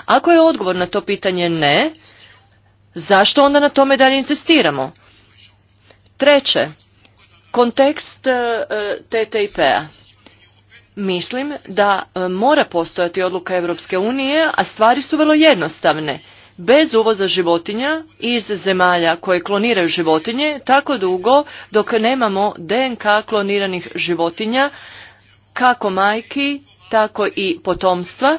Ako je odgovor na to pitanje ne, zašto onda na tome dalje insistiramo? Treće, Kontekst e, e, TTIP-a. Mislim da e, mora postojati odluka Europske unije, a stvari su vrlo jednostavne. Bez uvoza životinja iz zemalja koje kloniraju životinje, tako dugo dok nemamo DNK kloniranih životinja, kako majki, tako i potomstva,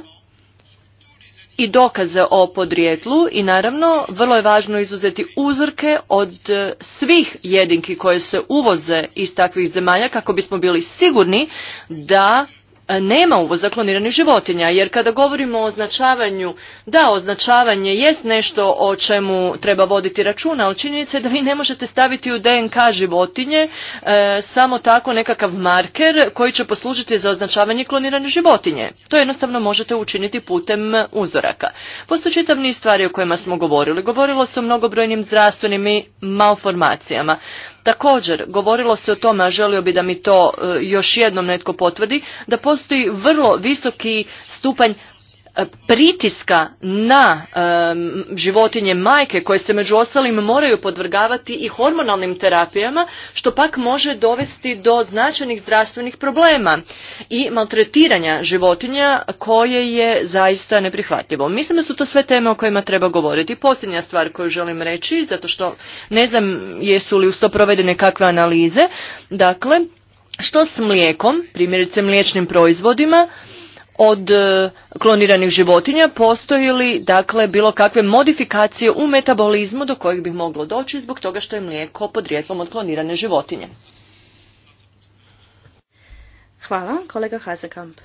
i dokaze o podrijetlu i naravno vrlo je važno izuzeti uzorke od e, svih jedinki koje se uvoze iz takvih zemalja kako bismo bili sigurni da E, nema uvoza kloniranih životinja, jer kada govorimo o označavanju, da, označavanje jest nešto o čemu treba voditi računa, ali činjenica je da vi ne možete staviti u DNK životinje e, samo tako nekakav marker koji će poslužiti za označavanje klonirane životinje. To jednostavno možete učiniti putem uzoraka. Postoji čitav niz stvari o kojima smo govorili. Govorilo se o mnogobrojnim zdravstvenim i malformacijama. Također, govorilo se o tome, a želio bi da mi to e, još jednom netko potvrdi, da postoji vrlo visoki stupanj e, pritiska na e, životinje majke koje se među ostalim moraju podvrgavati i hormonalnim terapijama što pak može dovesti do značajnih zdravstvenih problema i maltretiranja životinja koje je zaista neprihvatljivo. Mislim da su to sve teme o kojima treba govoriti. Posljednja stvar koju želim reći, zato što ne znam jesu li uz to provedene kakve analize, dakle što s mlijekom, primjerice mliječnim proizvodima, od e, kloniranih životinja postoji li dakle bilo kakve modifikacije u metabolizmu do kojeg bi moglo doći zbog toga što je mlijeko podrijetlom od klonirane životinje. Hvala, kolega Hazekamp.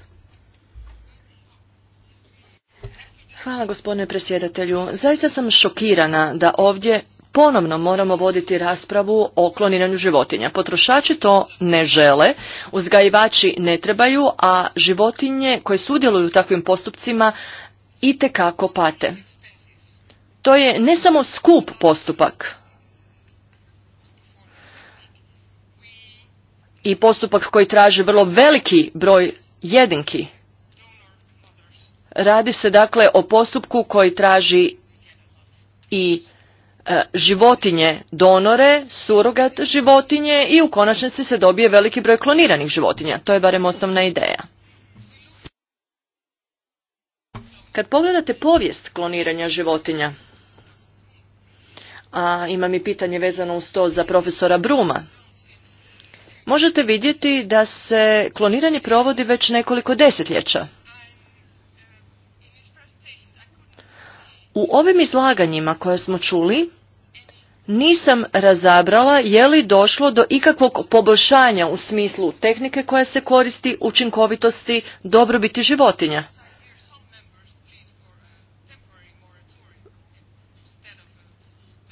Hvala gospodine predsjedatelju. Zaista sam šokirana da ovdje ponovno moramo voditi raspravu o kloniranju životinja. Potrošači to ne žele, uzgajivači ne trebaju, a životinje koje sudjeluju u takvim postupcima itekako pate. To je ne samo skup postupak, i postupak koji traži vrlo veliki broj jedinki. Radi se dakle o postupku koji traži i E, životinje donore, surogat životinje i u konačnici se dobije veliki broj kloniranih životinja. To je barem osnovna ideja. Kad pogledate povijest kloniranja životinja, a imam i pitanje vezano uz to za profesora Bruma, možete vidjeti da se kloniranje provodi već nekoliko desetljeća. U ovim izlaganjima koje smo čuli, nisam razabrala je li došlo do ikakvog poboljšanja u smislu tehnike koja se koristi, učinkovitosti, dobrobiti životinja.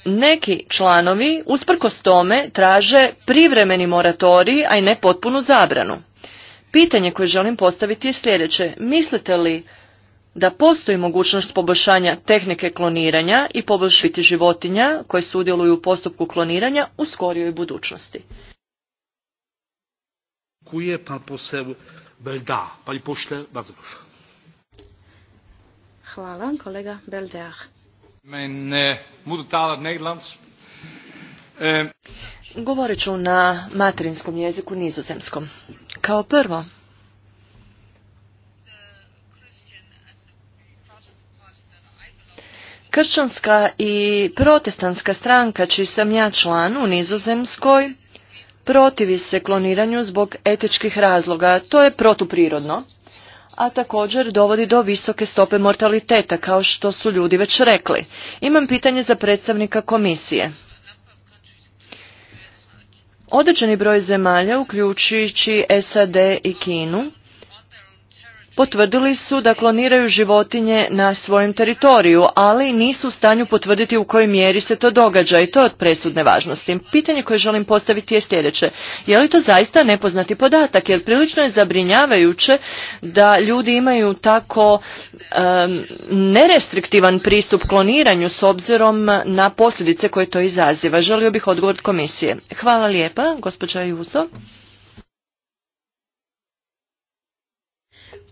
Neki članovi usprkos tome traže privremeni moratorij, a i ne potpunu zabranu. Pitanje koje želim postaviti je sljedeće. Mislite li da postoji mogućnost poboljšanja tehnike kloniranja i poboljšiti životinja koje sudjeluju u postupku kloniranja u skorijoj budućnosti. Hvala, kolega eh, eh, Govorit ću na materinskom jeziku nizozemskom. Kao prvo, Kršćanska i protestanska stranka, čiji sam ja član u Nizozemskoj, protivi se kloniranju zbog etičkih razloga. To je protuprirodno, a također dovodi do visoke stope mortaliteta, kao što su ljudi već rekli. Imam pitanje za predstavnika komisije. Određeni broj zemalja, uključujući SAD i Kinu, potvrdili su da kloniraju životinje na svojem teritoriju, ali nisu u stanju potvrditi u kojoj mjeri se to događa i to je od presudne važnosti. Pitanje koje želim postaviti je sljedeće. Je li to zaista nepoznati podatak? Jer prilično je zabrinjavajuće da ljudi imaju tako nerestriktivan pristup kloniranju s obzirom na posljedice koje to izaziva. Želio bih odgovor komisije. Hvala lijepa, gospođa Juso.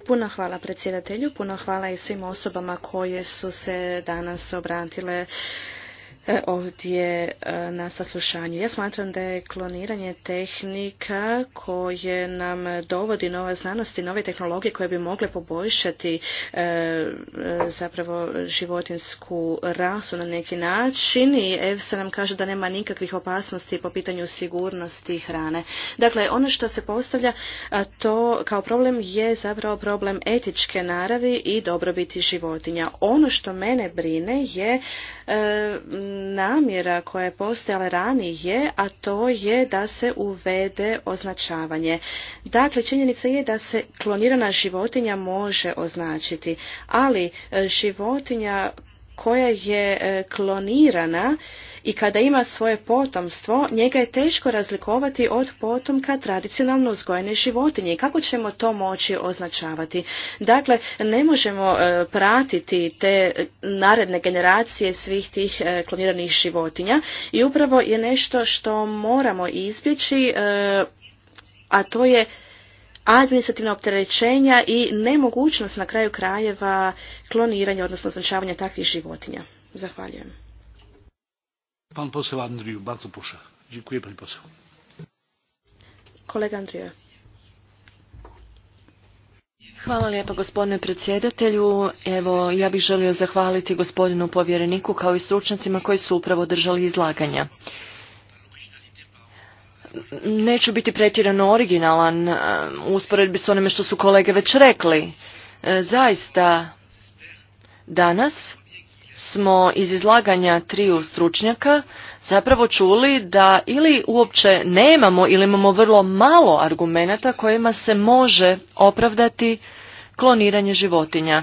Puno hvala predsjedatelju, puno hvala i svim osobama koje su se danas obratile E, ovdje e, na saslušanju. Ja smatram da je kloniranje tehnika koje nam dovodi nova znanost i nove tehnologije koje bi mogle poboljšati e, zapravo životinsku rasu na neki način i EFSA nam kaže da nema nikakvih opasnosti po pitanju sigurnosti hrane. Dakle, ono što se postavlja to kao problem je zapravo problem etičke naravi i dobrobiti životinja. Ono što mene brine je E, namjera koja je postojala ranije, a to je da se uvede označavanje. Dakle, činjenica je da se klonirana životinja može označiti, ali e, životinja koja je e, klonirana i kada ima svoje potomstvo, njega je teško razlikovati od potomka tradicionalno uzgojene životinje. I kako ćemo to moći označavati? Dakle, ne možemo e, pratiti te naredne generacije svih tih e, kloniranih životinja i upravo je nešto što moramo izbjeći, e, a to je administrativna opterećenja i nemogućnost na kraju krajeva kloniranja, odnosno označavanja takvih životinja. Zahvaljujem. Pan poseł Hvala gospodine predsjedatelju. Evo, ja bih želio zahvaliti gospodinu povjereniku kao i stručnjacima koji su upravo držali izlaganja. Neću biti pretjerano originalan e, u usporedbi s onime što su kolege već rekli. E, zaista, danas smo iz izlaganja triju stručnjaka zapravo čuli da ili uopće nemamo ili imamo vrlo malo argumenata kojima se može opravdati kloniranje životinja.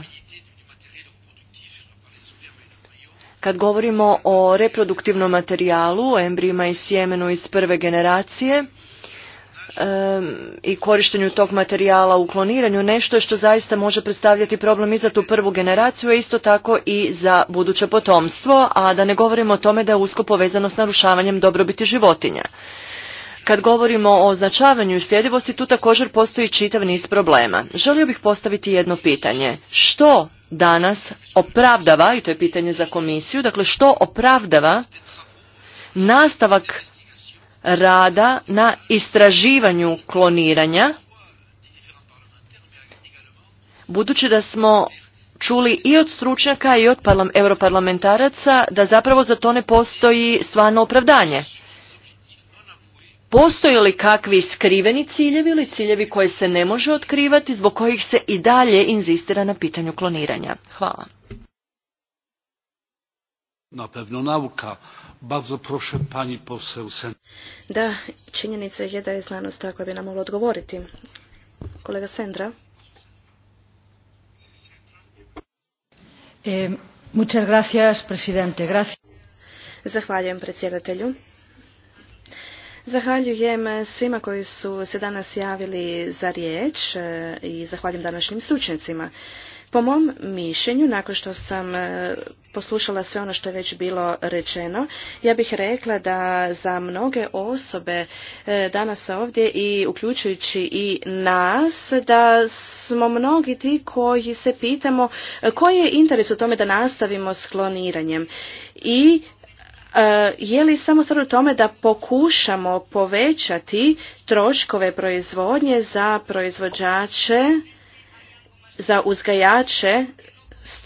Kad govorimo o reproduktivnom materijalu, embrijima i sjemenu iz prve generacije, i korištenju tog materijala u kloniranju nešto što zaista može predstavljati problem i za tu prvu generaciju, a isto tako i za buduće potomstvo, a da ne govorimo o tome da je usko povezano s narušavanjem dobrobiti životinja. Kad govorimo o označavanju i sljedivosti, tu također postoji čitav niz problema. Želio bih postaviti jedno pitanje. Što danas opravdava, i to je pitanje za komisiju, dakle što opravdava nastavak rada na istraživanju kloniranja, budući da smo čuli i od stručnjaka i od europarlamentaraca da zapravo za to ne postoji stvarno opravdanje. Postoje li kakvi skriveni ciljevi ili ciljevi koje se ne može otkrivati zbog kojih se i dalje inzistira na pitanju kloniranja? Hvala. Na nauka da, činjenica je da je znanost ta koja bi nam mogla odgovoriti. Kolega Sendra. Eh, muchas gracias, Zahvaljujem predsjedatelju. Zahvaljujem svima koji su se danas javili za riječ eh, i zahvaljujem današnjim stručnjacima. Po mom mišljenju, nakon što sam e, poslušala sve ono što je već bilo rečeno, ja bih rekla da za mnoge osobe e, danas ovdje i uključujući i nas, da smo mnogi ti koji se pitamo e, koji je interes u tome da nastavimo s kloniranjem. I je li samo stvar u tome da pokušamo povećati troškove proizvodnje za proizvođače za uzgajače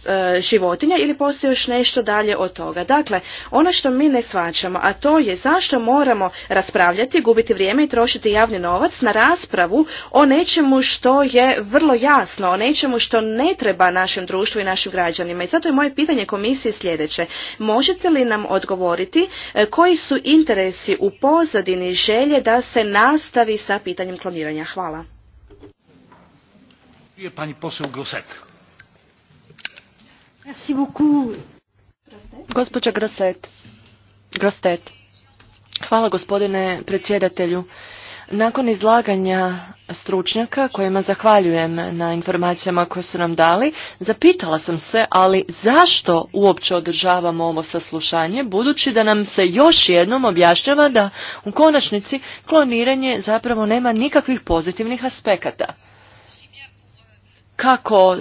e, životinja ili postoji još nešto dalje od toga. Dakle, ono što mi ne svačamo, a to je zašto moramo raspravljati, gubiti vrijeme i trošiti javni novac na raspravu o nečemu što je vrlo jasno, o nečemu što ne treba našem društvu i našim građanima. I zato je moje pitanje komisiji sljedeće. Možete li nam odgovoriti e, koji su interesi u pozadini želje da se nastavi sa pitanjem kloniranja? Hvala. Hvala gospodine predsjedatelju. Nakon izlaganja stručnjaka kojima zahvaljujem na informacijama koje su nam dali, zapitala sam se, ali zašto uopće održavamo ovo saslušanje, budući da nam se još jednom objašnjava da u konačnici kloniranje zapravo nema nikakvih pozitivnih aspekata kako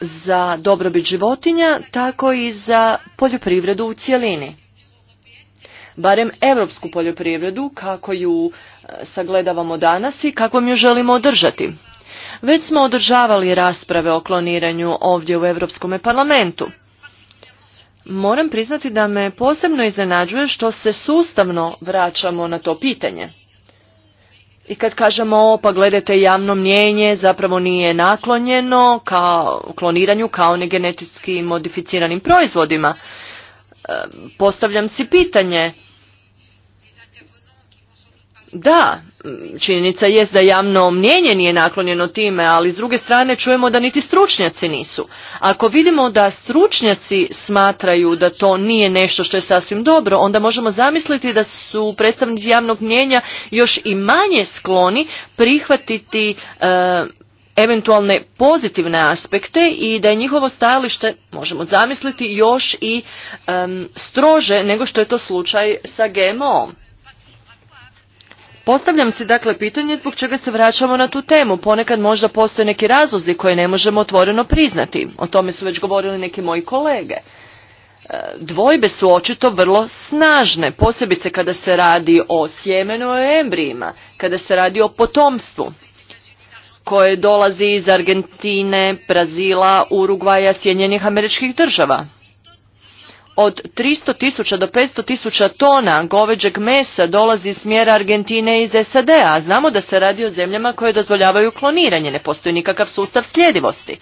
za dobrobit životinja, tako i za poljoprivredu u cjelini. Barem europsku poljoprivredu, kako ju e, sagledavamo danas i kako ju želimo održati. Već smo održavali rasprave o kloniranju ovdje u Evropskom parlamentu. Moram priznati da me posebno iznenađuje što se sustavno vraćamo na to pitanje i kad kažemo pa gledajte javno mnjenje zapravo nije naklonjeno kao kloniranju kao ne genetski modificiranim proizvodima. E, postavljam si pitanje. Da, činjenica jest da javno mnjenje nije naklonjeno time, ali s druge strane čujemo da niti stručnjaci nisu. Ako vidimo da stručnjaci smatraju da to nije nešto što je sasvim dobro, onda možemo zamisliti da su predstavnici javnog mnjenja još i manje skloni prihvatiti e, eventualne pozitivne aspekte i da je njihovo stajalište, možemo zamisliti, još i strože nego što je to slučaj sa GMO-om. Postavljam si dakle pitanje zbog čega se vraćamo na tu temu. Ponekad možda postoje neki razlozi koje ne možemo otvoreno priznati. O tome su već govorili neki moji kolege. E, dvojbe su očito vrlo snažne, posebice kada se radi o sjemenu i embrijima, kada se radi o potomstvu koje dolazi iz Argentine, Brazila, Urugvaja, Sjedinjenih američkih država od 300 tisuća do petsto tisuća tona goveđeg mesa dolazi iz Argentine i iz SAD-a, a znamo da se radi o zemljama koje dozvoljavaju kloniranje, ne postoji nikakav sustav sljedivosti.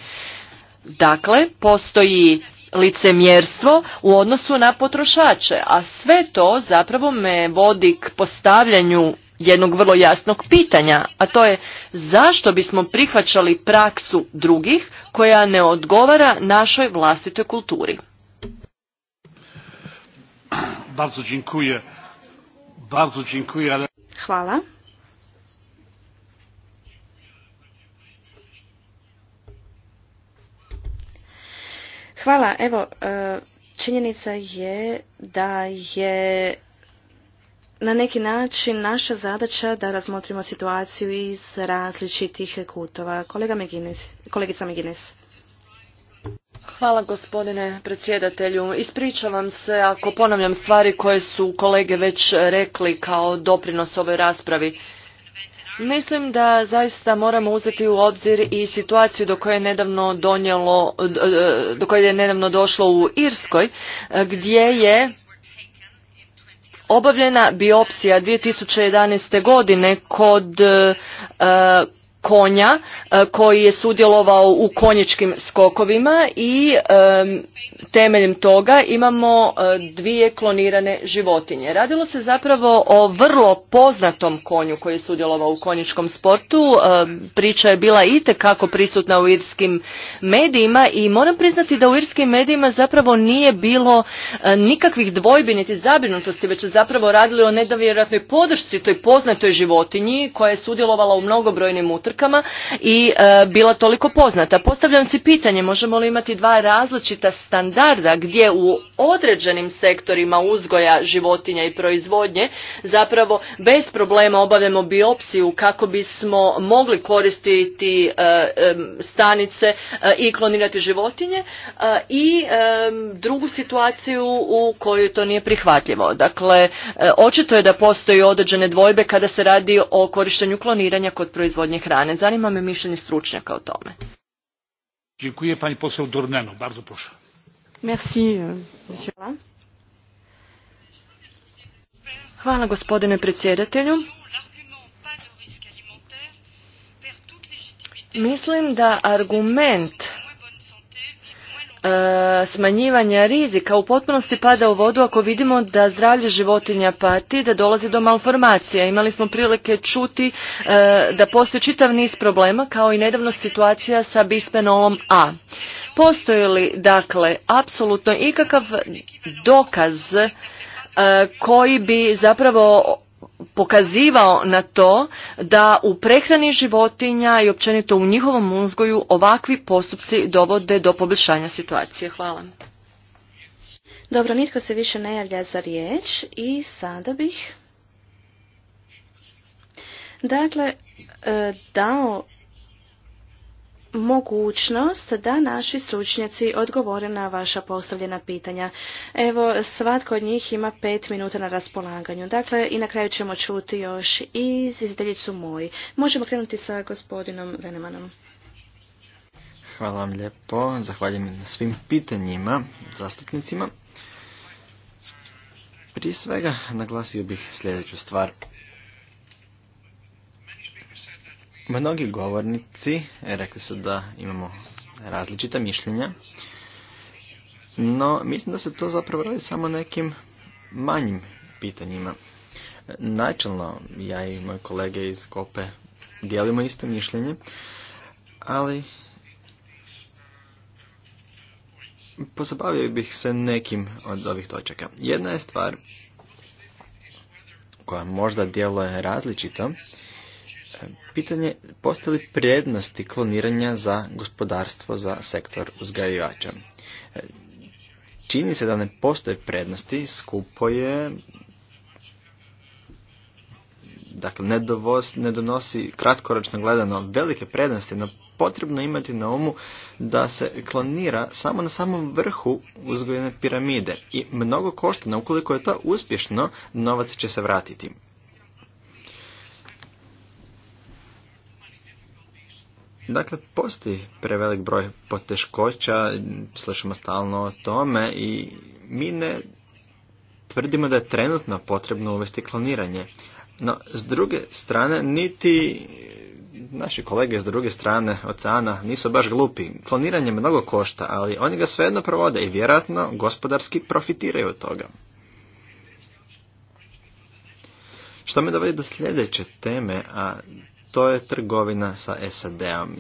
Dakle, postoji licemjerstvo u odnosu na potrošače, a sve to zapravo me vodi k postavljanju jednog vrlo jasnog pitanja, a to je zašto bismo prihvaćali praksu drugih koja ne odgovara našoj vlastitoj kulturi. Hvala. Hvala. Evo, činjenica je da je na neki način naša zadaća da razmotrimo situaciju iz različitih kutova. Kolega Megines, kolegica Megines. Hvala gospodine predsjedatelju. Ispričavam se ako ponavljam stvari koje su kolege već rekli kao doprinos ovoj raspravi. Mislim da zaista moramo uzeti u obzir i situaciju do koje je nedavno donijelo, do koje je nedavno došlo u Irskoj, gdje je obavljena biopsija 2011. godine kod e, konja e, koji je sudjelovao u konjičkim skokovima i e, temeljem toga imamo e, dvije klonirane životinje. Radilo se zapravo o vrlo poznatom konju koji je sudjelovao u konjičkom sportu. Priča je bila itekako prisutna u irskim medijima i moram priznati da u irskim medijima zapravo nije bilo nikakvih dvojbi niti zabrinutosti, već je zapravo radili o nedavjerojatnoj podršci toj poznatoj životinji koja je sudjelovala u mnogobrojnim utakmicama i e, bila toliko poznata. Postavljam si pitanje, možemo li imati dva različita standarda gdje u određenim sektorima uzgoja životinja i proizvodnje zapravo bez problema obavljamo biopsiju kako bismo mogli koristiti e, stanice e, i klonirati životinje i drugu situaciju u kojoj to nije prihvatljivo. Dakle, očito je da postoji određene dvojbe kada se radi o korištenju kloniranja kod proizvodnje hrane strane. Zanima me mišljenje stručnjaka o tome. Dziękuję pani poseł Durneno, Bardzo proszę. Merci, euh, monsieur. Hvala gospodine predsjedatelju. Mislim da argument E, smanjivanja rizika u potpunosti pada u vodu ako vidimo da zdravlje životinja pati, da dolazi do malformacija. Imali smo prilike čuti e, da postoji čitav niz problema kao i nedavno situacija sa bispenolom A. Postoji li dakle apsolutno ikakav dokaz e, koji bi zapravo pokazivao na to da u prehrani životinja i općenito u njihovom uzgoju ovakvi postupci dovode do poboljšanja situacije. Hvala. Dobro, nitko se više ne javlja za riječ i sada bih dakle e, dao mogućnost da naši stručnjaci odgovore na vaša postavljena pitanja. Evo, svatko od njih ima pet minuta na raspolaganju. Dakle, i na kraju ćemo čuti još i izdeljicu moji. Možemo krenuti sa gospodinom Venemanom. Hvala vam lijepo. Zahvaljujem svim pitanjima, zastupnicima. Prije svega naglasio bih sljedeću stvar. Mnogi govornici rekli su da imamo različita mišljenja, no mislim da se to zapravo radi samo nekim manjim pitanjima. Načelno, ja i moje kolege iz Kope dijelimo isto mišljenje, ali pozabavio bih se nekim od ovih točaka. Jedna je stvar koja možda djeluje različito, Pitanje, postali li prednosti kloniranja za gospodarstvo, za sektor uzgajivača? E, čini se da ne postoje prednosti, skupo je, dakle ne, ne donosi kratkoročno gledano velike prednosti, no potrebno imati na umu da se klonira samo na samom vrhu uzgojene piramide i mnogo na ukoliko je to uspješno, novac će se vratiti. Dakle, postoji prevelik broj poteškoća, slušamo stalno o tome i mi ne tvrdimo da je trenutno potrebno uvesti kloniranje. No, s druge strane, niti naši kolege s druge strane oceana nisu baš glupi. Kloniranje mnogo košta, ali oni ga svejedno provode i vjerojatno gospodarski profitiraju od toga. Što me dovodi do sljedeće teme, a to je trgovina sa SAD-om.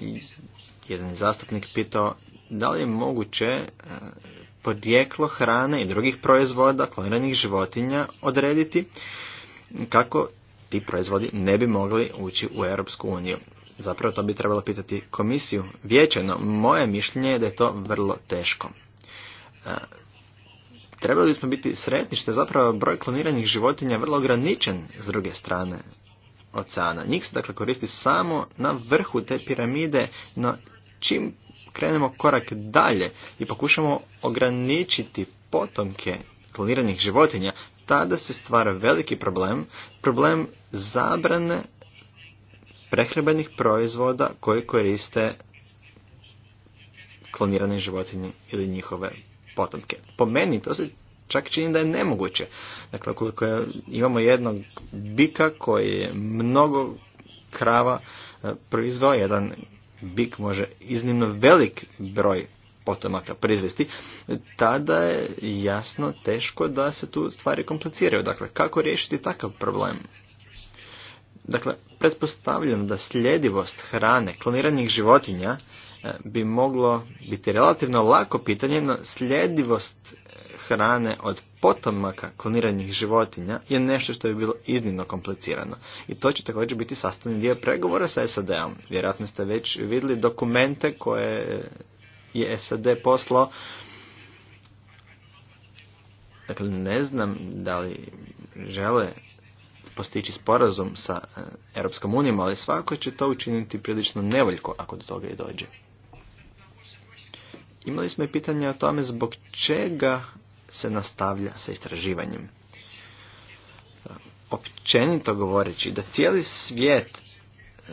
Jedan zastupnik pitao da li je moguće e, porijeklo hrane i drugih proizvoda kloniranih životinja odrediti kako ti proizvodi ne bi mogli ući u Europsku uniju. Zapravo to bi trebalo pitati komisiju. Vječeno, moje mišljenje je da je to vrlo teško. E, trebali bismo biti sretni što je zapravo broj kloniranih životinja vrlo ograničen s druge strane oceana. Njih se dakle koristi samo na vrhu te piramide, no čim krenemo korak dalje i pokušamo ograničiti potomke kloniranih životinja, tada se stvara veliki problem, problem zabrane prehrebenih proizvoda koji koriste klonirane životinje ili njihove potomke. Po meni to se čak čini da je nemoguće. Dakle, ukoliko imamo jednog bika koji je mnogo krava e, proizveo, jedan bik može iznimno velik broj potomaka proizvesti, tada je jasno teško da se tu stvari kompliciraju. Dakle, kako riješiti takav problem? Dakle, pretpostavljam da sljedivost hrane kloniranih životinja e, bi moglo biti relativno lako pitanje, no sljedivost hrane od potomaka kloniranih životinja je nešto što je bilo iznimno komplicirano. I to će također biti sastavni dio pregovora sa SAD-om. Vjerojatno ste već vidjeli dokumente koje je SAD poslao. Dakle, ne znam da li žele postići sporazum sa eh, Europskom unijom, ali svako će to učiniti prilično nevoljko ako do toga i dođe. Imali smo i pitanje o tome zbog čega se nastavlja sa istraživanjem. Općenito govoreći da cijeli svijet e,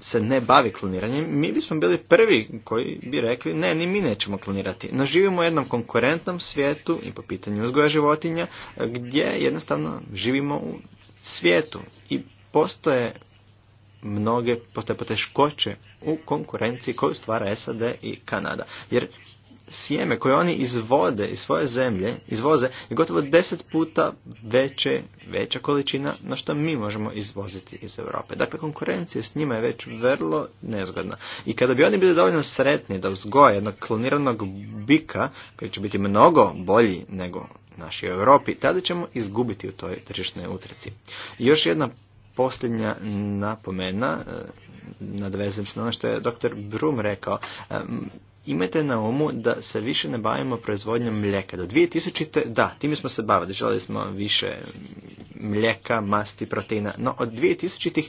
se ne bavi kloniranjem, mi bismo bili prvi koji bi rekli ne, ni mi nećemo klonirati. No živimo u jednom konkurentnom svijetu i po pitanju uzgoja životinja gdje jednostavno živimo u svijetu i postoje mnoge, postoje poteškoće u konkurenciji koju stvara SAD i Kanada. Jer sjeme koje oni izvode iz svoje zemlje, izvoze, je gotovo deset puta veće, veća količina na što mi možemo izvoziti iz Europe. Dakle, konkurencija s njima je već vrlo nezgodna. I kada bi oni bili dovoljno sretni da uzgoje jednog kloniranog bika, koji će biti mnogo bolji nego naši u Europi, tada ćemo izgubiti u toj tržišnoj utrci. I još jedna posljednja napomena, e, nadvezem se na ono što je dr. Brum rekao, e, imajte na umu da se više ne bavimo proizvodnjom mlijeka. Do 2000. da, time smo se bavili, željeli smo više mlijeka, masti, proteina, no od 2000.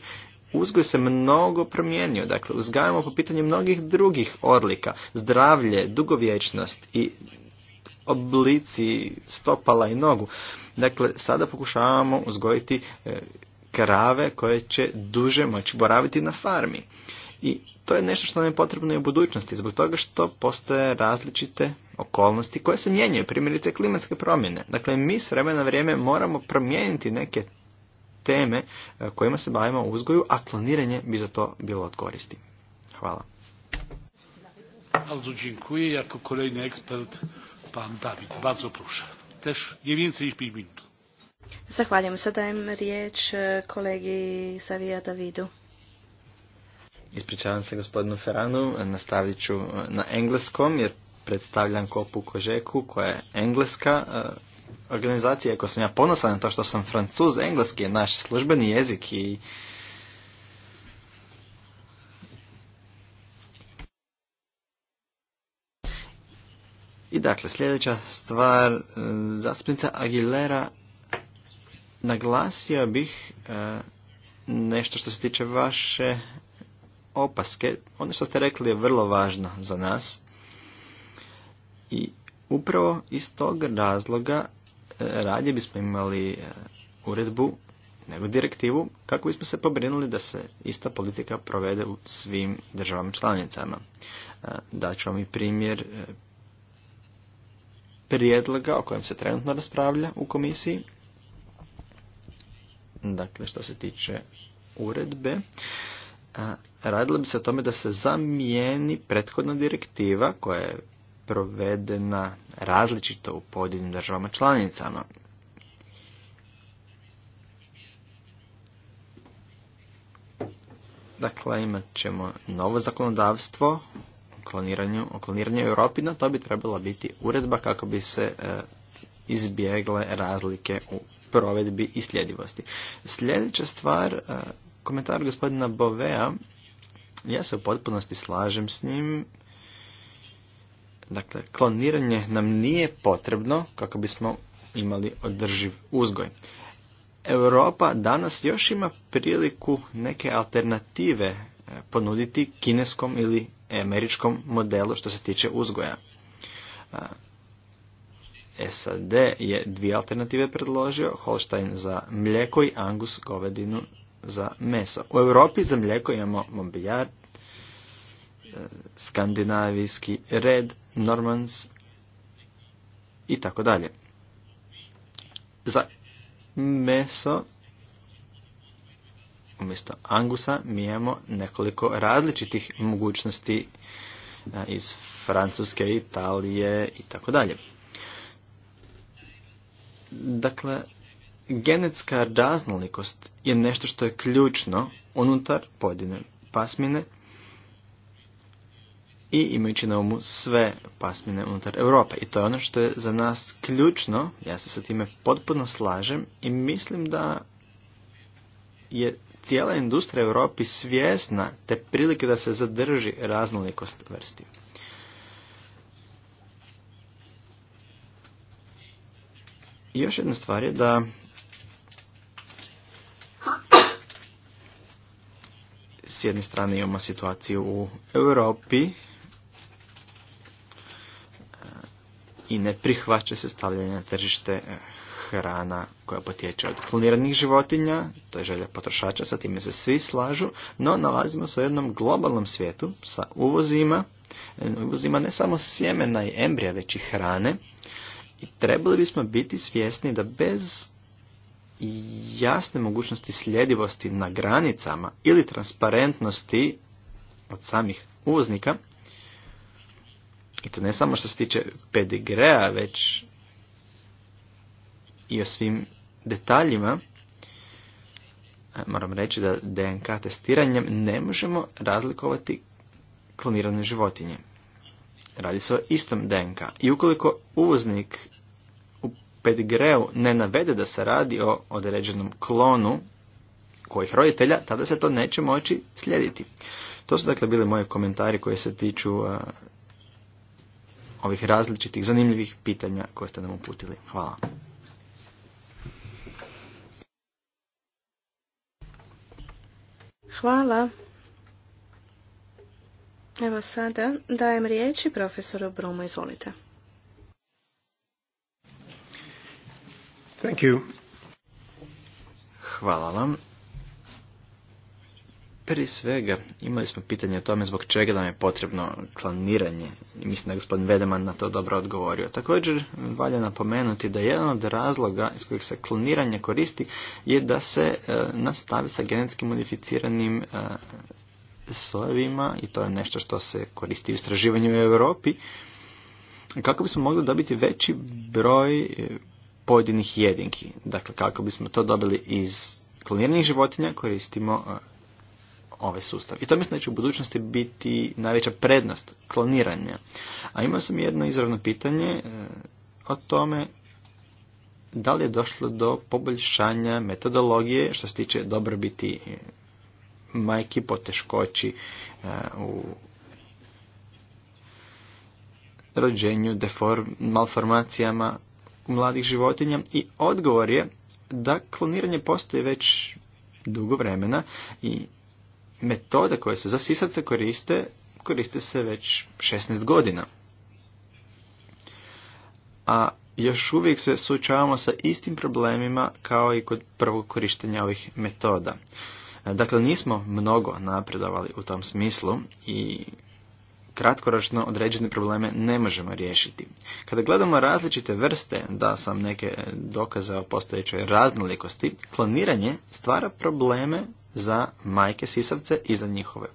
Uzgoj se mnogo promijenio, dakle uzgajamo po pitanju mnogih drugih odlika, zdravlje, dugovječnost i oblici stopala i nogu. Dakle, sada pokušavamo uzgojiti e, krave koje će duže moći boraviti na farmi. I to je nešto što nam je potrebno i u budućnosti, zbog toga što postoje različite okolnosti koje se mijenjaju, primjerice klimatske promjene. Dakle, mi s vremena na vrijeme moramo promijeniti neke teme e, kojima se bavimo u uzgoju, a kloniranje bi za to bilo od koristi. Hvala. Bardzo dziękuję. Jako kolejny ekspert pan Dawid. Bardzo proszę. Też nie więcej niż 5 minut. Zahvaljujem. Sada dajem riječ e, kolegi Savija Davidu. Ispričavam se gospodinu Feranu, nastavit ću e, na engleskom jer predstavljam Kopu Kožeku koja je engleska e, organizacija, iako sam ja ponosan na to što sam francuz, engleski je naš službeni jezik i I dakle, sljedeća stvar, zastupnica Aguilera Naglasio bih e, nešto što se tiče vaše opaske. Ono što ste rekli je vrlo važno za nas. I upravo iz tog razloga e, radije bismo imali e, uredbu nego direktivu kako bismo se pobrinuli da se ista politika provede u svim državama članicama. Daću vam i primjer prijedloga o kojem se trenutno raspravlja u komisiji Dakle, što se tiče uredbe, radilo bi se o tome da se zamijeni prethodna direktiva koja je provedena različito u pojedinim državama članicama. Dakle, imat ćemo novo zakonodavstvo o kloniranju, o Europi, no to bi trebala biti uredba kako bi se e, izbjegle razlike u provedbi i sljedivosti. Sljedeća stvar, e, komentar gospodina Bovea, ja se u potpunosti slažem s njim. Dakle, kloniranje nam nije potrebno kako bismo imali održiv uzgoj. Europa danas još ima priliku neke alternative e, ponuditi kineskom ili američkom modelu što se tiče uzgoja. E, SAD je dvije alternative predložio, Holstein za mlijeko i Angus govedinu za meso. U Europi za mlijeko imamo Mobiljar, e, skandinavijski red, normans i tako dalje. Za meso umjesto angusa mi imamo nekoliko različitih mogućnosti e, iz Francuske, Italije i tako dalje. Dakle, genetska raznolikost je nešto što je ključno unutar pojedine pasmine i imajući na umu sve pasmine unutar Europe. I to je ono što je za nas ključno, ja se sa time potpuno slažem i mislim da je cijela industrija Europi svjesna te prilike da se zadrži raznolikost vrsti. još jedna stvar je da s jedne strane imamo situaciju u Europi e, i ne prihvaća se stavljanje na tržište e, hrana koja potječe od kloniranih životinja, to je želja potrošača, sa time se svi slažu, no nalazimo se u jednom globalnom svijetu sa uvozima, e, uvozima ne samo sjemena i embrija, već i hrane, i trebali bismo biti svjesni da bez jasne mogućnosti sljedivosti na granicama ili transparentnosti od samih uvoznika, i to ne samo što se tiče pedigrea, već i o svim detaljima, moram reći da DNK testiranjem ne možemo razlikovati klonirane životinje. Radi se o istom DNK. I ukoliko uvoznik u pedigreu ne navede da se radi o određenom klonu kojih roditelja, tada se to neće moći slijediti. To su dakle bili moji komentari koji se tiču e, ovih različitih zanimljivih pitanja koje ste nam uputili. Hvala. Hvala. Evo sada dajem riječi profesoru Brumu, izvolite. Thank you. Hvala vam. Prije svega imali smo pitanje o tome zbog čega nam je potrebno klaniranje. Mislim da je gospodin Vedeman na to dobro odgovorio. Također valja napomenuti da jedan od razloga iz kojeg se kloniranje koristi je da se e, nastavi sa genetski modificiranim e, sojevima i to je nešto što se koristi u istraživanju u Europi kako bismo mogli dobiti veći broj e, pojedinih jedinki. Dakle, kako bismo to dobili iz kloniranih životinja, koristimo e, ovaj sustav. I to mislim da će u budućnosti biti najveća prednost kloniranja. A imao sam jedno izravno pitanje e, o tome da li je došlo do poboljšanja metodologije što se tiče dobrobiti majki poteškoći e, u rođenju, deform, malformacijama mladih životinja i odgovor je da kloniranje postoji već dugo vremena i metode koje se za sisavce koriste, koriste se već 16 godina. A još uvijek se suočavamo sa istim problemima kao i kod prvog korištenja ovih metoda. Dakle, nismo mnogo napredovali u tom smislu i kratkoročno određene probleme ne možemo riješiti. Kada gledamo različite vrste, da sam neke dokaze o postojećoj raznolikosti, kloniranje stvara probleme za majke sisavce i za njihove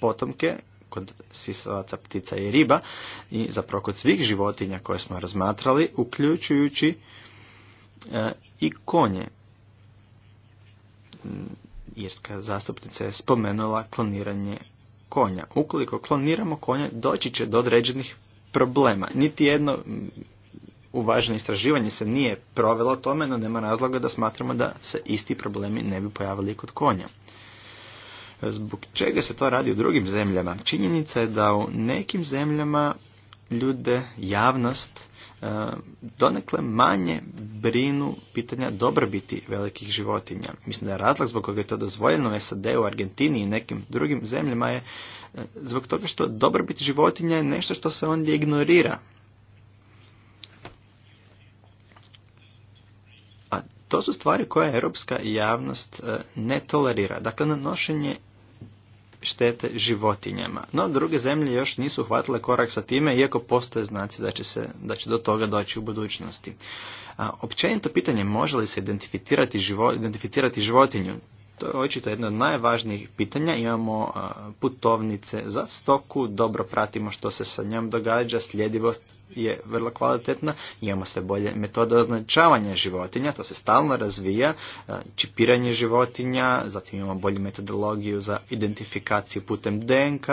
potomke kod sisavaca, ptica i riba i zapravo kod svih životinja koje smo razmatrali, uključujući e, i konje irska mm, zastupnica je spomenula kloniranje konja. Ukoliko kloniramo konja, doći će do određenih problema. Niti jedno mm, uvaženo istraživanje se nije provelo tome, no nema razloga da smatramo da se isti problemi ne bi pojavili kod konja. Zbog čega se to radi u drugim zemljama? Činjenica je da u nekim zemljama ljude, javnost, e, donekle manje brinu pitanja dobrobiti velikih životinja. Mislim da je razlog zbog koga je to dozvoljeno u SAD-u, Argentini i nekim drugim zemljama je e, zbog toga što dobrobit životinja je nešto što se ondje ignorira. A to su stvari koje europska javnost e, ne tolerira. Dakle, nošenje štete životinjama. No druge zemlje još nisu uhvatile korak sa time, iako postoje znaci da će, se, da će do toga doći u budućnosti. A, općenito pitanje može li se identificirati, živo, identificirati životinju? To je očito jedno od najvažnijih pitanja. Imamo putovnice za stoku, dobro pratimo što se sa njom događa, sljedivost je vrlo kvalitetna, imamo sve bolje metode označavanja životinja, to se stalno razvija, e, čipiranje životinja, zatim imamo bolju metodologiju za identifikaciju putem DNK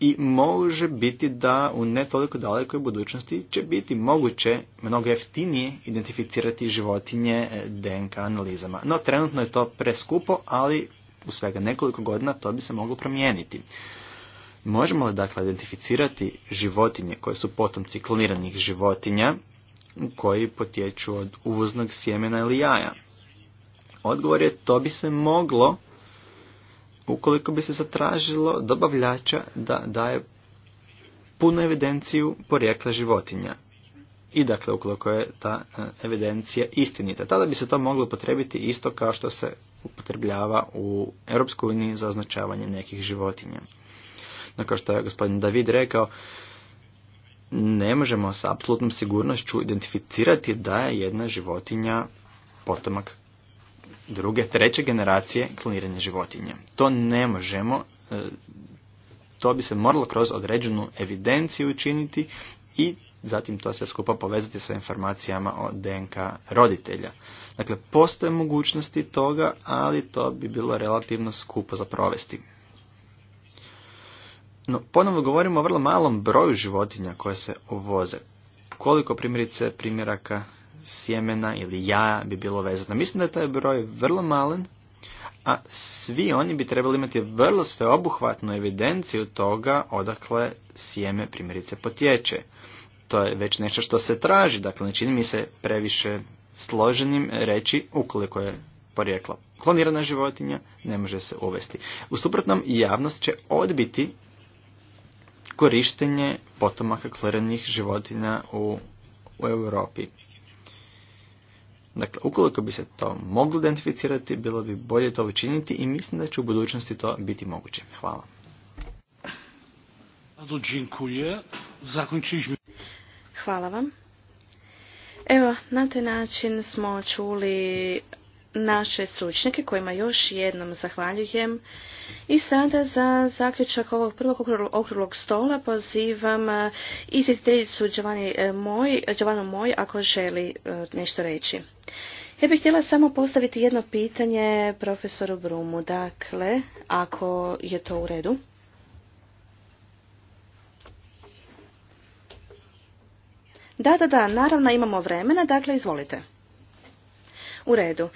i može biti da u ne toliko dalekoj budućnosti će biti moguće mnogo jeftinije identificirati životinje e, DNK analizama. No trenutno je to preskupo, ali u svega nekoliko godina to bi se moglo promijeniti. Možemo li dakle identificirati životinje koje su potomci kloniranih životinja koji potječu od uvoznog sjemena ili jaja? Odgovor je to bi se moglo ukoliko bi se zatražilo dobavljača da daje punu evidenciju porijekla životinja. I dakle, ukoliko je ta eh, evidencija istinita, tada bi se to moglo upotrebiti isto kao što se upotrebljava u EU za označavanje nekih životinja. No kao što je gospodin David rekao, ne možemo sa apsolutnom sigurnošću identificirati da je jedna životinja potomak druge, treće generacije kloniranja životinje. To ne možemo, e, to bi se moralo kroz određenu evidenciju učiniti i zatim to sve skupa povezati sa informacijama o DNK roditelja. Dakle, postoje mogućnosti toga, ali to bi bilo relativno skupo za provesti. No, ponovno govorimo o vrlo malom broju životinja koje se uvoze. Koliko primjerice primjeraka sjemena ili jaja bi bilo vezano. Mislim da je taj broj vrlo malen, a svi oni bi trebali imati vrlo sveobuhvatnu evidenciju toga odakle sjeme primjerice potječe. To je već nešto što se traži, dakle ne čini mi se previše složenim reći ukoliko je porijekla klonirana životinja, ne može se uvesti. U suprotnom, javnost će odbiti korištenje potomaka kloniranih životinja u, u Europi. Dakle, ukoliko bi se to moglo identificirati, bilo bi bolje to učiniti i mislim da će u budućnosti to biti moguće. Hvala. Hvala vam. Evo, na taj način smo čuli naše stručnjake kojima još jednom zahvaljujem. I sada za zaključak ovog prvog okruglog stola pozivam e, izvjestiteljicu Giovanni e, Moj, Moj ako želi e, nešto reći. Ja bih htjela samo postaviti jedno pitanje profesoru Brumu. Dakle, ako je to u redu. Da, da, da, naravno imamo vremena, dakle izvolite. U redu.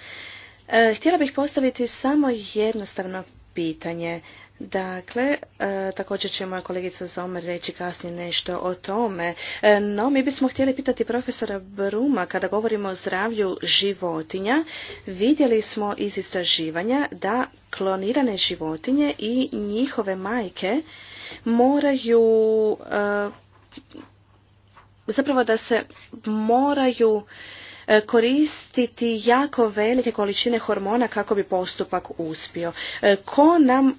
E, htjela bih postaviti samo jednostavno pitanje. Dakle, e, također će moja kolegica Zomer reći kasnije nešto o tome, e, no mi bismo htjeli pitati profesora Bruma kada govorimo o zdravlju životinja. Vidjeli smo iz istraživanja da klonirane životinje i njihove majke moraju e, zapravo da se moraju E, koristiti jako velike količine hormona kako bi postupak uspio. E, ko nam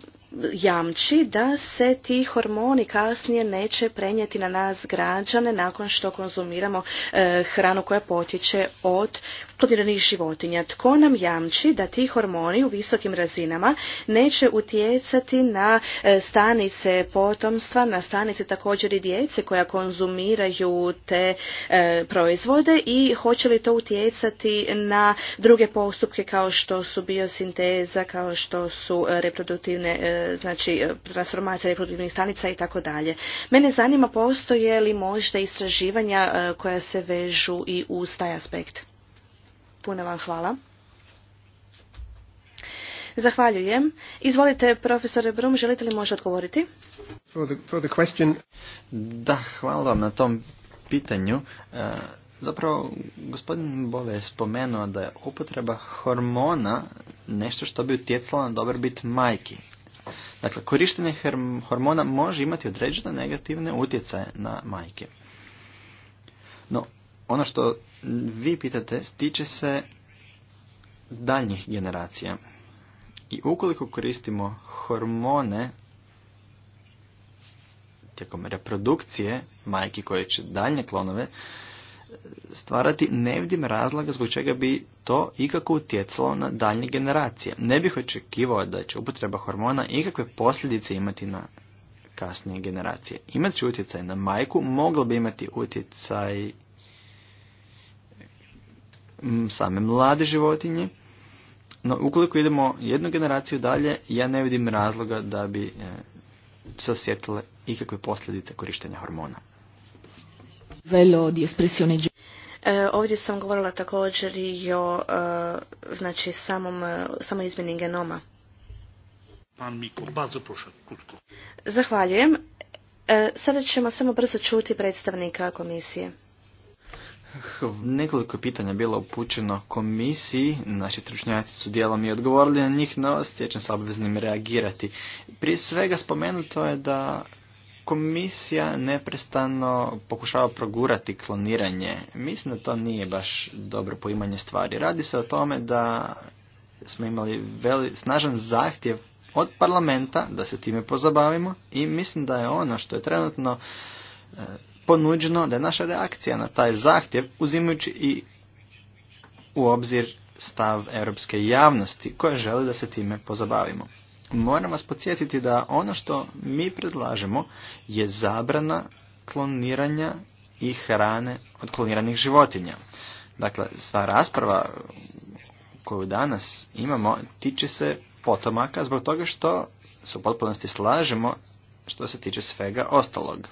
jamči da se ti hormoni kasnije neće prenijeti na nas građane nakon što konzumiramo e, hranu koja potječe od kloniranih životinja. Tko nam jamči da ti hormoni u visokim razinama neće utjecati na e, stanice potomstva, na stanice također i djece koja konzumiraju te e, proizvode i hoće li to utjecati na druge postupke kao što su biosinteza, kao što su reproduktivne, e, znači transformacija reproduktivnih stanica i tako dalje. Mene zanima postoje li možda istraživanja koja se vežu i uz taj aspekt. Puno vam hvala. Zahvaljujem. Izvolite, profesore Brum, želite li možda odgovoriti? the, Da, hvala vam na tom pitanju. E, zapravo, gospodin Bove je spomenuo da je upotreba hormona nešto što bi utjecalo na dobar bit majki. Dakle, korištenje hormona može imati određene negativne utjecaje na majke. No, ono što vi pitate tiče se daljnjih generacija. I ukoliko koristimo hormone tijekom reprodukcije majki koje će daljnje klonove e, stvarati, ne vidim razloga zbog čega bi to ikako utjecalo na daljnje generacije. Ne bih očekivao da će upotreba hormona ikakve posljedice imati na kasnije generacije. Imat će utjecaj na majku, moglo bi imati utjecaj same mlade životinje. No, ukoliko idemo jednu generaciju dalje, ja ne vidim razloga da bi e, se osjetile ikakve posljedice korištenja hormona. Velo E, ovdje sam govorila također i o e, znači samom, e, samoj izmjeni genoma. Zahvaljujem. sada ćemo samo brzo čuti predstavnika komisije. Nekoliko pitanja bilo upućeno komisiji, naši stručnjaci su dijelom i odgovorili na njih, no sjećam se obveznim reagirati. Prije svega spomenuto je da komisija neprestano pokušava progurati kloniranje. Mislim da to nije baš dobro poimanje stvari. Radi se o tome da smo imali veli, snažan zahtjev od parlamenta da se time pozabavimo i mislim da je ono što je trenutno e, ponuđeno da je naša reakcija na taj zahtjev uzimajući i u obzir stav europske javnosti koja želi da se time pozabavimo. Moram vas podsjetiti da ono što mi predlažemo je zabrana kloniranja i hrane od kloniranih životinja. Dakle, sva rasprava koju danas imamo tiče se potomaka zbog toga što se u potpunosti slažemo što se tiče svega ostalog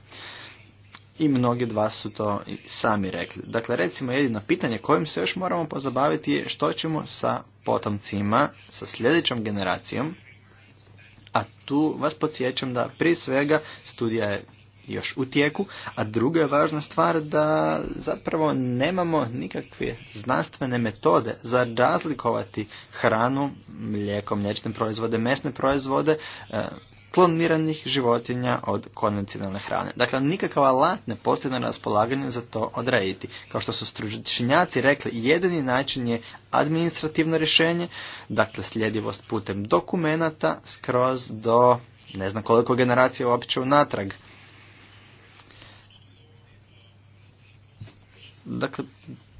i mnogi od vas su to i sami rekli. Dakle, recimo jedino pitanje kojim se još moramo pozabaviti je što ćemo sa potomcima, sa sljedećom generacijom, a tu vas podsjećam da prije svega studija je još u tijeku, a druga je važna stvar da zapravo nemamo nikakve znanstvene metode za razlikovati hranu, mlijeko, mlječne proizvode, mesne proizvode, e, kloniranih životinja od konvencionalne hrane. Dakle, nikakav alat ne postoji na raspolaganju za to odrediti. Kao što su stručnjaci rekli, jedini način je administrativno rješenje, dakle sljedivost putem dokumenata skroz do ne znam koliko generacija uopće unatrag. Dakle,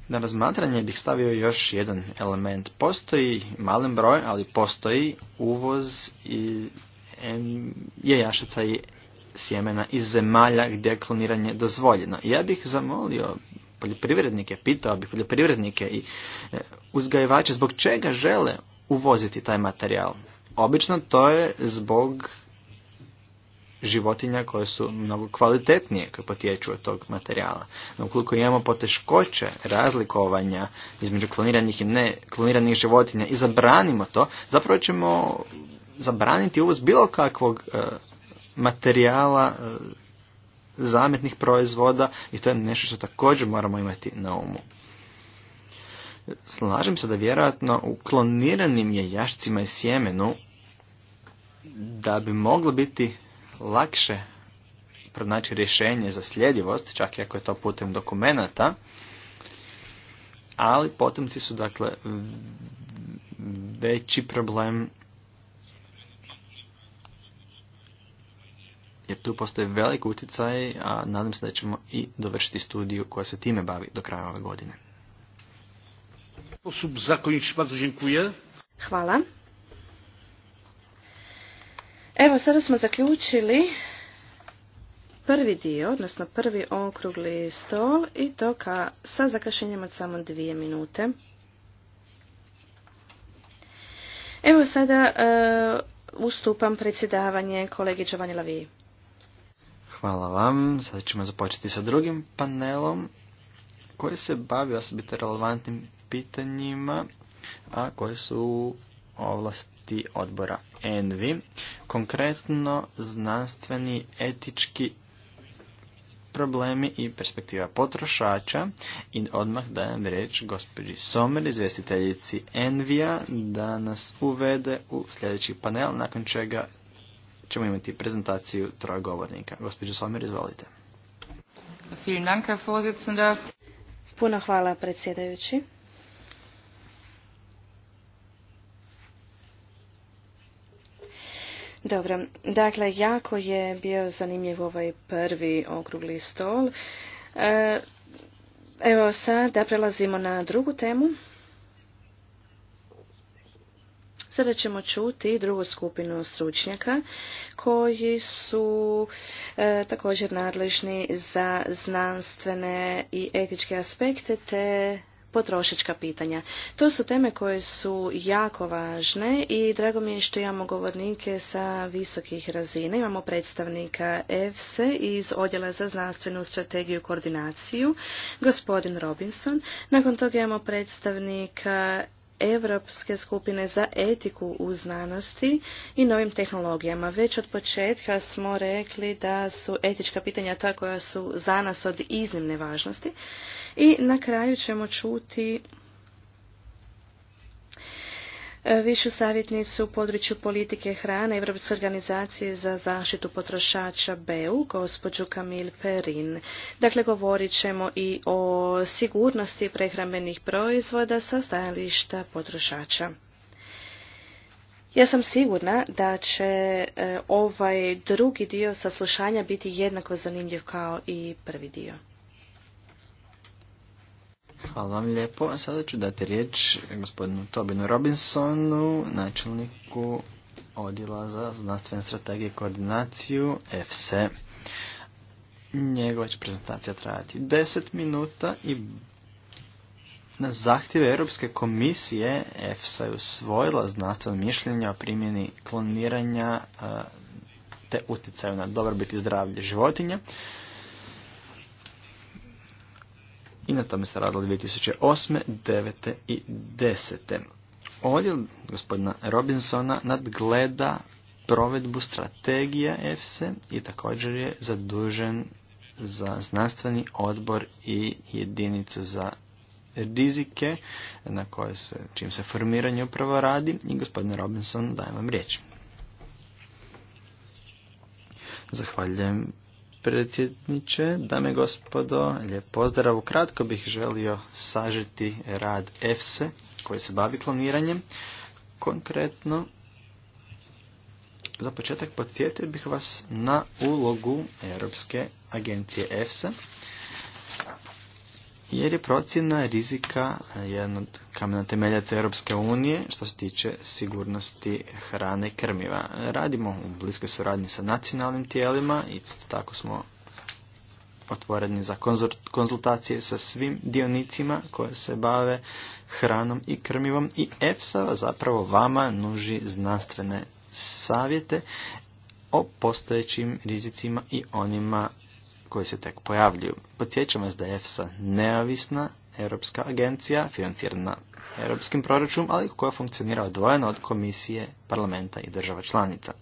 na razmatranje bih stavio još jedan element. Postoji malen broj, ali postoji uvoz i je i sjemena iz zemalja gdje je kloniranje dozvoljeno. Ja bih zamolio poljoprivrednike, pitao bih poljoprivrednike i e, uzgajivače zbog čega žele uvoziti taj materijal. Obično to je zbog životinja koje su mnogo kvalitetnije koje potječu od tog materijala. No, ukoliko imamo poteškoće razlikovanja između kloniranih i ne kloniranih životinja i zabranimo to, zapravo ćemo zabraniti uvoz bilo kakvog e, materijala, e, zametnih proizvoda i to je nešto što također moramo imati na umu. Slažem se da vjerojatno u kloniranim je i sjemenu da bi moglo biti lakše pronaći rješenje za sljedivost, čak i ako je to putem dokumenata, ali potomci su dakle veći problem jer tu postoje velik utjecaj, a nadam se da ćemo i dovršiti studiju koja se time bavi do kraja ove godine. Hvala. Evo, sada smo zaključili prvi dio, odnosno prvi okrugli stol i to ka, sa zakašenjem od samo dvije minute. Evo sada e, ustupam predsjedavanje kolegi Giovanni Laviji. Hvala vam. Sada ćemo započeti sa drugim panelom koji se bavi osobito relevantnim pitanjima, a koje su ovlasti odbora ENVI. Konkretno znanstveni, etički problemi i perspektiva potrošača i odmah dajem riječ gospođi Somer, izvjestiteljici Envija, da nas uvede u sljedeći panel, nakon čega ćemo imati prezentaciju troje govornika. Gospođo Somir, izvolite. Puno hvala predsjedajući. Dobro, dakle, jako je bio zanimljiv ovaj prvi okrugli stol. E, evo da prelazimo na drugu temu. Sada ćemo čuti drugu skupinu stručnjaka koji su e, također nadležni za znanstvene i etičke aspekte te potrošačka pitanja. To su teme koje su jako važne i drago mi je što imamo govornike sa visokih razina. Imamo predstavnika EFSE e iz Odjela za znanstvenu strategiju i koordinaciju, gospodin Robinson. Nakon toga imamo predstavnika Europske skupine za etiku u znanosti i novim tehnologijama. Već od početka smo rekli da su etička pitanja ta koja su za nas od iznimne važnosti. I na kraju ćemo čuti višu savjetnicu u području politike hrane Europske organizacije za zaštitu potrošača BEU, gospođu Kamil Perin. Dakle, govorit ćemo i o sigurnosti prehrambenih proizvoda sa stajališta potrošača. Ja sam sigurna da će e, ovaj drugi dio saslušanja biti jednako zanimljiv kao i prvi dio. Hvala vam lijepo. Sada ću dati riječ gospodinu Tobinu Robinsonu, načelniku odjela za znanstvene strategije i koordinaciju EFSE. Njegova će prezentacija trajati 10 minuta i na zahtjeve Europske komisije EFSA je usvojila znanstveno mišljenje o primjeni kloniranja te utjecaju na dobrobit i zdravlje životinja i na tome se radilo 2008., 9. i 10. Odjel gospodina Robinsona nadgleda provedbu strategija EFSE i također je zadužen za znanstveni odbor i jedinicu za rizike na koje se, čim se formiranje upravo radi i gospodine Robinson dajem vam riječ. Zahvaljujem predsjedniče, dame i gospodo, lijep pozdrav. Ukratko bih želio sažeti rad EFSE koji se bavi kloniranjem. Konkretno, za početak podsjetio bih vas na ulogu Europske agencije EFSE jer je procjena rizika eh, jedan od kamena temeljaca Europske unije što se tiče sigurnosti hrane i krmiva. Radimo u bliskoj suradnji sa nacionalnim tijelima i tako smo otvoreni za konzultacije sa svim dionicima koje se bave hranom i krmivom i EFSA zapravo vama nuži znanstvene savjete o postojećim rizicima i onima koji se tek pojavljuju. Podsjećam vas da je EFSA neovisna europska agencija, financirana europskim proračunom, ali koja funkcionira odvojeno od komisije, parlamenta i država članica.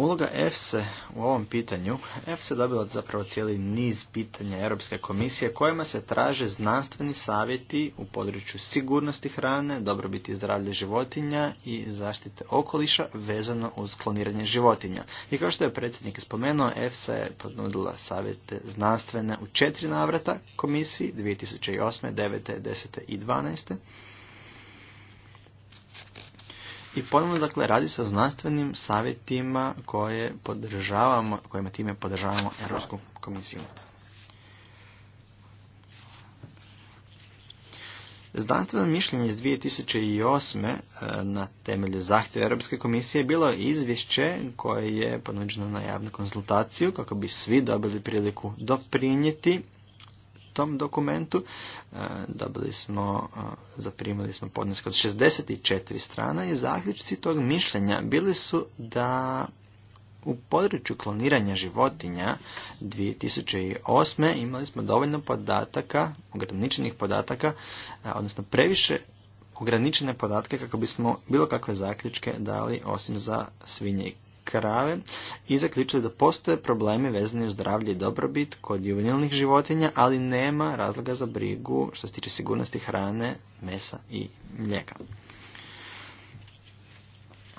Uloga EFSE u ovom pitanju, EFSE dobila zapravo cijeli niz pitanja Europske komisije kojima se traže znanstveni savjeti u području sigurnosti hrane, dobrobiti zdravlja životinja i zaštite okoliša vezano uz kloniranje životinja. I kao što je predsjednik spomenuo, EFSA je podnudila savjete znanstvene u četiri navrata komisiji 2008. 9. 10. i 12. I ponovno, dakle, radi se o znanstvenim savjetima koje podržavamo, kojima time podržavamo Europsku komisiju. Znanstveno mišljenje iz 2008. E, na temelju zahtjeva Europske komisije bilo izvješće koje je ponuđeno na javnu konzultaciju kako bi svi dobili priliku doprinijeti tom dokumentu. E, dobili smo, e, zaprimili smo podneske od 64 strana i zaključci tog mišljenja bili su da u području kloniranja životinja 2008. imali smo dovoljno podataka, ograničenih podataka, e, odnosno previše ograničene podatke kako bismo bilo kakve zaključke dali osim za svinje krave i zaključili da postoje problemi vezani uz zdravlje i dobrobit kod juvenilnih životinja, ali nema razloga za brigu što se tiče sigurnosti hrane, mesa i mlijeka.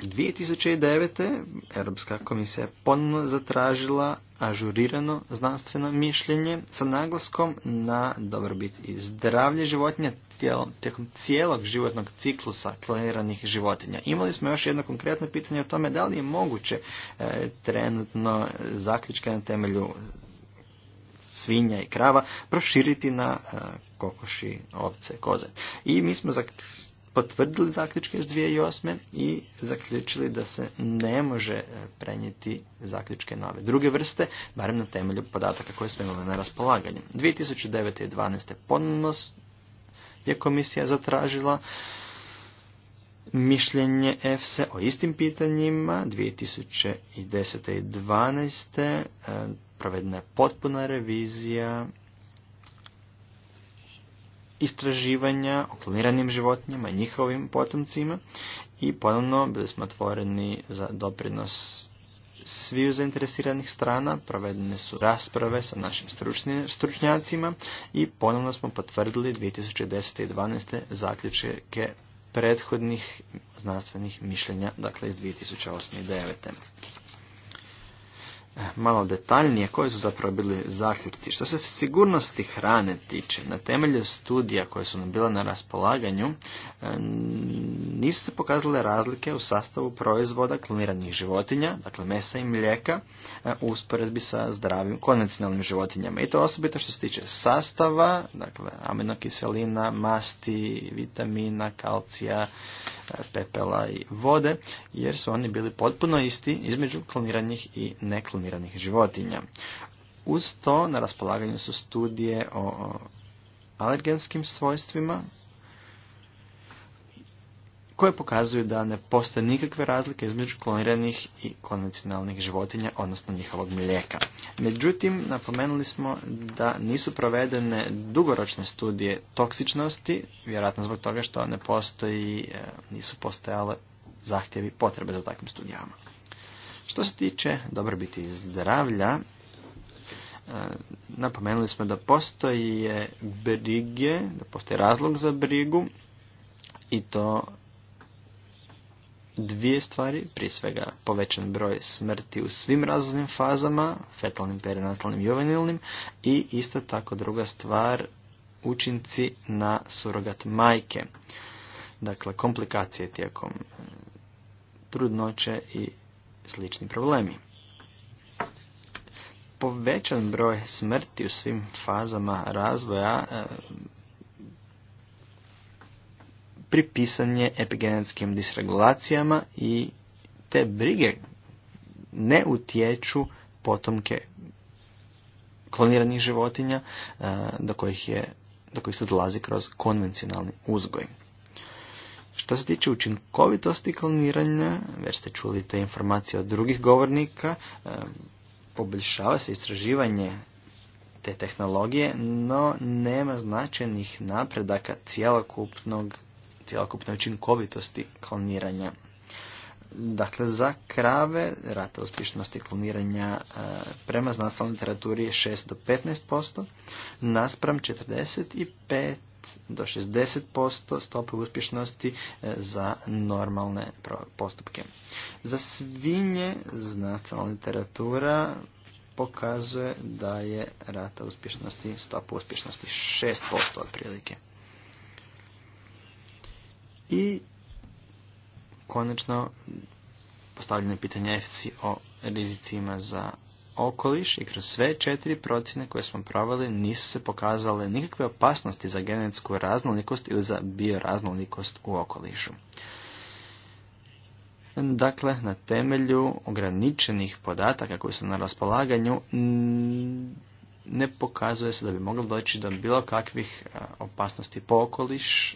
2009. Europska komisija ponovno zatražila ažurirano znanstveno mišljenje sa naglaskom na dobrobit i zdravlje životinja tijekom cijelog životnog ciklusa kloniranih životinja. Imali smo još jedno konkretno pitanje o tome da li je moguće e, trenutno zaključke na temelju svinja i krava proširiti na e, kokoši, ovce, koze. I mi smo potvrdili zaključke iz 2008. i zaključili da se ne može e, prenijeti zaključke nove druge vrste, barem na temelju podataka koje smo imali na raspolaganju. 2009. i 2012. ponovno je komisija zatražila mišljenje EFSE o istim pitanjima 2010. i 2012. E, provedena je potpuna revizija istraživanja o kloniranim životinjama i njihovim potomcima i ponovno bili smo otvoreni za doprinos sviju zainteresiranih strana, provedene su rasprave sa našim stručnjacima i ponovno smo potvrdili 2010. i 2012. zaključke prethodnih znanstvenih mišljenja, dakle iz 2008. i 2009 malo detaljnije koji su zapravo bili zaključci. Što se sigurnosti hrane tiče, na temelju studija koje su nam bila na raspolaganju, e, nisu se pokazale razlike u sastavu proizvoda kloniranih životinja, dakle mesa i mlijeka, e, u usporedbi sa zdravim konvencionalnim životinjama. I to osobito što se tiče sastava, dakle aminokiselina, masti, vitamina, kalcija, pepela i vode, jer su oni bili potpuno isti između kloniranih i nekloniranih životinja. Uz to na raspolaganju su studije o alergenskim svojstvima koje pokazuju da ne postoje nikakve razlike između kloniranih i konvencionalnih životinja, odnosno njihovog mlijeka. Međutim, napomenuli smo da nisu provedene dugoročne studije toksičnosti, vjerojatno zbog toga što ne postoji, e, nisu postojale zahtjevi potrebe za takvim studijama. Što se tiče dobrobiti zdravlja, e, napomenuli smo da postoje brige, da postoji razlog za brigu i to dvije stvari, prije svega povećan broj smrti u svim razvojnim fazama, fetalnim, perinatalnim, juvenilnim i isto tako druga stvar učinci na surogat majke. Dakle, komplikacije tijekom trudnoće i slični problemi. Povećan broj smrti u svim fazama razvoja pripisanje je epigenetskim disregulacijama i te brige ne utječu potomke kloniranih životinja e, do kojih, je, do kojih se dolazi kroz konvencionalni uzgoj. Što se tiče učinkovitosti kloniranja, već ste čuli te informacije od drugih govornika, e, poboljšava se istraživanje te tehnologije, no nema značajnih napredaka cjelokupnog okupne učinkovitosti kloniranja. Dakle, za krave rata uspješnosti kloniranja e, prema znanstvenoj literaturi je 6 do 15%, naspram 45 do 60% stope uspješnosti e, za normalne postupke. Za svinje znanstvena literatura pokazuje da je rata uspješnosti, stopa uspješnosti 6% otprilike. I konačno postavljeno pitanje efci o rizicima za okoliš i kroz sve četiri procjene koje smo proveli nisu se pokazale nikakve opasnosti za genetsku raznolikost ili za bioraznolikost u okolišu. Dakle, na temelju ograničenih podataka koji su na raspolaganju ne pokazuje se da bi moglo doći do bilo kakvih e, opasnosti po okoliš e,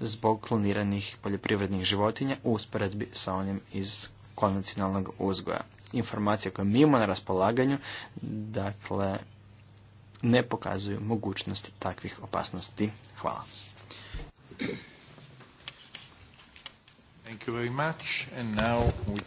zbog kloniranih poljoprivrednih životinja u usporedbi sa onim iz konvencionalnog uzgoja. Informacije koje mi imamo na raspolaganju, dakle, ne pokazuju mogućnost takvih opasnosti. Hvala. Thank you very much. And now we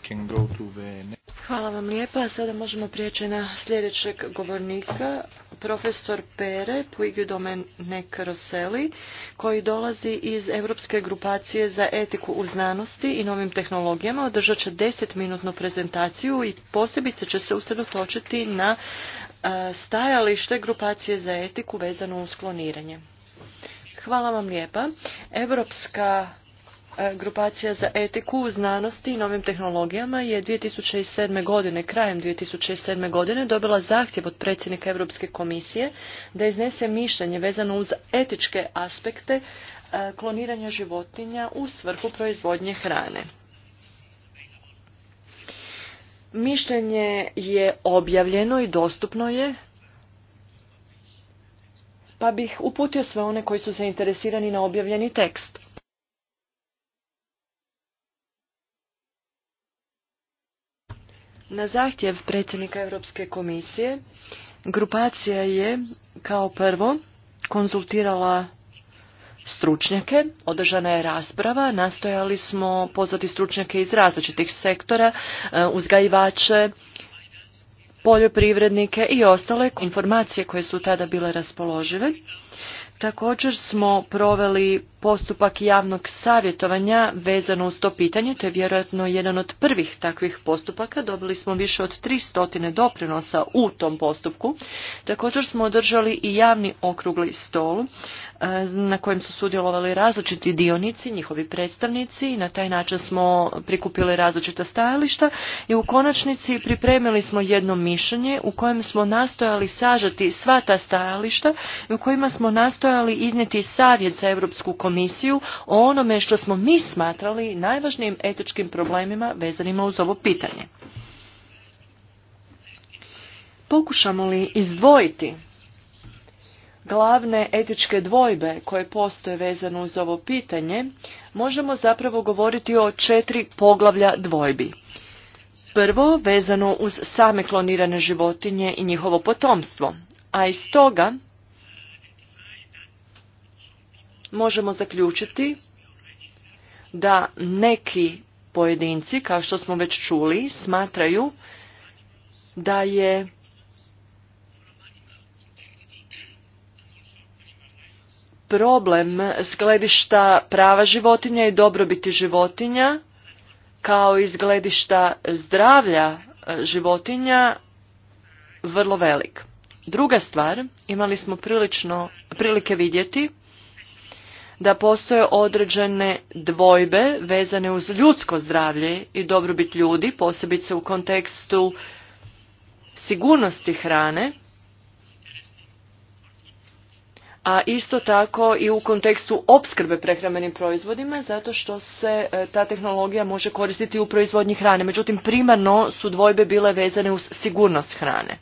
Hvala vam lijepa. Sada možemo prijeći na sljedećeg govornika, profesor Pere Puigio Domenek Roseli, koji dolazi iz Europske grupacije za etiku u znanosti i novim tehnologijama. Održat će 10 prezentaciju i posebice će se usredotočiti na stajalište grupacije za etiku vezano uz kloniranje. Hvala vam lijepa. Europska Grupacija za etiku u znanosti i novim tehnologijama je 2007. godine, krajem 2007. godine dobila zahtjev od predsjednika Europske komisije da iznese mišljenje vezano uz etičke aspekte e, kloniranja životinja u svrhu proizvodnje hrane. Mišljenje je objavljeno i dostupno je pa bih uputio sve one koji su zainteresirani na objavljeni tekst. Na zahtjev predsjednika Europske komisije grupacija je kao prvo konzultirala stručnjake, održana je rasprava, nastojali smo pozvati stručnjake iz različitih sektora, e, uzgajivače, poljoprivrednike i ostale informacije koje su tada bile raspoložive. Također smo proveli postupak javnog savjetovanja vezano uz to pitanje, to je vjerojatno jedan od prvih takvih postupaka. Dobili smo više od 300 doprinosa u tom postupku. Također smo održali i javni okrugli stol e, na kojem su sudjelovali različiti dionici, njihovi predstavnici i na taj način smo prikupili različita stajališta i u konačnici pripremili smo jedno mišljenje u kojem smo nastojali sažati sva ta stajališta i u kojima smo nastojali iznijeti savjet za Europsku komisiju komisiju o onome što smo mi smatrali najvažnijim etičkim problemima vezanima uz ovo pitanje. Pokušamo li izdvojiti glavne etičke dvojbe koje postoje vezano uz ovo pitanje, možemo zapravo govoriti o četiri poglavlja dvojbi. Prvo, vezano uz same klonirane životinje i njihovo potomstvo, a iz toga možemo zaključiti da neki pojedinci, kao što smo već čuli, smatraju da je problem skledišta prava životinja i dobrobiti životinja, kao i zgledišta zdravlja e, životinja, vrlo velik. Druga stvar, imali smo prilično prilike vidjeti da postoje određene dvojbe vezane uz ljudsko zdravlje i dobrobit ljudi, posebice u kontekstu sigurnosti hrane, a isto tako i u kontekstu opskrbe prehrambenim proizvodima zato što se e, ta tehnologija može koristiti u proizvodnji hrane. Međutim, primarno su dvojbe bile vezane uz sigurnost hrane.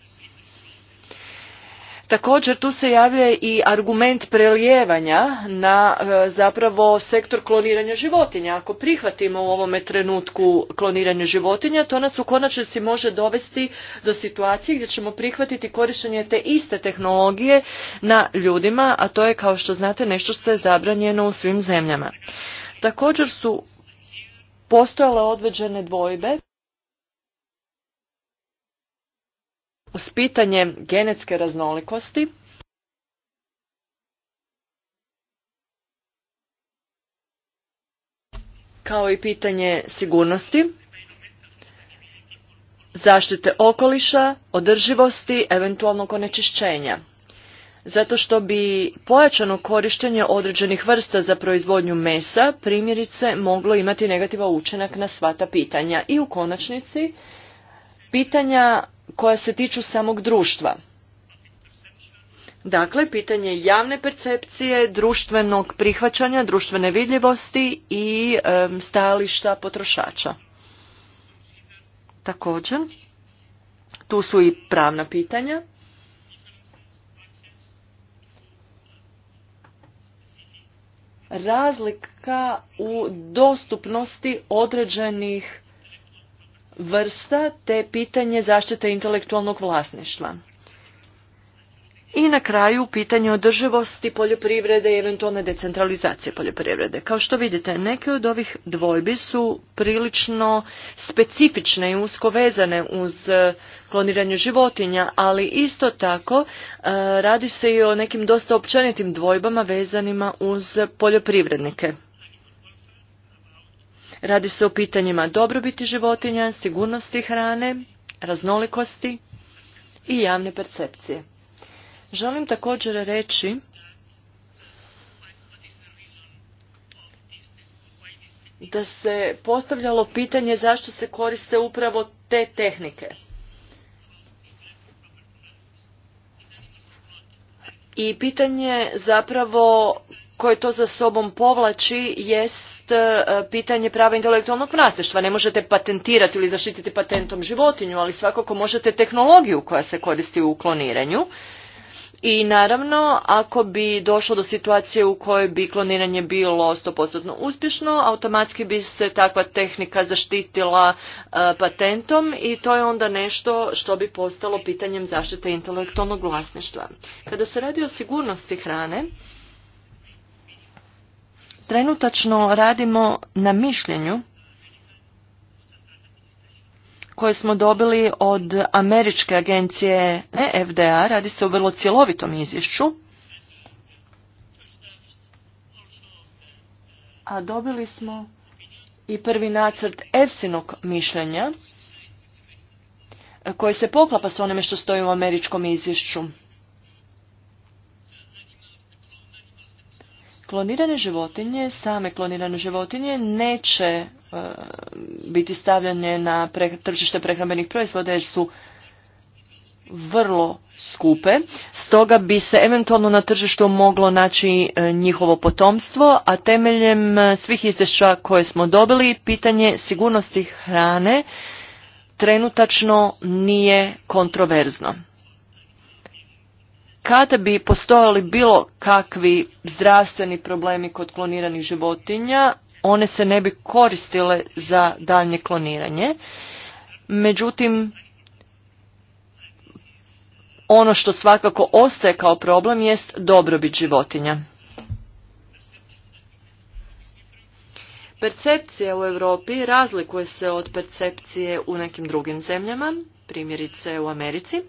Također tu se javlja i argument prelijevanja na e, zapravo sektor kloniranja životinja. Ako prihvatimo u ovome trenutku kloniranje životinja, to nas u konačnici može dovesti do situacije gdje ćemo prihvatiti korištenje te iste tehnologije na ljudima, a to je kao što znate nešto što je zabranjeno u svim zemljama. Također su postojale određene dvojbe uz pitanje genetske raznolikosti kao i pitanje sigurnosti, zaštite okoliša, održivosti, eventualnog onečišćenja. Zato što bi pojačano korištenje određenih vrsta za proizvodnju mesa primjerice moglo imati negativa učinak na sva ta pitanja i u konačnici pitanja koja se tiču samog društva. Dakle, pitanje javne percepcije, društvenog prihvaćanja, društvene vidljivosti i e, stajališta potrošača. Također, tu su i pravna pitanja. Razlika u dostupnosti određenih vrsta te pitanje zaštite intelektualnog vlasništva. I na kraju pitanje održivosti poljoprivrede i eventualne decentralizacije poljoprivrede. Kao što vidite, neke od ovih dvojbi su prilično specifične i usko vezane uz e, kloniranje životinja, ali isto tako e, radi se i o nekim dosta općenitim dvojbama vezanima uz poljoprivrednike. Radi se o pitanjima dobrobiti životinja, sigurnosti hrane, raznolikosti i javne percepcije. Želim također reći da se postavljalo pitanje zašto se koriste upravo te tehnike. I pitanje zapravo koje to za sobom povlači jest E, pitanje prava intelektualnog vlasništva. Ne možete patentirati ili zaštititi patentom životinju, ali svakako možete tehnologiju koja se koristi u kloniranju. I naravno, ako bi došlo do situacije u kojoj bi kloniranje bilo 100% uspješno, automatski bi se takva tehnika zaštitila e, patentom i to je onda nešto što bi postalo pitanjem zaštite intelektualnog vlasništva. Kada se radi o sigurnosti hrane, Trenutačno radimo na mišljenju koje smo dobili od američke agencije e FDA, radi se o vrlo cjelovitom izvješću, a dobili smo i prvi nacrt EFSINog mišljenja e, koje se poklapa s onime što stoji u američkom izvješću. Klonirane životinje, same klonirane životinje neće e, biti stavljanje na tržište prehrambenih proizvoda jer su vrlo skupe, stoga bi se eventualno na tržištu moglo naći e, njihovo potomstvo, a temeljem e, svih izvješća koje smo dobili, pitanje sigurnosti hrane trenutačno nije kontroverzno kada bi postojali bilo kakvi zdravstveni problemi kod kloniranih životinja, one se ne bi koristile za daljnje kloniranje. Međutim, ono što svakako ostaje kao problem jest dobrobit životinja. Percepcija u Europi razlikuje se od percepcije u nekim drugim zemljama, primjerice u Americi.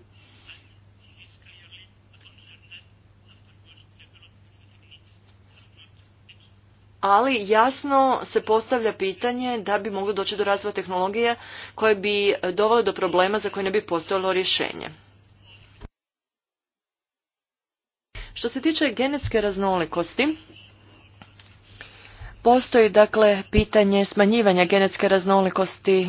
ali jasno se postavlja pitanje da bi moglo doći do razvoja tehnologije koje bi dovele do problema za koje ne bi postojalo rješenje. Što se tiče genetske raznolikosti, postoji dakle pitanje smanjivanja genetske raznolikosti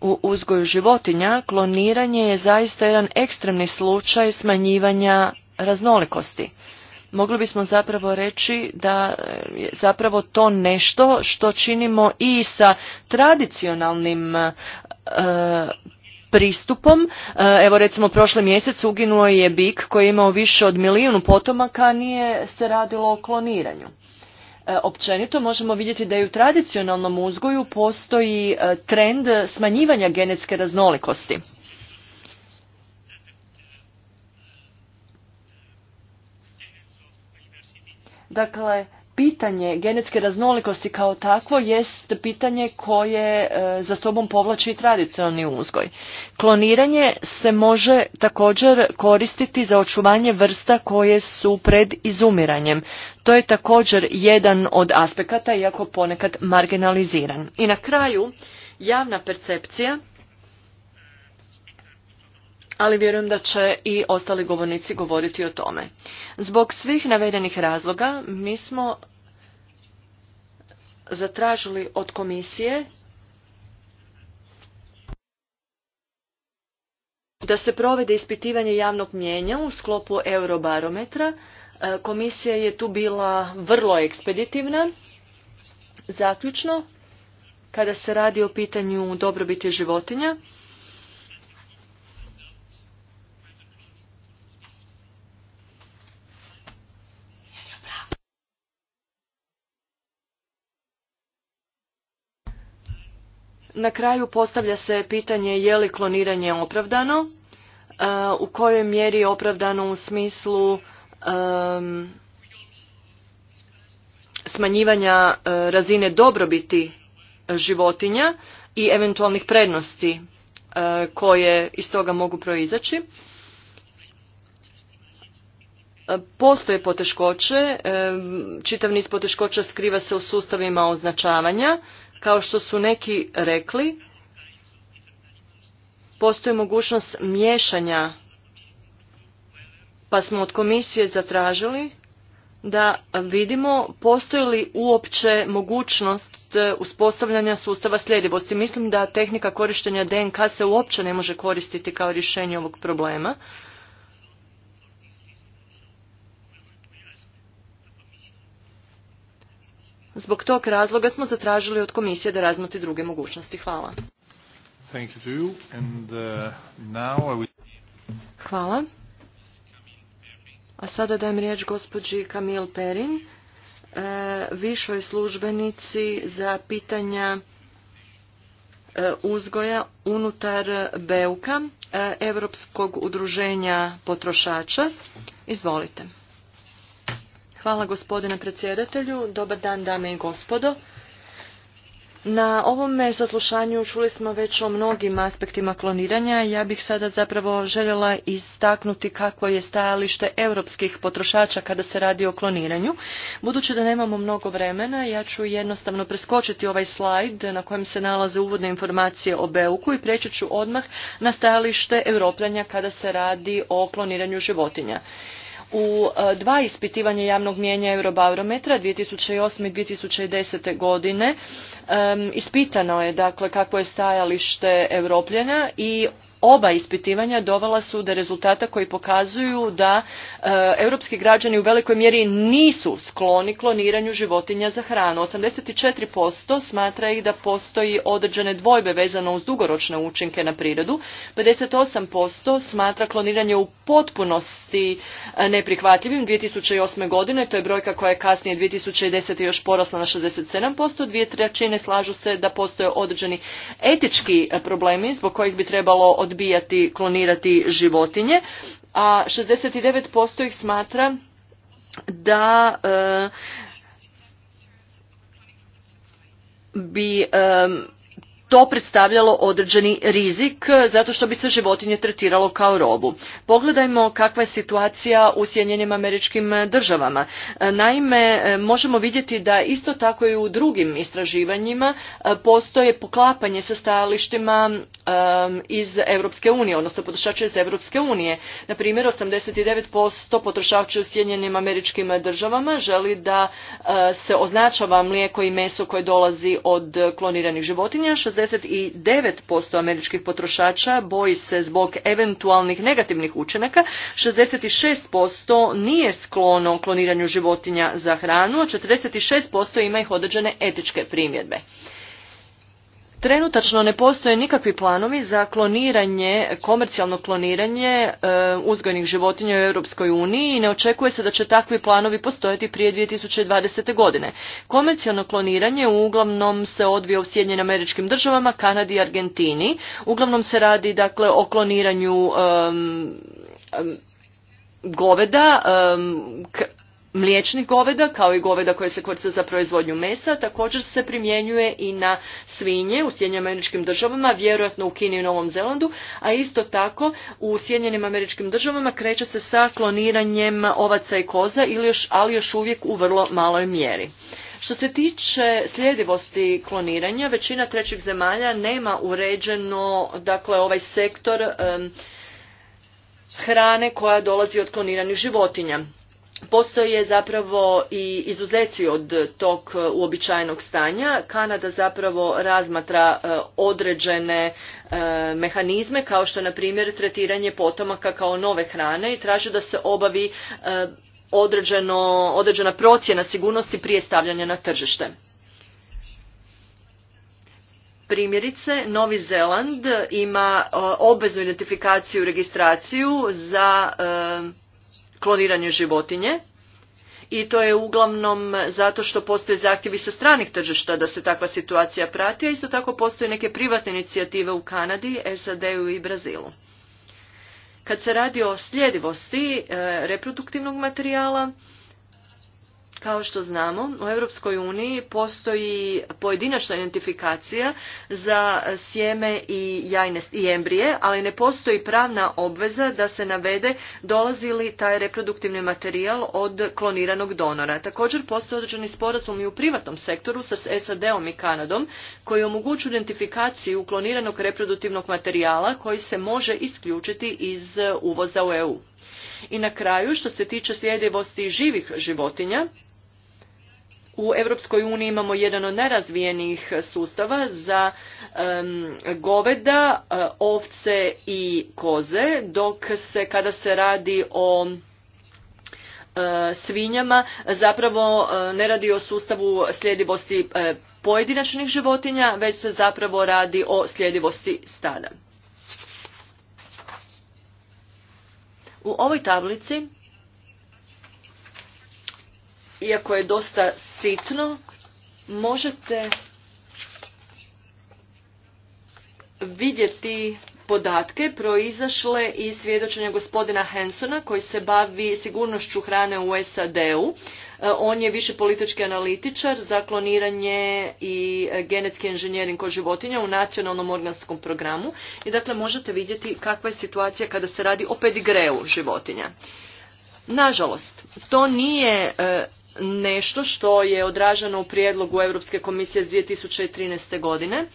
u uzgoju životinja, kloniranje je zaista jedan ekstremni slučaj smanjivanja raznolikosti mogli bismo zapravo reći da je zapravo to nešto što činimo i sa tradicionalnim e, pristupom. E, evo recimo prošli mjesec uginuo je bik koji je imao više od milijunu potomaka, a nije se radilo o kloniranju. E, općenito možemo vidjeti da i u tradicionalnom uzgoju postoji trend smanjivanja genetske raznolikosti. Dakle, pitanje genetske raznolikosti kao takvo jest pitanje koje e, za sobom povlači i tradicionalni uzgoj. Kloniranje se može također koristiti za očuvanje vrsta koje su pred izumiranjem. To je također jedan od aspekata, iako ponekad marginaliziran. I na kraju, javna percepcija ali vjerujem da će i ostali govornici govoriti o tome. Zbog svih navedenih razloga mi smo zatražili od komisije da se provede ispitivanje javnog mjenja u sklopu eurobarometra. E, komisija je tu bila vrlo ekspeditivna. Zaključno, kada se radi o pitanju dobrobiti životinja, Na kraju postavlja se pitanje je li kloniranje opravdano, e, u kojoj mjeri je opravdano u smislu smanjivanja e, razine dobrobiti životinja i eventualnih prednosti e, koje iz toga mogu proizaći. Postoje poteškoće, čitav niz poteškoća skriva se u sustavima označavanja, kao što su neki rekli, postoji mogućnost miješanja, pa smo od komisije zatražili da vidimo postoji li uopće mogućnost e, uspostavljanja sustava sljedivosti. Mislim da tehnika korištenja DNK se uopće ne može koristiti kao rješenje ovog problema. Zbog tog razloga smo zatražili od komisije da razmoti druge mogućnosti. Hvala. Uh, Hvala. A sada dajem riječ gospođi Kamil Perin, e, višoj službenici za pitanja e, uzgoja unutar Beuka, e, Europskog udruženja potrošača. Izvolite. Hvala gospodine predsjedatelju. Dobar dan dame i gospodo. Na ovome saslušanju čuli smo već o mnogim aspektima kloniranja. Ja bih sada zapravo željela istaknuti kakvo je stajalište europskih potrošača kada se radi o kloniranju. Budući da nemamo mnogo vremena, ja ću jednostavno preskočiti ovaj slajd na kojem se nalaze uvodne informacije o Beuku i preći ću odmah na stajalište europljanja kada se radi o kloniranju životinja u e, dva ispitivanja javnog mijenja Eurobarometra 2008. i 2010. godine. Ispitano je dakle kako je stajalište Europljana i Oba ispitivanja dovela su do rezultata koji pokazuju da e, europski građani u velikoj mjeri nisu skloni kloniranju životinja za hranu. 84% smatra ih da postoji određene dvojbe vezano uz dugoročne učinke na prirodu. 58% smatra kloniranje u potpunosti e, neprihvatljivim 2008. godine. To je brojka koja je kasnije 2010. još porasla na 67%. Dvije trećine slažu se da postoje određeni etički problemi zbog kojih bi trebalo odbijati klonirati životinje, a 69% ih smatra da e, bi to predstavljalo određeni rizik e, zato što bi se životinje tretiralo kao robu. Pogledajmo kakva je situacija u Sjedinjenim američkim državama. E, naime, e, možemo vidjeti da isto tako i u drugim istraživanjima postoje poklapanje sa stajalištima iz Europske unije, odnosno potrošača iz Europske unije. Na primjer, 89% potrošača u Sjedinjenim američkim državama želi da se označava mlijeko i meso koje dolazi od kloniranih životinja, 49% američkih potrošača boji se zbog eventualnih negativnih učinaka, 66% nije sklono kloniranju životinja za hranu, a 46% ima ih određene etičke primjedbe. Trenutačno ne postoje nikakvi planovi za kloniranje, komercijalno kloniranje e, uzgojnih životinja u Europskoj uniji i ne očekuje se da će takvi planovi postojati prije 2020. godine. Komercijalno kloniranje uglavnom se odvija u Sjedinjenim američkim državama, Kanadi i Argentini. Uglavnom se radi dakle o kloniranju goveda, mliječnih goveda kao i goveda koje se koriste za proizvodnju mesa također se primjenjuje i na svinje u Sjedinjenim američkim državama, vjerojatno u Kini i Novom Zelandu, a isto tako u Sjedinjenim američkim državama kreće se sa kloniranjem ovaca i koza ili još, ali još uvijek u vrlo maloj mjeri. Što se tiče sljedivosti kloniranja, većina trećih zemalja nema uređeno dakle ovaj sektor hrane koja dolazi od kloniranih životinja postoje zapravo i izuzeci od tog e, uobičajenog stanja. Kanada zapravo razmatra e, određene e, mehanizme kao što na primjer tretiranje potomaka kao nove hrane i traže da se obavi određeno, određena procjena sigurnosti prije stavljanja na tržište. Primjerice, Novi Zeland ima obveznu identifikaciju i registraciju za kloniranje životinje i to je uglavnom zato što postoje zahtjevi sa stranih tržišta da se takva situacija prati, a isto tako postoje neke privatne inicijative u Kanadi, SAD-u i Brazilu. Kad se radi o sljedivosti e, reproduktivnog materijala, kao što znamo, u Europskoj uniji postoji pojedinačna identifikacija za sjeme i jajne i embrije, ali ne postoji pravna obveza da se navede dolazi li taj reproduktivni materijal od kloniranog donora. Također postoje određeni sporazum i u privatnom sektoru sa SAD-om i Kanadom koji omogućuju identifikaciju kloniranog reproduktivnog materijala koji se može isključiti iz uvoza u EU. I na kraju, što se tiče sljedivosti živih životinja, u Europskoj uniji imamo jedan od najrazvijenijih sustava za goveda, e, ovce i koze, dok se kada se radi o e, svinjama zapravo e, ne radi o sustavu sljedivosti pojedinačnih životinja, već se zapravo radi o sljedivosti stada. U ovoj tablici iako je dosta sitno, možete vidjeti podatke proizašle iz svjedočenja gospodina Hansona koji se bavi sigurnošću hrane u SAD-u. E, on je više politički analitičar za kloniranje i genetski inženjering kod životinja u nacionalnom organskom programu i dakle možete vidjeti kakva je situacija kada se radi o pedigreu životinja. Nažalost, to nije e, nešto što je odraženo u prijedlogu Europske komisije iz 2013. godine.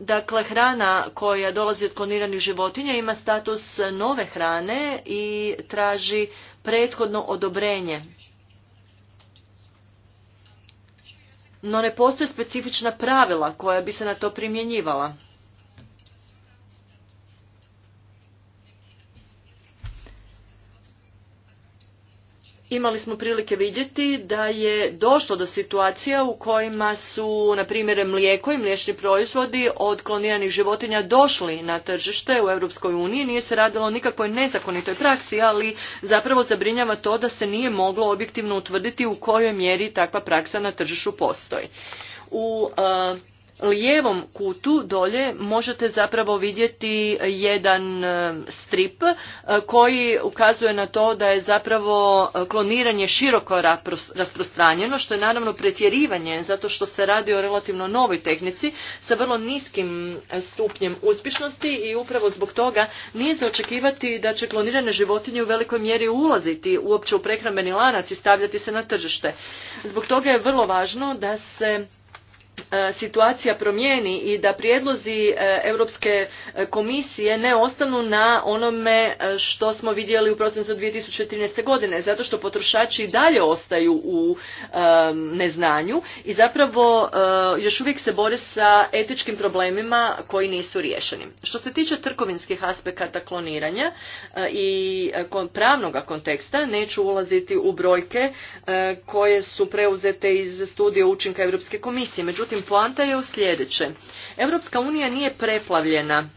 Dakle, hrana koja dolazi od koniranih životinja ima status nove hrane i traži prethodno odobrenje. No ne postoje specifična pravila koja bi se na to primjenjivala. imali smo prilike vidjeti da je došlo do situacija u kojima su, na primjer, mlijeko i mliječni proizvodi od kloniranih životinja došli na tržište u Europskoj uniji. Nije se radilo o nikakvoj nezakonitoj praksi, ali zapravo zabrinjava to da se nije moglo objektivno utvrditi u kojoj mjeri takva praksa na tržištu postoji. U lijevom kutu dolje možete zapravo vidjeti jedan e, strip e, koji ukazuje na to da je zapravo e, kloniranje široko rasprostranjeno, što je naravno pretjerivanje zato što se radi o relativno novoj tehnici sa vrlo niskim stupnjem uspješnosti i upravo zbog toga nije za očekivati da će klonirane životinje u velikoj mjeri ulaziti uopće u prehrambeni lanac i stavljati se na tržište. Zbog toga je vrlo važno da se E, situacija promijeni i da prijedlozi e, Europske e, komisije ne ostanu na onome što smo vidjeli u prosincu 2013. godine, zato što potrošači dalje ostaju u neznanju i zapravo još uvijek se bore sa etičkim problemima koji nisu riješeni. Što se tiče trkovinskih aspekata kloniranja i pravnoga konteksta, neću ulaziti u brojke koje su preuzete iz studije učinka Europske komisije. Međutim, međutim poanta je u sljedeće. Europska unija nije preplavljena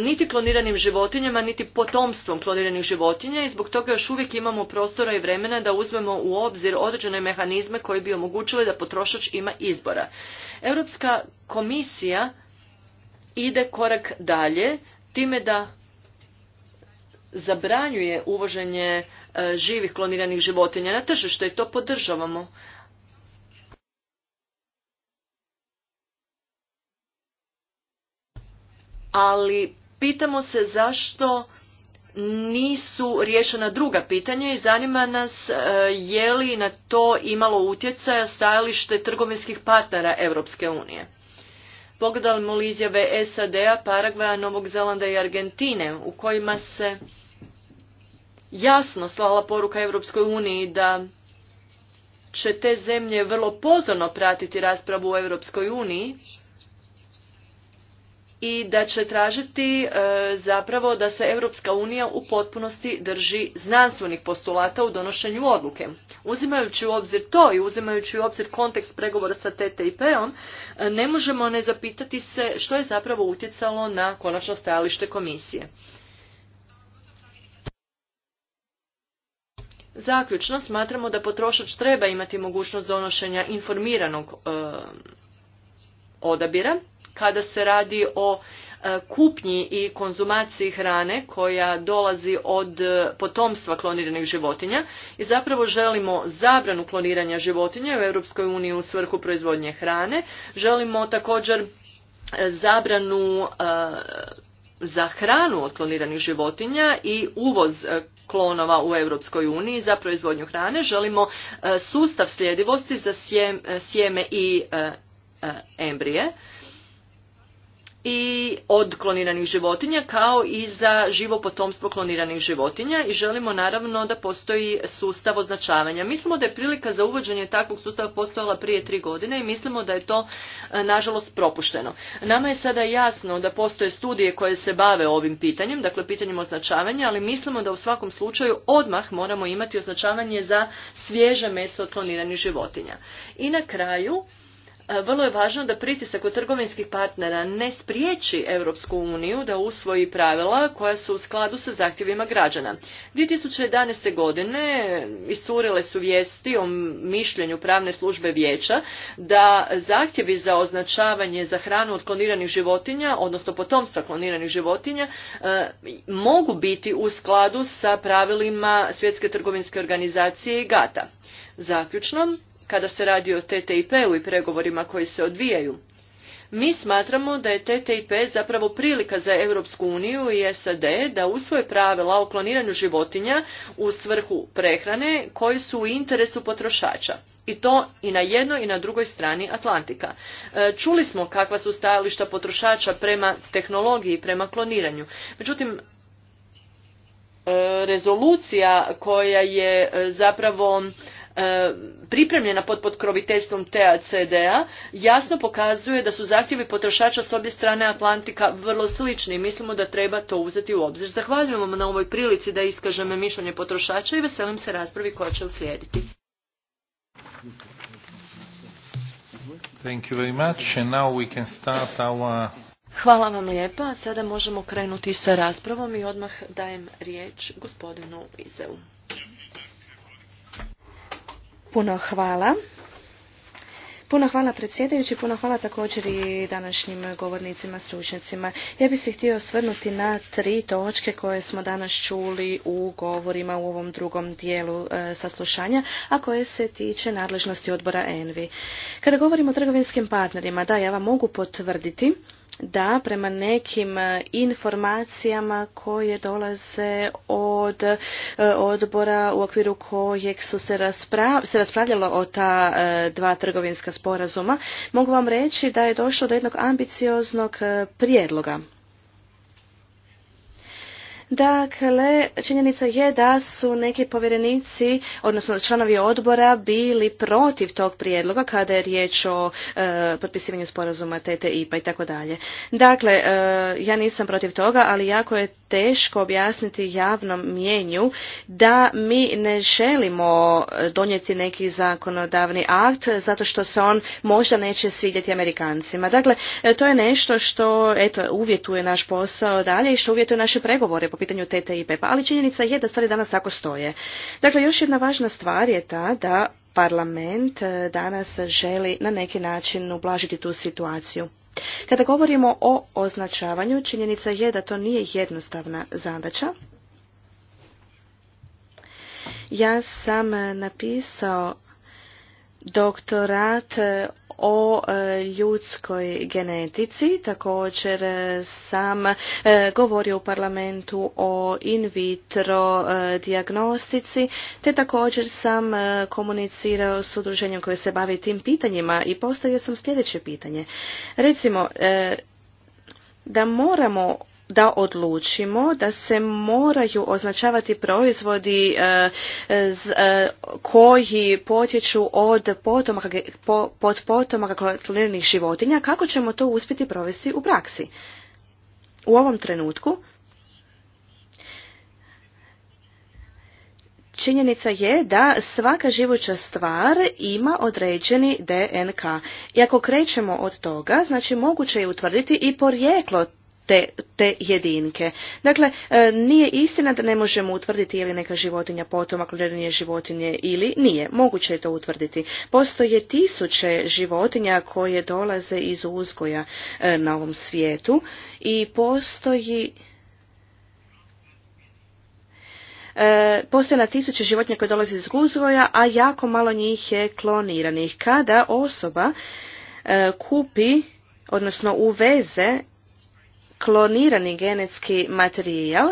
niti kloniranim životinjama, niti potomstvom kloniranih životinja i zbog toga još uvijek imamo prostora i vremena da uzmemo u obzir određene mehanizme koji bi omogućili da potrošač ima izbora. Europska komisija ide korak dalje time da zabranjuje uvoženje e, živih kloniranih životinja na tržište i to podržavamo. ali pitamo se zašto nisu riješena druga pitanja i zanima nas e, je li na to imalo utjecaja stajalište trgovinskih partnera Europske unije. Pogledamo li izjave SAD-a, Paragvaja, Novog Zelanda i Argentine u kojima se jasno slala poruka Europskoj uniji da će te zemlje vrlo pozorno pratiti raspravu u Europskoj uniji i da će tražiti e, zapravo da se Europska unija u potpunosti drži znanstvenih postulata u donošenju odluke. Uzimajući u obzir to i uzimajući u obzir kontekst pregovora sa TTIP-om, e, ne možemo ne zapitati se što je zapravo utjecalo na konačno stajalište komisije. Zaključno, smatramo da potrošač treba imati mogućnost donošenja informiranog e, odabira kada se radi o e, kupnji i konzumaciji hrane koja dolazi od e, potomstva kloniranih životinja i zapravo želimo zabranu kloniranja životinja u Europskoj uniji u svrhu proizvodnje hrane. Želimo također e, zabranu za hranu od kloniranih životinja i uvoz klonova u Europskoj uniji za proizvodnju hrane. Želimo sustav sljedivosti za sjeme i embrije i od kloniranih životinja kao i za živo potomstvo kloniranih životinja i želimo naravno da postoji sustav označavanja. Mislimo da je prilika za uvođenje takvog sustava postojala prije tri godine i mislimo da je to e, nažalost propušteno. Nama je sada jasno da postoje studije koje se bave ovim pitanjem, dakle pitanjem označavanja, ali mislimo da u svakom slučaju odmah moramo imati označavanje za svježe meso od kloniranih životinja. I na kraju E, vrlo je važno da pritisak od trgovinskih partnera ne spriječi Europsku uniju da usvoji pravila koja su u skladu sa zahtjevima građana. 2011. godine iscurile su vijesti o mišljenju pravne službe vijeća da zahtjevi za označavanje za hranu od kloniranih životinja, odnosno potomstva kloniranih životinja, e, mogu biti u skladu sa pravilima Svjetske trgovinske organizacije i GATA. Zaključno, kada se radi o TTIP-u i pregovorima koji se odvijaju. Mi smatramo da je TTIP zapravo prilika za Europsku uniju i SAD da usvoje pravila o kloniranju životinja u svrhu prehrane koji su u interesu potrošača. I to i na jednoj i na drugoj strani Atlantika. E, čuli smo kakva su stajališta potrošača prema tehnologiji, prema kloniranju. Međutim, e, rezolucija koja je e, zapravo E, pripremljena pod potkroviteljstvom TACD-a jasno pokazuje da su zahtjevi potrošača s obje strane Atlantika vrlo slični i mislimo da treba to uzeti u obzir. Zahvaljujem vam na ovoj prilici da iskažem mišljenje potrošača i veselim se raspravi koja će uslijediti. Hvala vam lijepa. Sada možemo krenuti sa raspravom i odmah dajem riječ gospodinu Izeu. Puno hvala. Puno hvala predsjedajući, puno hvala također i današnjim govornicima, stručnjacima. Ja bih se htio osvrnuti na tri točke koje smo danas čuli u govorima u ovom drugom dijelu e, saslušanja, a koje se tiče nadležnosti odbora ENVI. Kada govorimo o trgovinskim partnerima, da, ja vam mogu potvrditi da prema nekim e, informacijama koje dolaze od e, odbora u okviru kojeg su se, raspra se raspravljalo o ta e, dva trgovinska sporazuma, mogu vam reći da je došlo do jednog ambicioznog prijedloga Dakle, činjenica je da su neki povjerenici, odnosno članovi odbora, bili protiv tog prijedloga kada je riječ o e, potpisivanju sporazuma ttip p-a i tako dalje. Dakle, e, ja nisam protiv toga, ali jako je teško objasniti javnom mjenju da mi ne želimo donijeti neki zakonodavni akt zato što se on možda neće svidjeti Amerikancima. Dakle, e, to je nešto što eto, uvjetuje naš posao dalje i što uvjetuje naše pregovore po pitanju TTIP-a, ali činjenica je da stvari danas tako stoje. Dakle, još jedna važna stvar je ta da parlament e, danas želi na neki način ublažiti tu situaciju. Kada govorimo o označavanju, činjenica je da to nije jednostavna zadaća. Ja sam napisao doktorat e, o e, ljudskoj genetici. Također e, sam govorio u parlamentu o in vitro diagnostici, te također sam komunicirao s udruženjem koje se bavi tim pitanjima i postavio sam sljedeće pitanje. Recimo, da moramo da odlučimo da se moraju označavati proizvodi e, e, koji potječu od potomaka, pod potomaka kloniranih životinja, kako ćemo to uspjeti provesti u praksi? U ovom trenutku činjenica je da svaka živuća stvar ima određeni DNK. I ako krećemo od toga, znači moguće je utvrditi i porijeklo te, jedinke. Dakle, e, nije istina da ne možemo utvrditi je li neka životinja potomak nije životinje ili nije. Moguće je to utvrditi. Postoje tisuće životinja koje dolaze iz uzgoja e, na ovom svijetu i postoji e, postoje na tisuće životinja koje dolaze iz uzgoja, a jako malo njih je kloniranih. Kada osoba kupi, odnosno uveze klonirani genetski materijal,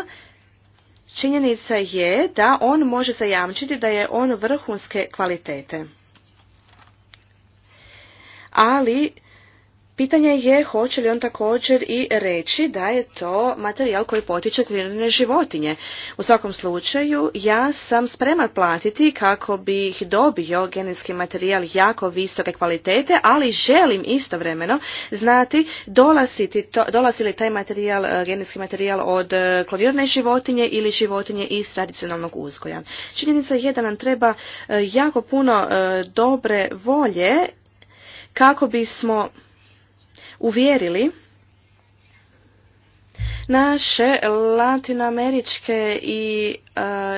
činjenica je da on može zajamčiti da je on vrhunske kvalitete. Ali Pitanje je hoće li on također i reći da je to materijal koji potiče klinane životinje. U svakom slučaju ja sam spreman platiti kako bih dobio genetski materijal jako visoke kvalitete, ali želim istovremeno znati dolazi li taj materijal, e, genetski materijal od e, klonirane životinje ili životinje iz tradicionalnog uzgoja. Činjenica je da nam treba e, jako puno dobre volje kako bismo uvjerili naše latinoameričke i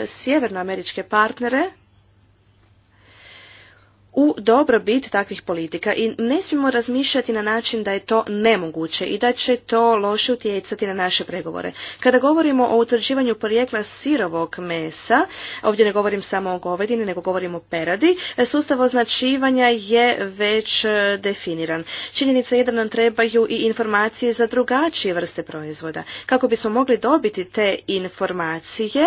e, sjevernoameričke partnere u dobrobit takvih politika i ne smijemo razmišljati na način da je to nemoguće i da će to loše utjecati na naše pregovore. Kada govorimo o utvrđivanju porijekla sirovog mesa, ovdje ne govorim samo o govedini, nego govorim o peradi, sustav označivanja je već e, definiran. Činjenica je da nam trebaju i informacije za drugačije vrste proizvoda. Kako bismo mogli dobiti te informacije,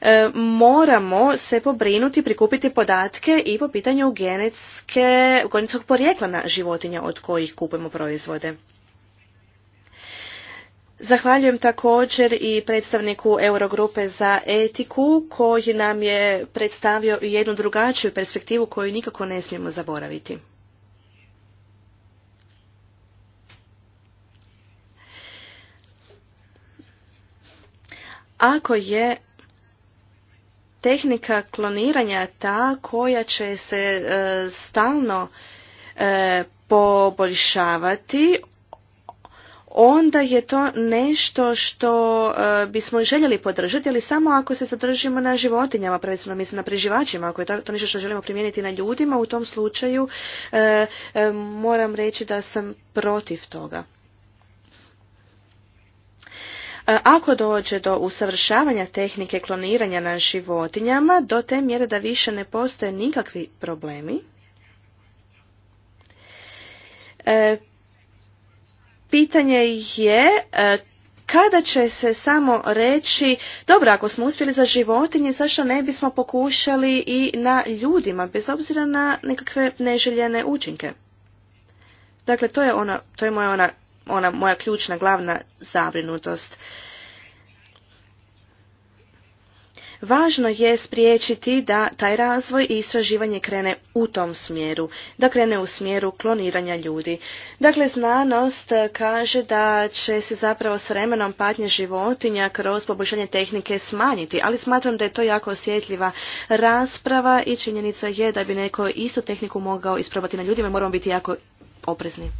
e, moramo se pobrinuti, prikupiti podatke i po pitanju gene genetskog porijekla na životinja od kojih kupujemo proizvode. Zahvaljujem također i predstavniku Eurogrupe za etiku koji nam je predstavio jednu drugačiju perspektivu koju nikako ne smijemo zaboraviti. Ako je tehnika kloniranja ta koja će se e, stalno e, poboljšavati onda je to nešto što e, bismo željeli podržati, ali samo ako se zadržimo na životinjama, prvenstveno mislim na preživačima, ako je to, to nešto što želimo primijeniti na ljudima, u tom slučaju moram reći da sam protiv toga. E, ako dođe do usavršavanja tehnike kloniranja na životinjama, do te mjere da više ne postoje nikakvi problemi, e, pitanje je e, kada će se samo reći, dobro, ako smo uspjeli za životinje, zašto ne bismo pokušali i na ljudima, bez obzira na nekakve neželjene učinke? Dakle, to je, to je moja ona ona moja ključna glavna zabrinutost. Važno je spriječiti da taj razvoj i istraživanje krene u tom smjeru, da krene u smjeru kloniranja ljudi. Dakle, znanost kaže da će se zapravo s vremenom patnje životinja kroz poboljšanje tehnike smanjiti, ali smatram da je to jako osjetljiva rasprava i činjenica je da bi neko istu tehniku mogao isprobati na ljudima, moramo biti jako oprezni.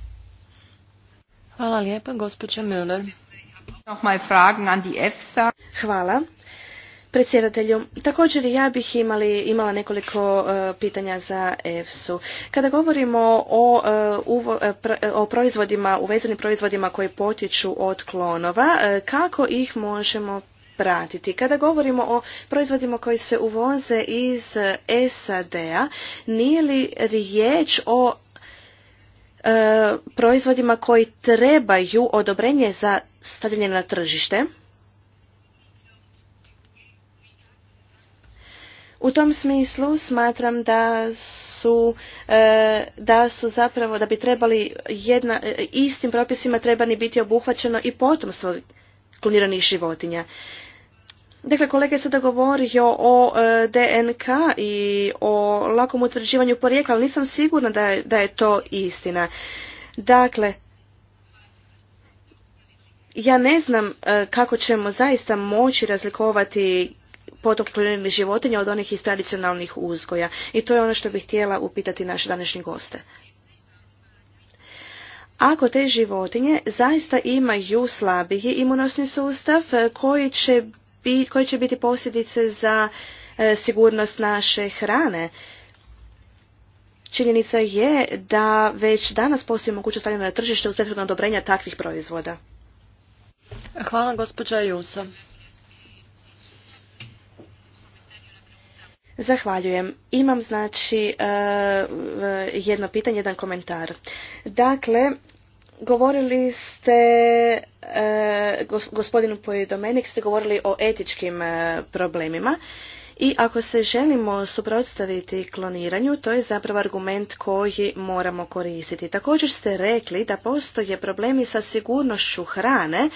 Hvala lijepa, gospođa Müller. Hvala. Predsjedatelju, također i ja bih imali, imala nekoliko e, pitanja za EFSU. Kada govorimo o, uh, o proizvodima, uvezenim proizvodima koji potiču od klonova, kako ih možemo pratiti. Kada govorimo o proizvodima koji se uvoze iz SAD-a, nije li riječ o E, proizvodima koji trebaju odobrenje za stavljanje na tržište. U tom smislu smatram da su, e, da su zapravo, da bi trebali jedna, e, istim propisima trebani biti obuhvaćeno i potomstvo kloniranih životinja. Dakle, kolega je sada govorio o e, DNK i o lakom utvrđivanju porijekla, ali nisam sigurna da je, da je to istina. Dakle, ja ne znam e, kako ćemo zaista moći razlikovati potok životinja od onih iz tradicionalnih uzgoja. I to je ono što bih htjela upitati naše današnje goste. Ako te životinje zaista imaju slabiji imunosni sustav e, koji će koje će biti posljedice za e, sigurnost naše hrane. Činjenica je da već danas postoji mogućnost stavljena na tržište u prethodno odobrenja takvih proizvoda. Hvala gospođa Jusa. Zahvaljujem. Imam znači e, jedno pitanje, jedan komentar. Dakle, Govorili ste, e, gospodinu Pojedomenik, ste govorili o etičkim e, problemima i ako se želimo suprotstaviti kloniranju, to je zapravo argument koji moramo koristiti. Također ste rekli da postoje problemi sa sigurnošću hrane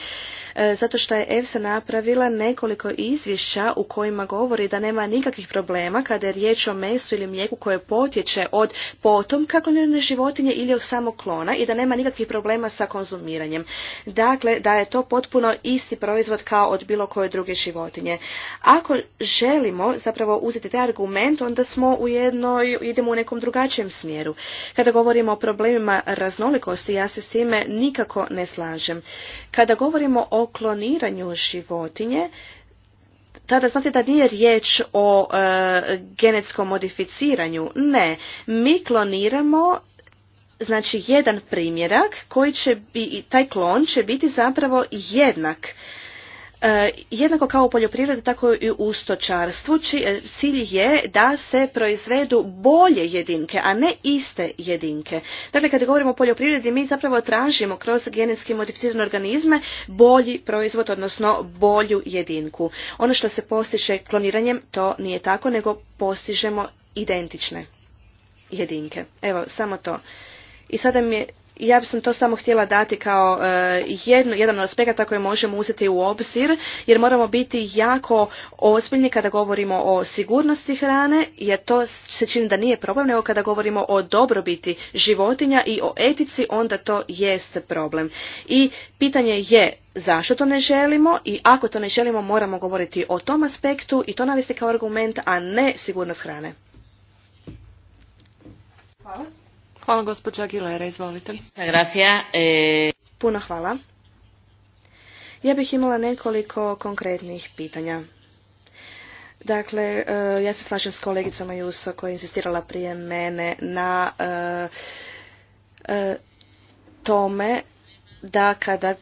E, zato što je EFSA napravila nekoliko izvješća u kojima govori da nema nikakvih problema kada je riječ o mesu ili mlijeku koje potječe od kako klonirane životinje ili od samog klona i da nema nikakvih problema sa konzumiranjem. Dakle, da je to potpuno isti proizvod kao od bilo koje druge životinje. Ako želimo zapravo uzeti taj argument, onda smo u jednoj, idemo u nekom drugačijem smjeru. Kada govorimo o problemima raznolikosti, ja se s time nikako ne slažem. Kada govorimo o kloniranju životinje, tada znate da nije riječ o e, genetskom modificiranju. Ne, mi kloniramo znači jedan primjerak koji će bi, taj klon će biti zapravo jednak E, jednako kao u poljoprivredi, tako i u stočarstvu. E, cilj je da se proizvedu bolje jedinke, a ne iste jedinke. Dakle, kada govorimo o poljoprivredi, mi zapravo tražimo kroz genetski modificirane organizme bolji proizvod, odnosno bolju jedinku. Ono što se postiže kloniranjem, to nije tako, nego postižemo identične jedinke. Evo, samo to. I sada mi je ja sam to samo htjela dati kao e, jedno, jedan od aspekata koje možemo uzeti u obzir jer moramo biti jako ozbiljni kada govorimo o sigurnosti hrane jer to se čini da nije problem nego kada govorimo o dobrobiti životinja i o etici onda to jest problem. I pitanje je zašto to ne želimo i ako to ne želimo moramo govoriti o tom aspektu i to navesti kao argument a ne sigurnost hrane. Hvala. Hvala gospođa Aguilera, izvolite. E, Puno hvala. Ja bih imala nekoliko konkretnih pitanja. Dakle, e, ja se slažem s kolegicama Juso koja je insistirala prije mene na e, tome da kada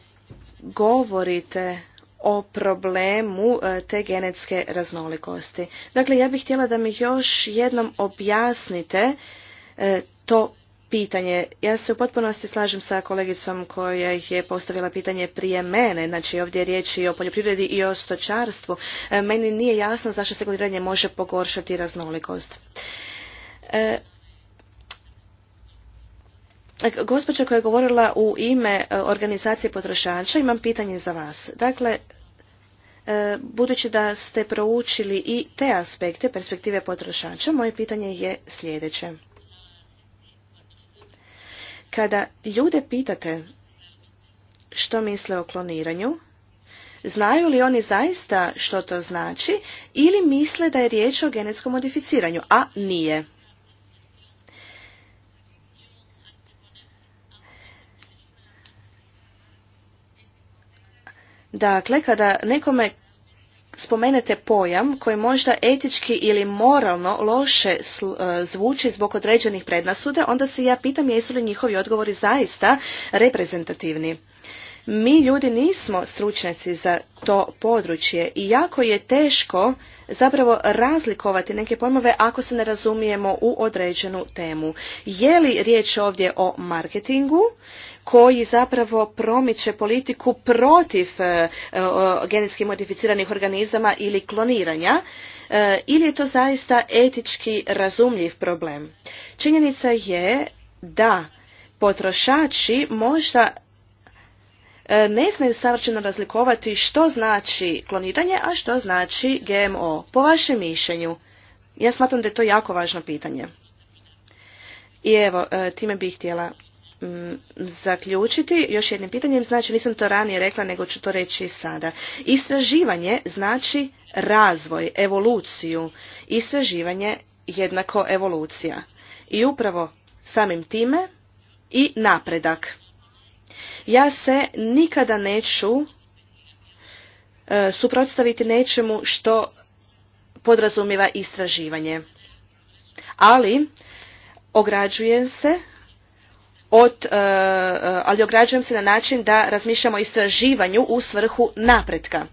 govorite o problemu te genetske raznolikosti. Dakle, ja bih htjela da mi još jednom objasnite to pitanje. Ja se u potpunosti slažem sa kolegicom koja ih je postavila pitanje prije mene. Znači ovdje je riječ i o poljoprivredi i o stočarstvu. E, meni nije jasno zašto se kloniranje može pogoršati raznolikost. E, gospođa koja je govorila u ime e, organizacije potrošača, imam pitanje za vas. Dakle, e, Budući da ste proučili i te aspekte perspektive potrošača, moje pitanje je sljedeće. Kada ljude pitate što misle o kloniranju, znaju li oni zaista što to znači ili misle da je riječ o genetskom modificiranju, a nije. Dakle, kada nekome spomenete pojam koji možda etički ili moralno loše e, zvuči zbog određenih prednasuda, onda se ja pitam jesu li njihovi odgovori zaista reprezentativni. Mi ljudi nismo stručnjaci za to područje i jako je teško zapravo razlikovati neke pojmove ako se ne razumijemo u određenu temu. Je li riječ ovdje o marketingu koji zapravo promiče politiku protiv e, e, genetski modificiranih organizama ili kloniranja e, ili je to zaista etički razumljiv problem? Činjenica je da potrošači možda ne znaju savršeno razlikovati što znači kloniranje, a što znači GMO. Po vašem mišljenju, ja smatram da je to jako važno pitanje. I evo, time bih htjela zaključiti još jednim pitanjem, znači nisam to ranije rekla nego ću to reći i sada. Istraživanje znači razvoj, evoluciju. Istraživanje jednako evolucija. I upravo samim time i napredak. Ja se nikada neću e, suprotstaviti nečemu što podrazumijeva istraživanje. Ali ograđujem se od, e, e, ali ograđujem se na način da razmišljamo o istraživanju u svrhu napretka.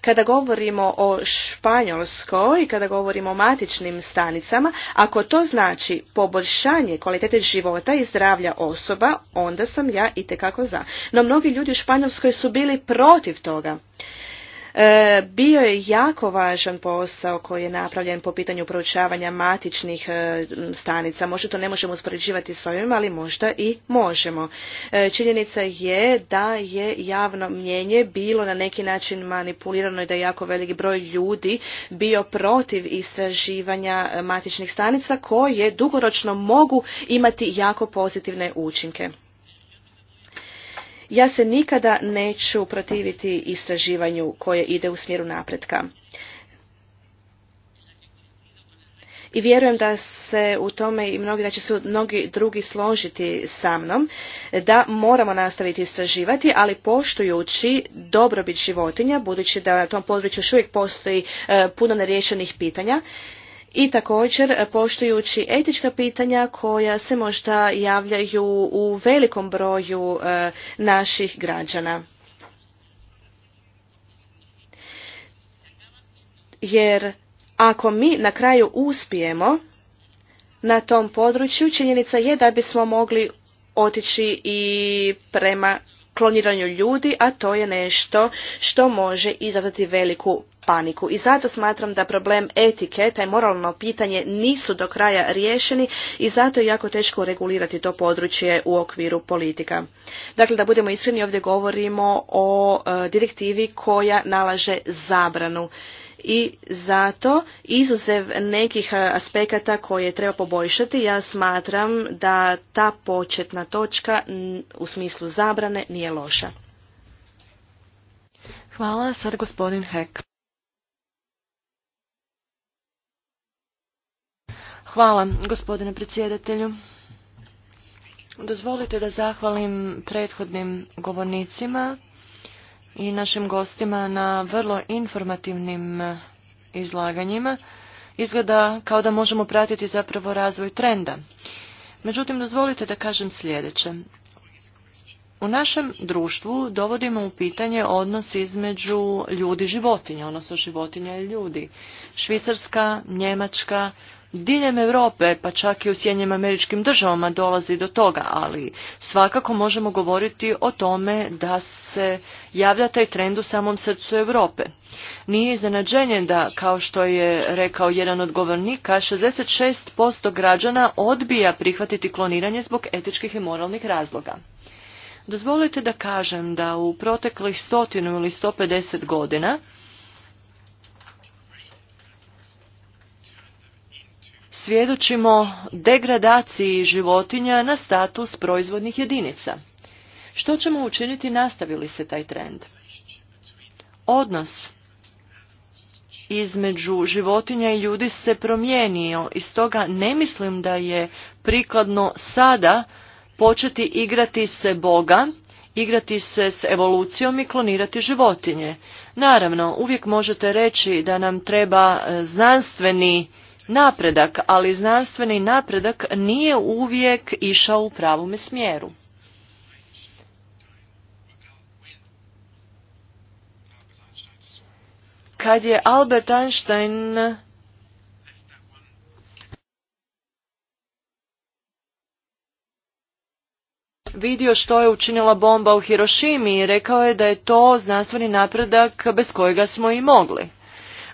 Kada govorimo o Španjolskoj, kada govorimo o matičnim stanicama, ako to znači poboljšanje kvalitete života i zdravlja osoba, onda sam ja itekako za. No mnogi ljudi u Španjolskoj su bili protiv toga. E, bio je jako važan posao koji je napravljen po pitanju proučavanja matičnih e, stanica. Možda to ne možemo uspoređivati s ovim, ali možda i možemo. E, činjenica je da je javno mnjenje bilo na neki način manipulirano i da je jako veliki broj ljudi bio protiv istraživanja matičnih stanica koje dugoročno mogu imati jako pozitivne učinke. Ja se nikada neću protiviti istraživanju koje ide u smjeru napretka. i vjerujem da se u tome i mnogi, da će se mnogi drugi složiti sa mnom, da moramo nastaviti istraživati, ali poštujući dobrobit životinja, budući da na tom području još uvijek postoji e, puno neriješenih pitanja, i također e, poštujući etička pitanja koja se možda javljaju u velikom broju e, naših građana. Jer ako mi na kraju uspijemo na tom području, činjenica je da bismo mogli otići i prema kloniranju ljudi, a to je nešto što može izazvati veliku paniku. I zato smatram da problem etike, taj moralno pitanje, nisu do kraja riješeni i zato je jako teško regulirati to područje u okviru politika. Dakle, da budemo iskreni, ovdje govorimo o e, direktivi koja nalaže zabranu i zato izuzev nekih e, aspekata koje treba poboljšati, ja smatram da ta početna točka u smislu zabrane nije loša. Hvala, sad gospodin Hek. Hvala, gospodine predsjedatelju. Dozvolite da zahvalim prethodnim govornicima i našim gostima na vrlo informativnim e, izlaganjima. Izgleda kao da možemo pratiti zapravo razvoj trenda. Međutim, dozvolite da kažem sljedeće. U našem društvu dovodimo u pitanje odnos između ljudi i životinja, odnosno životinja i ljudi. Švicarska, Njemačka, diljem Europe, pa čak i u Sjednjim američkim državama dolazi do toga, ali svakako možemo govoriti o tome da se javlja taj trend u samom srcu Europe. Nije iznenađenje da, kao što je rekao jedan od govornika, 66% građana odbija prihvatiti kloniranje zbog etičkih i moralnih razloga. Dozvolite da kažem da u proteklih stotinu ili 150 godina svjedočimo degradaciji životinja na status proizvodnih jedinica. Što ćemo učiniti nastavi li se taj trend? Odnos između životinja i ljudi se promijenio i stoga ne mislim da je prikladno sada početi igrati se Boga, igrati se s evolucijom i klonirati životinje. Naravno, uvijek možete reći da nam treba e, znanstveni napredak, ali znanstveni napredak nije uvijek išao u pravome smjeru. Kad je Albert Einstein vidio što je učinila bomba u Hirošimi i rekao je da je to znanstveni napredak bez kojega smo i mogli.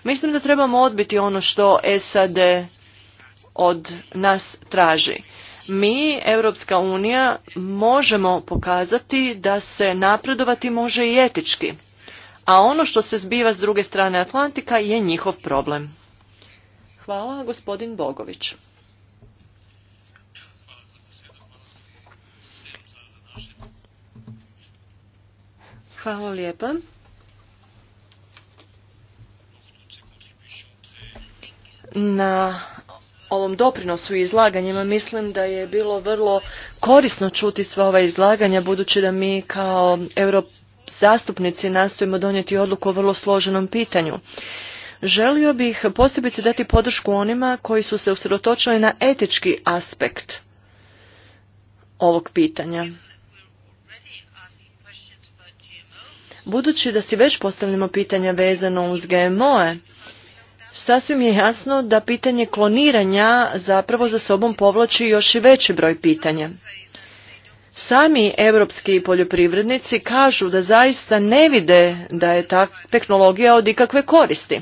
Mislim da trebamo odbiti ono što SAD od nas traži. Mi, Europska unija, možemo pokazati da se napredovati može i etički, a ono što se zbiva s druge strane Atlantika je njihov problem. Hvala, gospodin Bogović. Hvala lijepa. na ovom doprinosu i izlaganjima. Mislim da je bilo vrlo korisno čuti sva ova izlaganja, budući da mi kao euro zastupnici nastojimo donijeti odluku o vrlo složenom pitanju. Želio bih posebice dati podršku onima koji su se usredotočili na etički aspekt ovog pitanja. Budući da si već postavljamo pitanja vezano uz GMO-e, Sasvim je jasno da pitanje kloniranja zapravo za sobom povlači još i veći broj pitanja. Sami europski poljoprivrednici kažu da zaista ne vide da je ta tehnologija od ikakve koristi.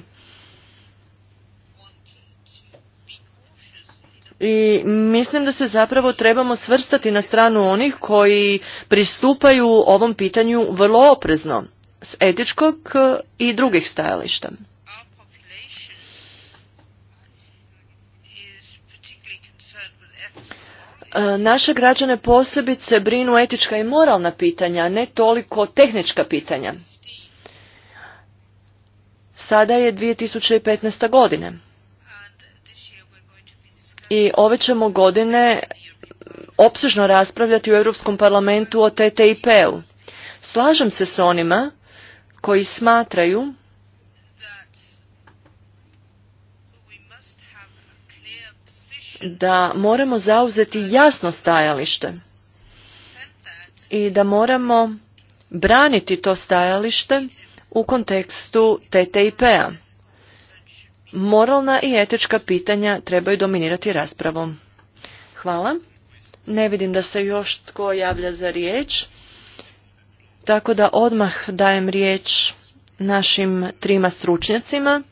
I mislim da se zapravo trebamo svrstati na stranu onih koji pristupaju ovom pitanju vrlo oprezno s etičkog i drugih stajališta. E, naše građane posebice brinu etička i moralna pitanja, ne toliko tehnička pitanja. Sada je 2015. godine. I ove ćemo godine opsežno raspravljati u Europskom parlamentu o TTIP-u. Slažem se s onima koji smatraju da moramo zauzeti jasno stajalište i da moramo braniti to stajalište u kontekstu TTIP-a. Moralna i etička pitanja trebaju dominirati raspravom. Hvala. Ne vidim da se još tko javlja za riječ. Tako da odmah dajem riječ našim trima stručnjacima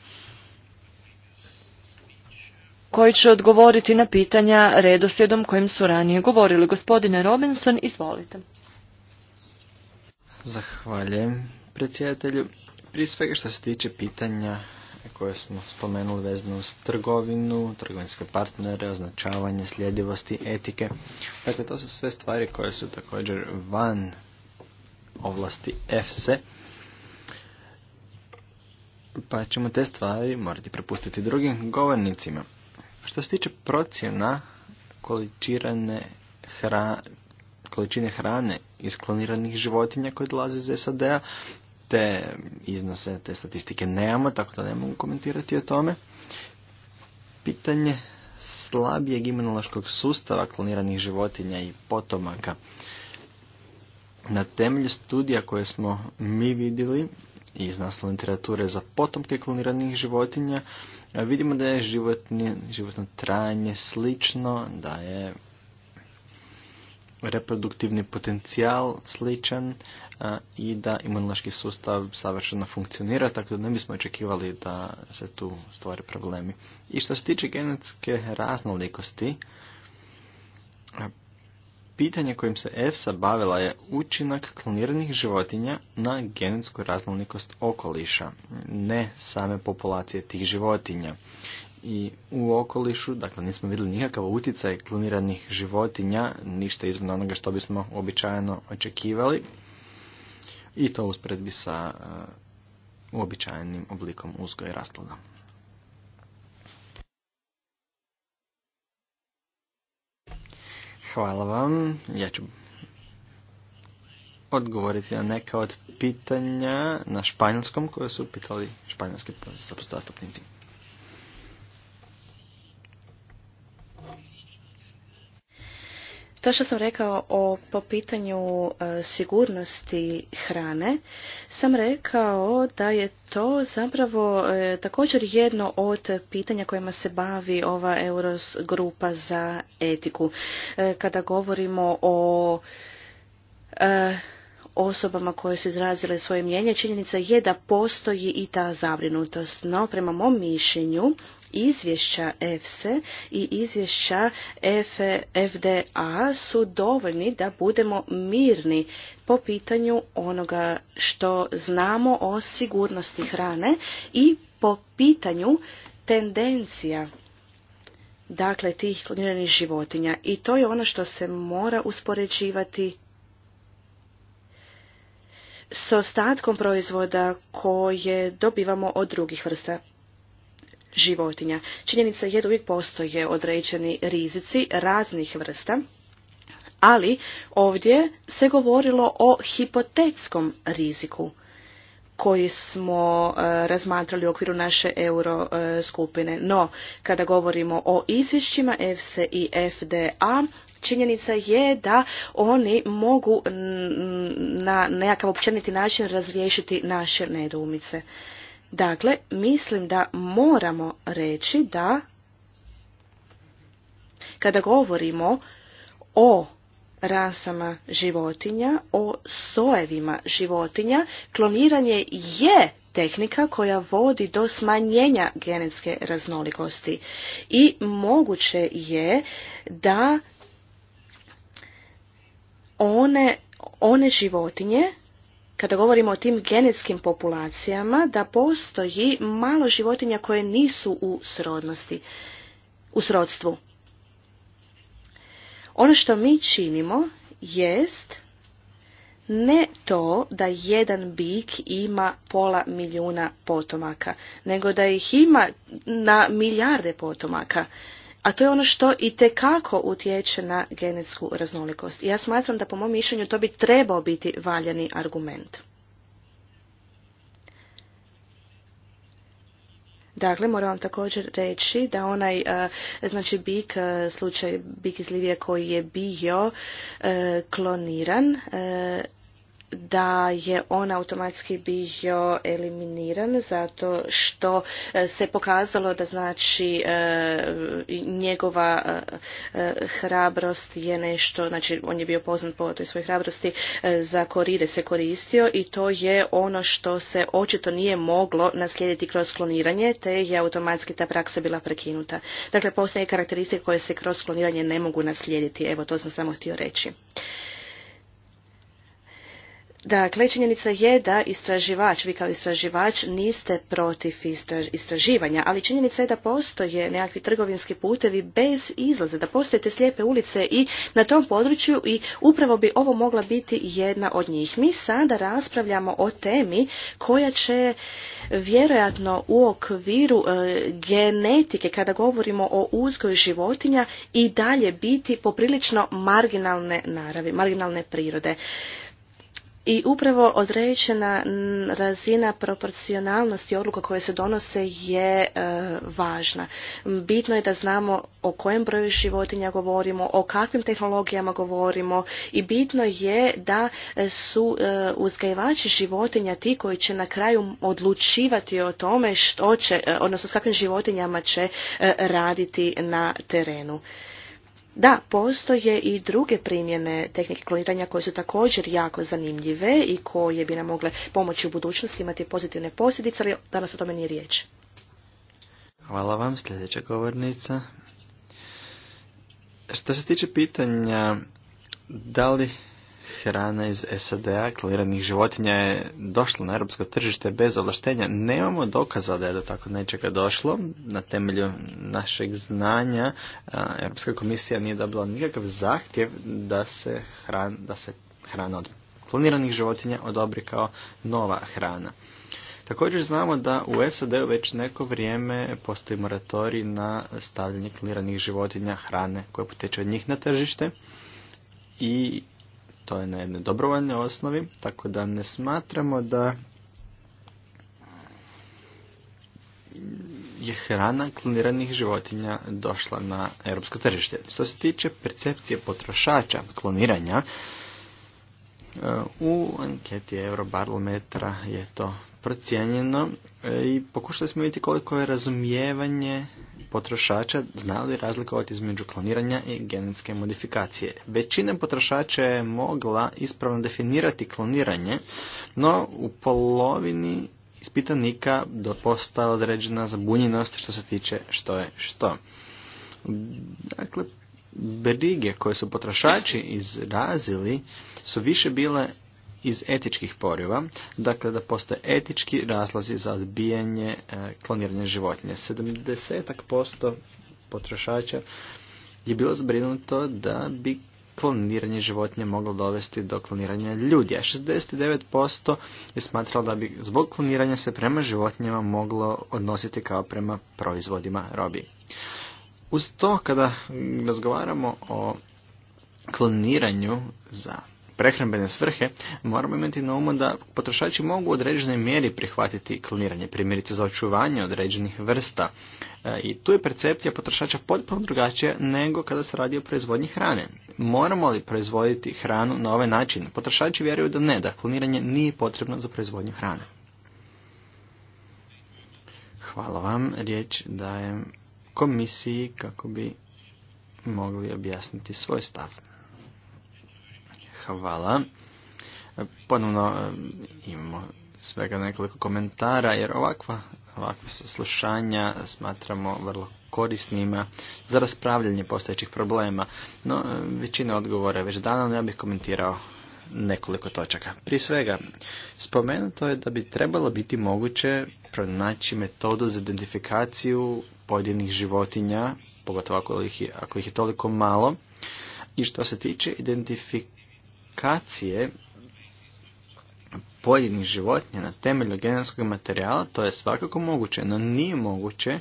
koji će odgovoriti na pitanja redoslijedom kojim su ranije govorili. Gospodine Robinson, izvolite. Zahvaljujem predsjedatelju. Prije svega što se tiče pitanja koje smo spomenuli vezano uz trgovinu, trgovinske partnere, označavanje, sljedivosti, etike. Dakle, to su sve stvari koje su također van ovlasti EFSE. Pa ćemo te stvari morati prepustiti drugim govornicima. Što se tiče procjena količirane količine hrane iz kloniranih životinja koje dolaze iz SAD-a, te iznose, te statistike nemamo, tako da ne mogu komentirati o tome. Pitanje slabijeg imunološkog sustava kloniranih životinja i potomaka. Na temelju studija koje smo mi vidjeli iz naslovne literature za potomke kloniranih životinja, Vidimo da je životno trajanje slično, da je reproduktivni potencijal sličan i da imunološki sustav savršeno funkcionira, tako da ne bismo očekivali da se tu stvore problemi. I što se tiče genetske raznolikosti, Pitanje kojim se EFSA bavila je učinak kloniranih životinja na genetsku raznolikost okoliša, ne same populacije tih životinja. I u okolišu, dakle, nismo vidjeli nikakav utjecaj kloniranih životinja, ništa izvan onoga što bismo običajno očekivali. I to usporedbi sa e, uobičajenim oblikom uzgoja i rasploda. Hvala vam. Ja ću odgovoriti na neka od pitanja na španjolskom koje su pitali španjolski zastupnici. To što sam rekao o, po pitanju e, sigurnosti hrane, sam rekao da je to zapravo e, također jedno od pitanja kojima se bavi ova Euros grupa za etiku. E, kada govorimo o osobama koje su izrazile svoje mjenje, činjenica je da postoji i ta zabrinutost. No, prema mom mišljenju, izvješća EFSE i izvješća FDA e, su dovoljni da budemo mirni po pitanju onoga što znamo o sigurnosti hrane i po pitanju tendencija dakle tih kloniranih životinja i to je ono što se mora uspoređivati s ostatkom proizvoda koje dobivamo od drugih vrsta životinja. Činjenica je da uvijek postoje određeni rizici raznih vrsta, ali ovdje se govorilo o hipotetskom riziku koji smo e, razmatrali u okviru naše euro e, skupine. No, kada govorimo o izvješćima EFSE i FDA, činjenica je da oni mogu na nekakav općeniti način razriješiti naše nedoumice. Dakle, mislim da moramo reći da kada govorimo o rasama životinja, o sojevima životinja, kloniranje je tehnika koja vodi do smanjenja genetske raznolikosti i moguće je da one, one životinje kada govorimo o tim genetskim populacijama, da postoji malo životinja koje nisu u srodnosti, u srodstvu. Ono što mi činimo jest ne to da jedan bik ima pola milijuna potomaka, nego da ih ima na milijarde potomaka a to je ono što i tekako utječe na genetsku raznolikost. ja smatram da po mom mišljenju to bi trebao biti valjani argument. Dakle, moram vam također reći da onaj e, znači bik, e, slučaj bik iz Livije koji je bio e, kloniran, da je on automatski bio eliminiran zato što e, se pokazalo da znači e, njegova e, hrabrost je nešto, znači on je bio poznat po toj svojoj hrabrosti, za koride se koristio i to je ono što se očito nije moglo naslijediti kroz kloniranje, te je automatski ta praksa bila prekinuta. Dakle, postoje karakteristike koje se kroz kloniranje ne mogu naslijediti, evo to sam samo htio reći. Dakle, činjenica je da istraživač, vi kao istraživač niste protiv istraživanja, ali činjenica je da postoje nekakvi trgovinski putevi bez izlaze, da postoje te slijepe ulice i na tom području i upravo bi ovo mogla biti jedna od njih. Mi sada raspravljamo o temi koja će vjerojatno u okviru e, genetike, kada govorimo o uzgoju životinja, i dalje biti poprilično marginalne naravi, marginalne prirode i upravo određena razina proporcionalnosti odluka koje se donose je e, važna. Bitno je da znamo o kojem broju životinja govorimo, o kakvim tehnologijama govorimo i bitno je da su e, uzgajivači životinja ti koji će na kraju odlučivati o tome što će, e, odnosno s kakvim životinjama će raditi na terenu. Da, postoje i druge primjene tehnike kloniranja koje su također jako zanimljive i koje bi nam mogle pomoći u budućnosti imati pozitivne posljedice, ali danas o tome nije riječ. Hvala vam, sljedeća govornica. Što se tiče pitanja da li hrana iz SAD-a, kliranih životinja je došla na europsko tržište bez ovlaštenja. Nemamo dokaza da je do tako nečega došlo. Na temelju našeg znanja Europska komisija nije dobila nikakav zahtjev da se, da se hrana od kloniranih životinja odobri kao nova hrana. Također znamo da u SAD-u već neko vrijeme postoji moratorij na stavljanje kloniranih životinja hrane koje poteče od njih na tržište i to je na jednoj dobrovoljnoj osnovi, tako da ne smatramo da je hrana kloniranih životinja došla na europsko tržište. Što se tiče percepcije potrošača kloniranja, e, u anketi Eurobarometra je to procijenjeno e, i pokušali smo vidjeti koliko je razumijevanje potrošača znali razlikovati između kloniranja i genetske modifikacije. Većina potrošača je mogla ispravno definirati kloniranje, no u polovini ispitanika postala određena zabunjenost što se tiče što je što. Dakle, brige koje su potrošači izrazili su više bile iz etičkih poriva, dakle da postoje etički razlozi za odbijanje e, kloniranja životinje. 70% potrošača je bilo zbrinuto da bi kloniranje životinja moglo dovesti do kloniranja ljudi, a 69% je smatralo da bi zbog kloniranja se prema životinjama moglo odnositi kao prema proizvodima robi. Uz to, kada razgovaramo o kloniranju za prehrambene svrhe, moramo imati na umu da potrošači mogu u određenoj mjeri prihvatiti kloniranje, primjerice za očuvanje određenih vrsta. E, I tu je percepcija potrošača potpuno drugačija nego kada se radi o proizvodnji hrane. Moramo li proizvoditi hranu na ovaj način? Potrošači vjeruju da ne, da kloniranje nije potrebno za proizvodnju hrane. Hvala vam. Riječ dajem komisiji kako bi mogli objasniti svoj stav. Hvala. Ponovno eh, imamo svega nekoliko komentara, jer ovakva, ovakva slušanja smatramo vrlo korisnima za raspravljanje postojećih problema, no eh, većina odgovora je već dana, ali ja bih komentirao nekoliko točaka. Prije svega, spomenuto je da bi trebalo biti moguće pronaći metodu za identifikaciju pojedinih životinja, pogotovo ako ih je, ako ih je toliko malo, i što se tiče identifikacije modifikacije pojedinih životinja na temelju genetskog materijala, to je svakako moguće, no nije moguće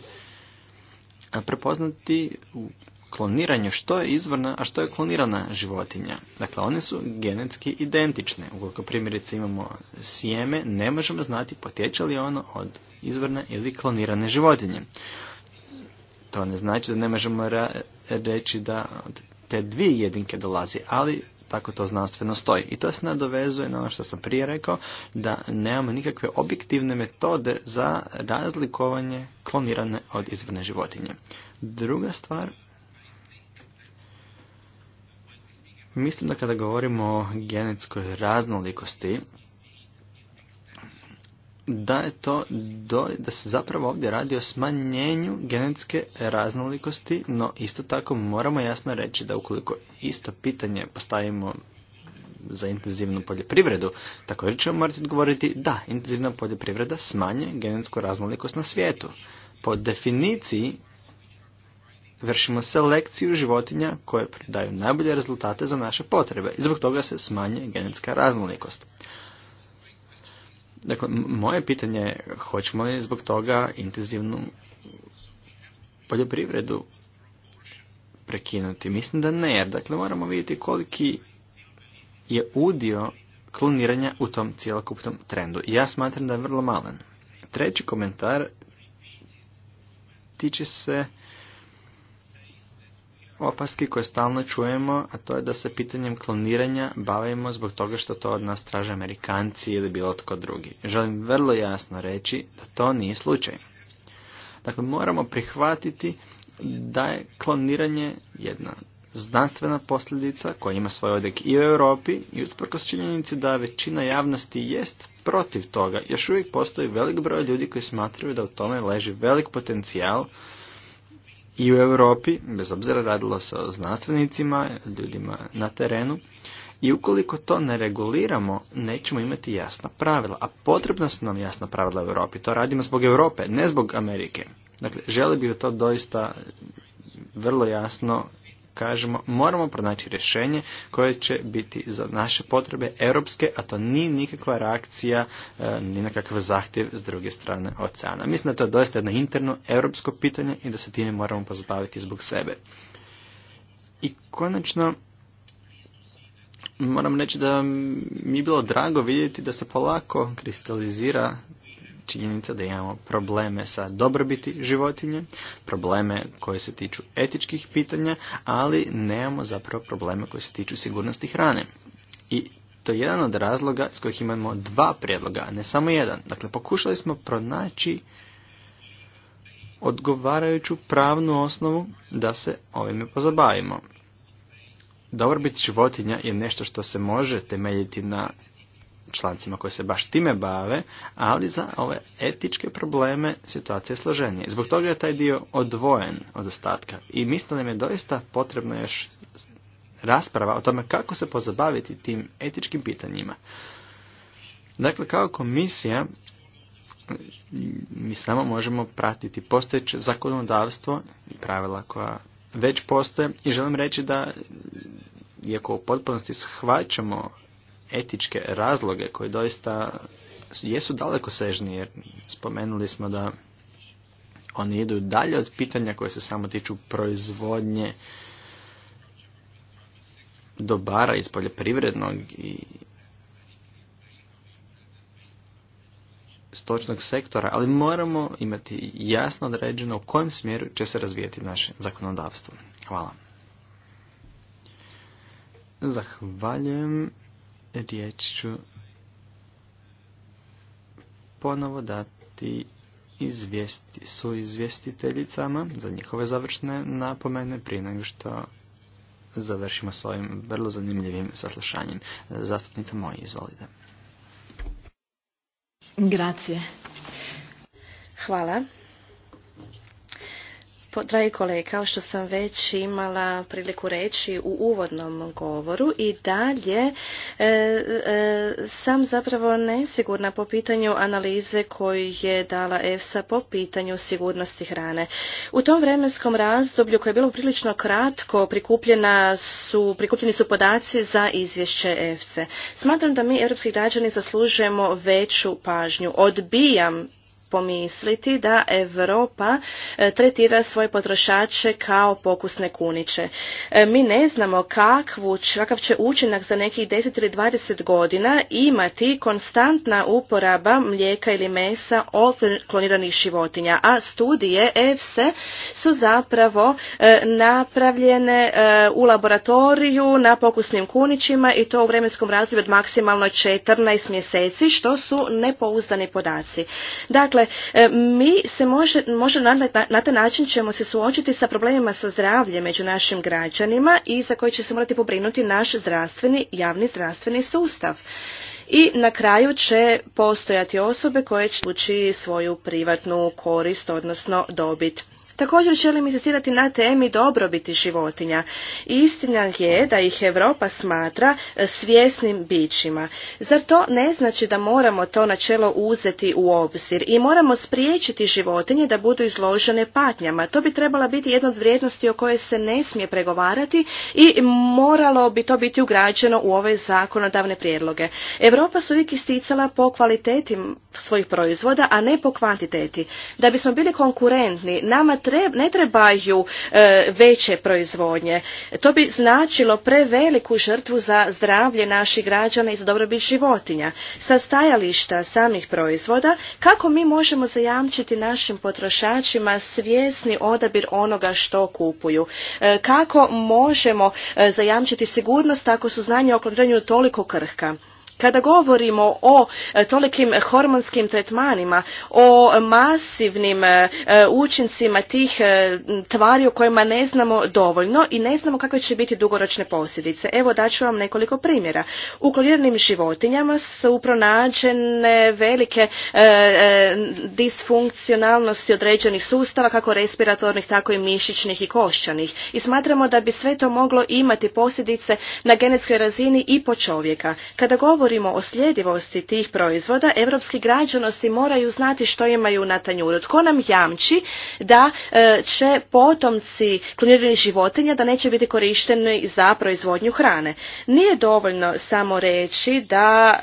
prepoznati u kloniranju što je izvorna, a što je klonirana životinja. Dakle, one su genetski identične. Ukoliko primjerice imamo sjeme, ne možemo znati potječe li ono od izvorne ili klonirane životinje. To ne znači da ne možemo reći da te dvije jedinke dolazi, ali tako to znanstveno stoji. I to se nadovezuje na ono što sam prije rekao, da nemamo nikakve objektivne metode za razlikovanje klonirane od izvrne životinje. Druga stvar, mislim da kada govorimo o genetskoj raznolikosti, da je to da se zapravo ovdje radi o smanjenju genetske raznolikosti, no isto tako moramo jasno reći da ukoliko isto pitanje postavimo za intenzivnu poljoprivredu, također ćemo morati odgovoriti da, intenzivna poljoprivreda smanje genetsku raznolikost na svijetu. Po definiciji vršimo selekciju životinja koje daju najbolje rezultate za naše potrebe i zbog toga se smanje genetska raznolikost. Dakle, moje pitanje je hoćemo li zbog toga intenzivnu poljoprivredu prekinuti? Mislim da ne, jer dakle moramo vidjeti koliki je udio kloniranja u tom cijelokupnom trendu. ja smatram da je vrlo malen. Treći komentar tiče se opaski koje stalno čujemo, a to je da se pitanjem kloniranja bavimo zbog toga što to od nas traže Amerikanci ili bilo tko drugi. Želim vrlo jasno reći da to nije slučaj. Dakle, moramo prihvatiti da je kloniranje jedna znanstvena posljedica koja ima svoj odjek i u Europi i usprkos činjenici da većina javnosti jest protiv toga, još uvijek postoji velik broj ljudi koji smatraju da u tome leži velik potencijal i u Europi, bez obzira radilo se o znanstvenicima, ljudima na terenu. I ukoliko to ne reguliramo, nećemo imati jasna pravila. A potrebna su nam jasna pravila u Europi. To radimo zbog Europe, ne zbog Amerike. Dakle, želi bih to doista vrlo jasno kažemo moramo pronaći rješenje koje će biti za naše potrebe europske, a to ni nikakva reakcija, e, ni nekakav zahtjev s druge strane oceana. Mislim da to je doista jedno interno europsko pitanje i da se time moramo pozabaviti zbog sebe. I konačno, moram reći da mi je bilo drago vidjeti da se polako kristalizira činjenica da imamo probleme sa dobrobiti životinje, probleme koje se tiču etičkih pitanja, ali nemamo zapravo probleme koje se tiču sigurnosti hrane. I to je jedan od razloga s kojih imamo dva prijedloga, a ne samo jedan. Dakle, pokušali smo pronaći odgovarajuću pravnu osnovu da se ovime pozabavimo. Dobrobit životinja je nešto što se može temeljiti na člancima koji se baš time bave, ali za ove etičke probleme situacije je Zbog toga je taj dio odvojen od ostatka i mislim da nam je doista potrebno još rasprava o tome kako se pozabaviti tim etičkim pitanjima. Dakle, kao komisija mi samo možemo pratiti postojeće zakonodavstvo i pravila koja već postoje i želim reći da iako u potpunosti shvaćamo etičke razloge koji doista jesu daleko sežni jer spomenuli smo da oni idu dalje od pitanja koje se samo tiču proizvodnje dobara iz poljoprivrednog i stočnog sektora, ali moramo imati jasno određeno u kojem smjeru će se razvijeti naše zakonodavstvo. Hvala. Zahvaljujem riječ ću ponovo dati izvijesti, su izvjestiteljicama za njihove završne napomene prije nego što završimo s ovim vrlo zanimljivim saslušanjem. Zastupnica moja, izvolite. Grazie. Hvala. Dragi kolege, kao što sam već imala priliku reći u uvodnom govoru i dalje e, e, sam zapravo nesigurna po pitanju analize koju je dala EFSA po pitanju sigurnosti hrane. U tom vremenskom razdoblju koje je bilo prilično kratko prikupljena prikupljeni su podaci za izvješće EFSA. Smatram da mi, europski građani, zaslužujemo veću pažnju. Odbijam pomisliti da Europa e, tretira svoje potrošače kao pokusne kuniće. E, mi ne znamo kakvu, kakav će učinak za nekih 10 ili 20 godina imati konstantna uporaba mlijeka ili mesa od kloniranih životinja, a studije EFSE su zapravo e, napravljene u laboratoriju na pokusnim kunićima i to u vremenskom razdoblju od maksimalno 14 mjeseci, što su nepouzdani podaci. Dakle, E, mi se može, može na, taj način ćemo se suočiti sa problemima sa zdravljem među našim građanima i za koje će se morati pobrinuti naš zdravstveni, javni zdravstveni sustav i na kraju će postojati osobe koje će ući svoju privatnu korist, odnosno dobit. Također želim insistirati na temi dobrobiti životinja. Istina je da ih Europa smatra e, svjesnim bićima. Zar to ne znači da moramo to načelo uzeti u obzir i moramo spriječiti životinje da budu izložene patnjama? To bi trebala biti jedna od vrijednosti o kojoj se ne smije pregovarati i moralo bi to biti ugrađeno u ove zakonodavne prijedloge. Europa su uvijek isticala po kvaliteti svojih proizvoda, a ne po kvantiteti. Da bismo bili konkurentni, nama ne trebaju e, veće proizvodnje. To bi značilo preveliku žrtvu za zdravlje naših građana i za dobrobit životinja. Sa stajališta samih proizvoda, kako mi možemo zajamčiti našim potrošačima svjesni odabir onoga što kupuju? E, kako možemo e, zajamčiti sigurnost ako su znanje o kloniranju toliko krhka? Kada govorimo o e, tolikim hormonskim tretmanima, o masivnim e, e, učincima tih tvari o kojima ne znamo dovoljno i ne znamo kakve će biti dugoročne posljedice. Evo daću vam nekoliko primjera. U kloniranim životinjama su pronađene velike disfunkcionalnosti određenih sustava, kako respiratornih, tako i mišićnih i košćanih. I smatramo da bi sve to moglo imati posljedice na genetskoj razini i po čovjeka. Kada govorimo govorimo o sljedivosti tih proizvoda, evropski građanosti moraju znati što imaju na tanjuru. Tko nam jamči da e, će potomci kloniranih životinja da neće biti korišteni za proizvodnju hrane? Nije dovoljno samo reći da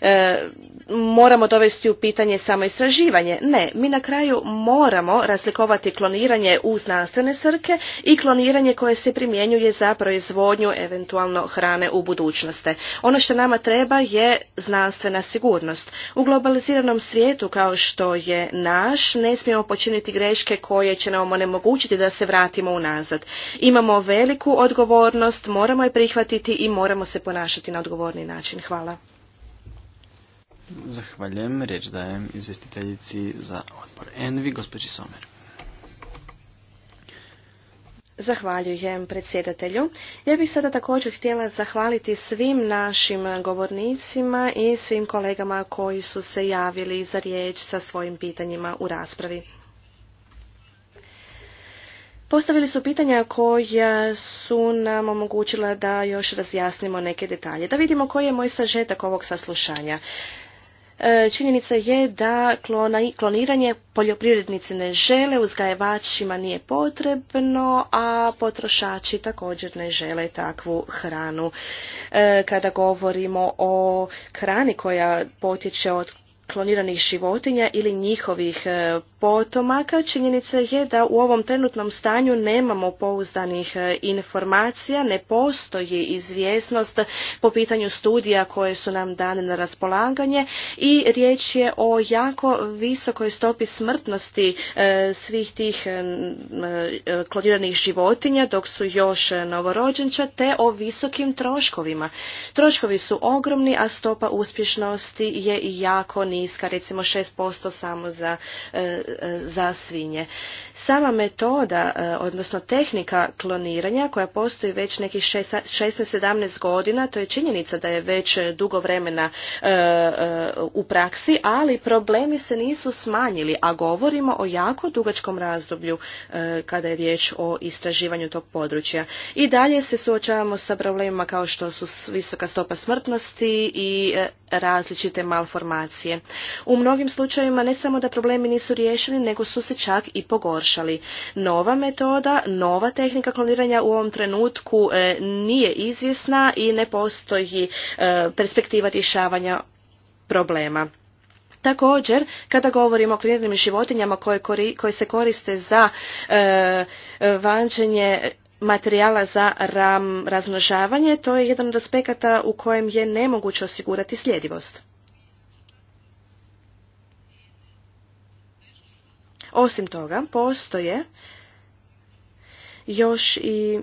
e, e, moramo dovesti u pitanje samo istraživanje. Ne, mi na kraju moramo razlikovati kloniranje u znanstvene svrhe i kloniranje koje se primjenjuje za proizvodnju eventualno hrane u budućnosti. Ono što nama treba je znanstvena sigurnost. U globaliziranom svijetu kao što je naš ne smijemo počiniti greške koje će nam onemogućiti da se vratimo unazad. Imamo veliku odgovornost, moramo je prihvatiti i moramo se ponašati na odgovorni način. Hvala. Zahvaljujem. Riječ dajem za odbor Envi, gospođi Somer. Zahvaljujem predsjedatelju. Ja bih sada također htjela zahvaliti svim našim govornicima i svim kolegama koji su se javili za riječ sa svojim pitanjima u raspravi. Postavili su pitanja koja su nam omogućila da još razjasnimo neke detalje, da vidimo koji je moj sažetak ovog saslušanja. E, činjenica je da kloniranje poljoprivrednici ne žele, uzgajivačima nije potrebno, a potrošači također ne žele takvu hranu. E, kada govorimo o hrani koja potječe od kloniranih životinja ili njihovih e, potomaka. Činjenica je da u ovom trenutnom stanju nemamo pouzdanih e, informacija, ne postoji izvjesnost po pitanju studija koje su nam dane na raspolaganje i riječ je o jako visokoj stopi smrtnosti e, svih tih kloniranih životinja dok su još novorođenča te o visokim troškovima. Troškovi su ogromni, a stopa uspješnosti je jako niska, recimo 6% samo za, e, e, za svinje. Sama metoda, e, odnosno tehnika kloniranja koja postoji već nekih 16-17 godina, to je činjenica da je već dugo vremena u praksi, ali problemi se nisu smanjili, a govorimo o jako dugačkom razdoblju kada je riječ o istraživanju tog područja. I dalje se suočavamo sa problemima kao što su visoka stopa smrtnosti i različite malformacije. U mnogim slučajevima ne samo da problemi nisu riješeni, nego su se čak i pogoršali. Nova metoda, nova tehnika kloniranja u ovom trenutku e, nije izvjesna i ne postoji e, perspektiva rješavanja problema. Također, kada govorimo o klinirnim životinjama koje, koje se koriste za e, vanđenje materijala za ram, razmnožavanje, to je jedan od aspekata u kojem je nemoguće osigurati sljedivost. Osim toga, postoje još i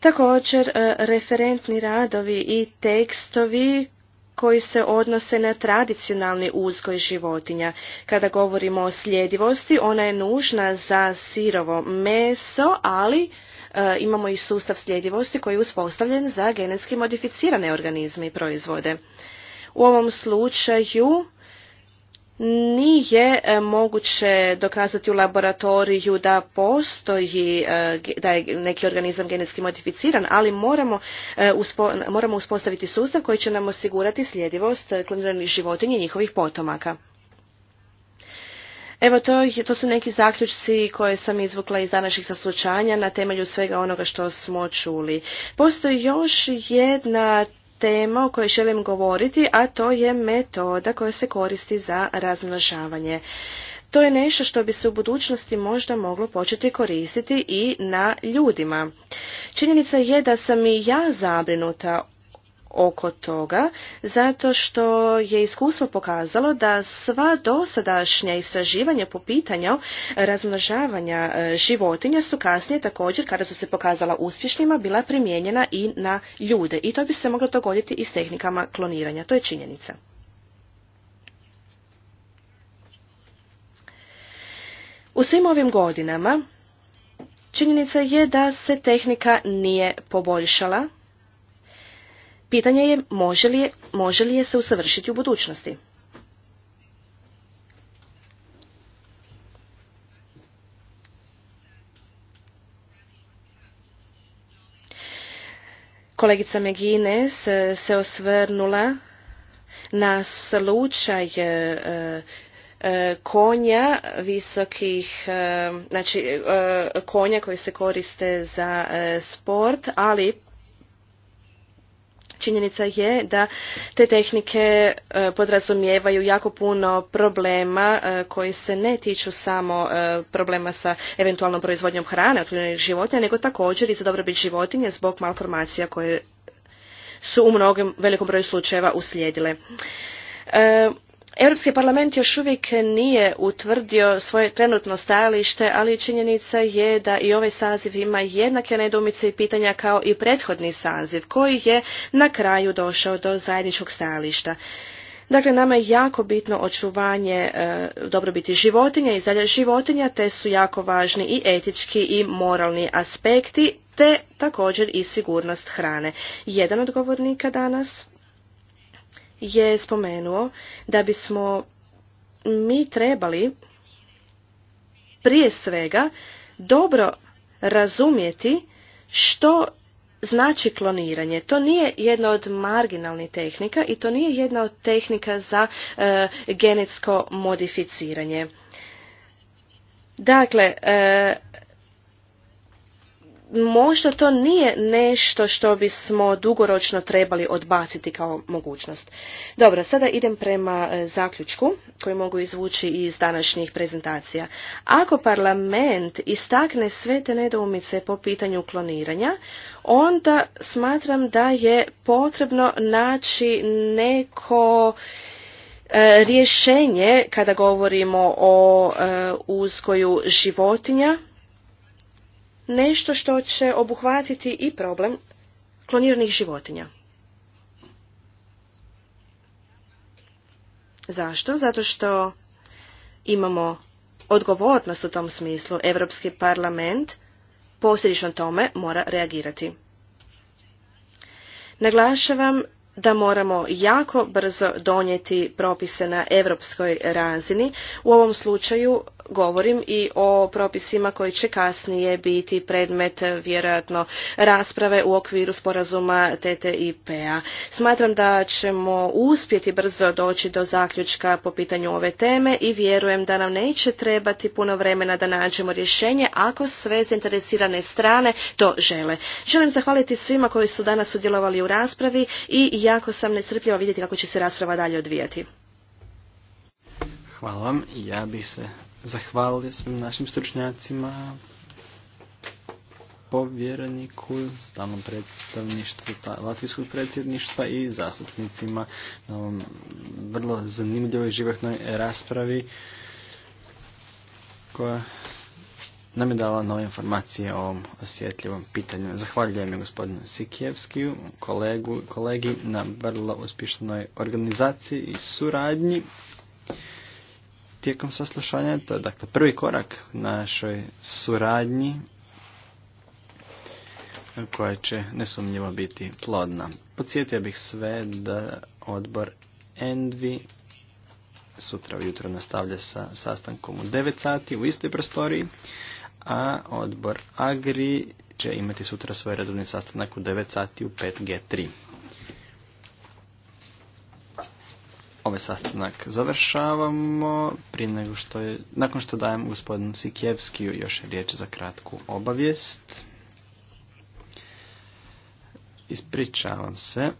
također e, referentni radovi i tekstovi koji se odnose na tradicionalni uzgoj životinja. Kada govorimo o sljedivosti, ona je nužna za sirovo meso, ali e, imamo i sustav sljedivosti koji je uspostavljen za genetski modificirane organizme i proizvode. U ovom slučaju nije e, moguće dokazati u laboratoriju da postoji, e, da je neki organizam genetski modificiran, ali moramo, e, moramo uspostaviti sustav koji će nam osigurati sljedivost kloniranih životinja i njihovih potomaka. Evo to, to su neki zaključci koje sam izvukla iz današnjih saslučanja na temelju svega onoga što smo čuli. Postoji još jedna tema o kojoj želim govoriti, a to je metoda koja se koristi za razmnožavanje. To je nešto što bi se u budućnosti možda moglo početi koristiti i na ljudima. Činjenica je da sam i ja zabrinuta oko toga zato što je iskustvo pokazalo da sva dosadašnja istraživanja po pitanju razmnožavanja e, životinja su kasnije također kada su se pokazala uspješnima bila primijenjena i na ljude i to bi se moglo dogoditi i s tehnikama kloniranja to je činjenica U svim ovim godinama činjenica je da se tehnika nije poboljšala Pitanje je može li je, može li se usavršiti u budućnosti. Kolegica Megines eh, se osvrnula na slučaj eh, eh, konja visokih, znači konja koji se koriste za sport, ali Činjenica je da te tehnike e, podrazumijevaju jako puno problema e, koji se ne tiču samo e, problema sa eventualnom proizvodnjom hrane od životinja, nego također i za dobrobit životinja zbog malformacija koje su u mnogim velikom broju slučajeva uslijedile. Europski parlament još uvijek nije utvrdio svoje trenutno stajalište, ali činjenica je da i ovaj saziv ima jednake nedoumice i pitanja kao i prethodni saziv, koji je na kraju došao do zajedničkog stajališta. Dakle, nama je jako bitno očuvanje e, dobrobiti životinja i zdravlja životinja, te su jako važni i etički i moralni aspekti, te također i sigurnost hrane. Jedan od govornika danas je spomenuo da bismo mi trebali prije svega dobro razumjeti što znači kloniranje. To nije jedna od marginalnih tehnika i to nije jedna od tehnika za e, genetsko modificiranje. Dakle, e, možda to nije nešto što bismo dugoročno trebali odbaciti kao mogućnost. Dobro, sada idem prema e, zaključku koji mogu izvući iz današnjih prezentacija. Ako parlament istakne sve te nedoumice po pitanju kloniranja, onda smatram da je potrebno naći neko e, rješenje kada govorimo o e, uzgoju životinja nešto što će obuhvatiti i problem kloniranih životinja. Zašto? Zato što imamo odgovornost u tom smislu. Europski parlament posljedično tome mora reagirati. Naglašavam da moramo jako brzo donijeti propise na europskoj razini, u ovom slučaju govorim i o propisima koji će kasnije biti predmet eh, vjerojatno rasprave u okviru sporazuma TTIP-a. Smatram da ćemo uspjeti brzo doći do zaključka po pitanju ove teme i vjerujem da nam neće trebati puno vremena da nađemo rješenje ako sve zainteresirane strane to žele. Želim zahvaliti svima koji su danas sudjelovali u raspravi i jako sam nesrpljiva vidjeti kako će se rasprava dalje odvijati. Hvala vam. Ja bih se zahvalio svim našim stručnjacima, povjereniku, stalnom predstavništvu Latvijskog predsjedništva i zastupnicima na ovom vrlo zanimljivoj životnoj raspravi koja nam je dala nove informacije o ovom osjetljivom pitanju. Zahvaljujem i gospodinu Sikijevskiju, kolegu, kolegi na vrlo uspješnoj organizaciji i suradnji tijekom saslušanja. To je dakle prvi korak našoj suradnji koja će nesumnjivo biti plodna. Podsjetio bih sve da odbor Envi sutra ujutro nastavlja sa sastankom u 9 sati u istoj prostoriji, a odbor Agri će imati sutra svoj redovni sastanak u 9 sati u 5G3. Ovaj sastanak završavamo prije nego što je, nakon što dajem gospodinu Sikjevskiju još riječ za kratku obavijest. Ispričavam se.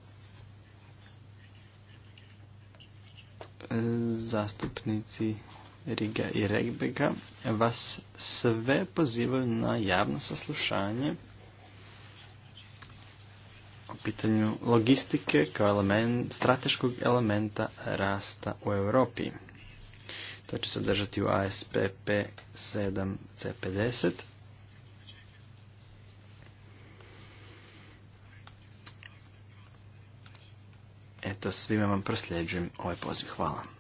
Zastupnici Riga i Regbega vas sve pozivaju na javno saslušanje o pitanju logistike kao element, strateškog elementa rasta u Europi. To će se držati u ASPP 7C50. Eto, svima vam prosljeđujem ovaj poziv. Hvala.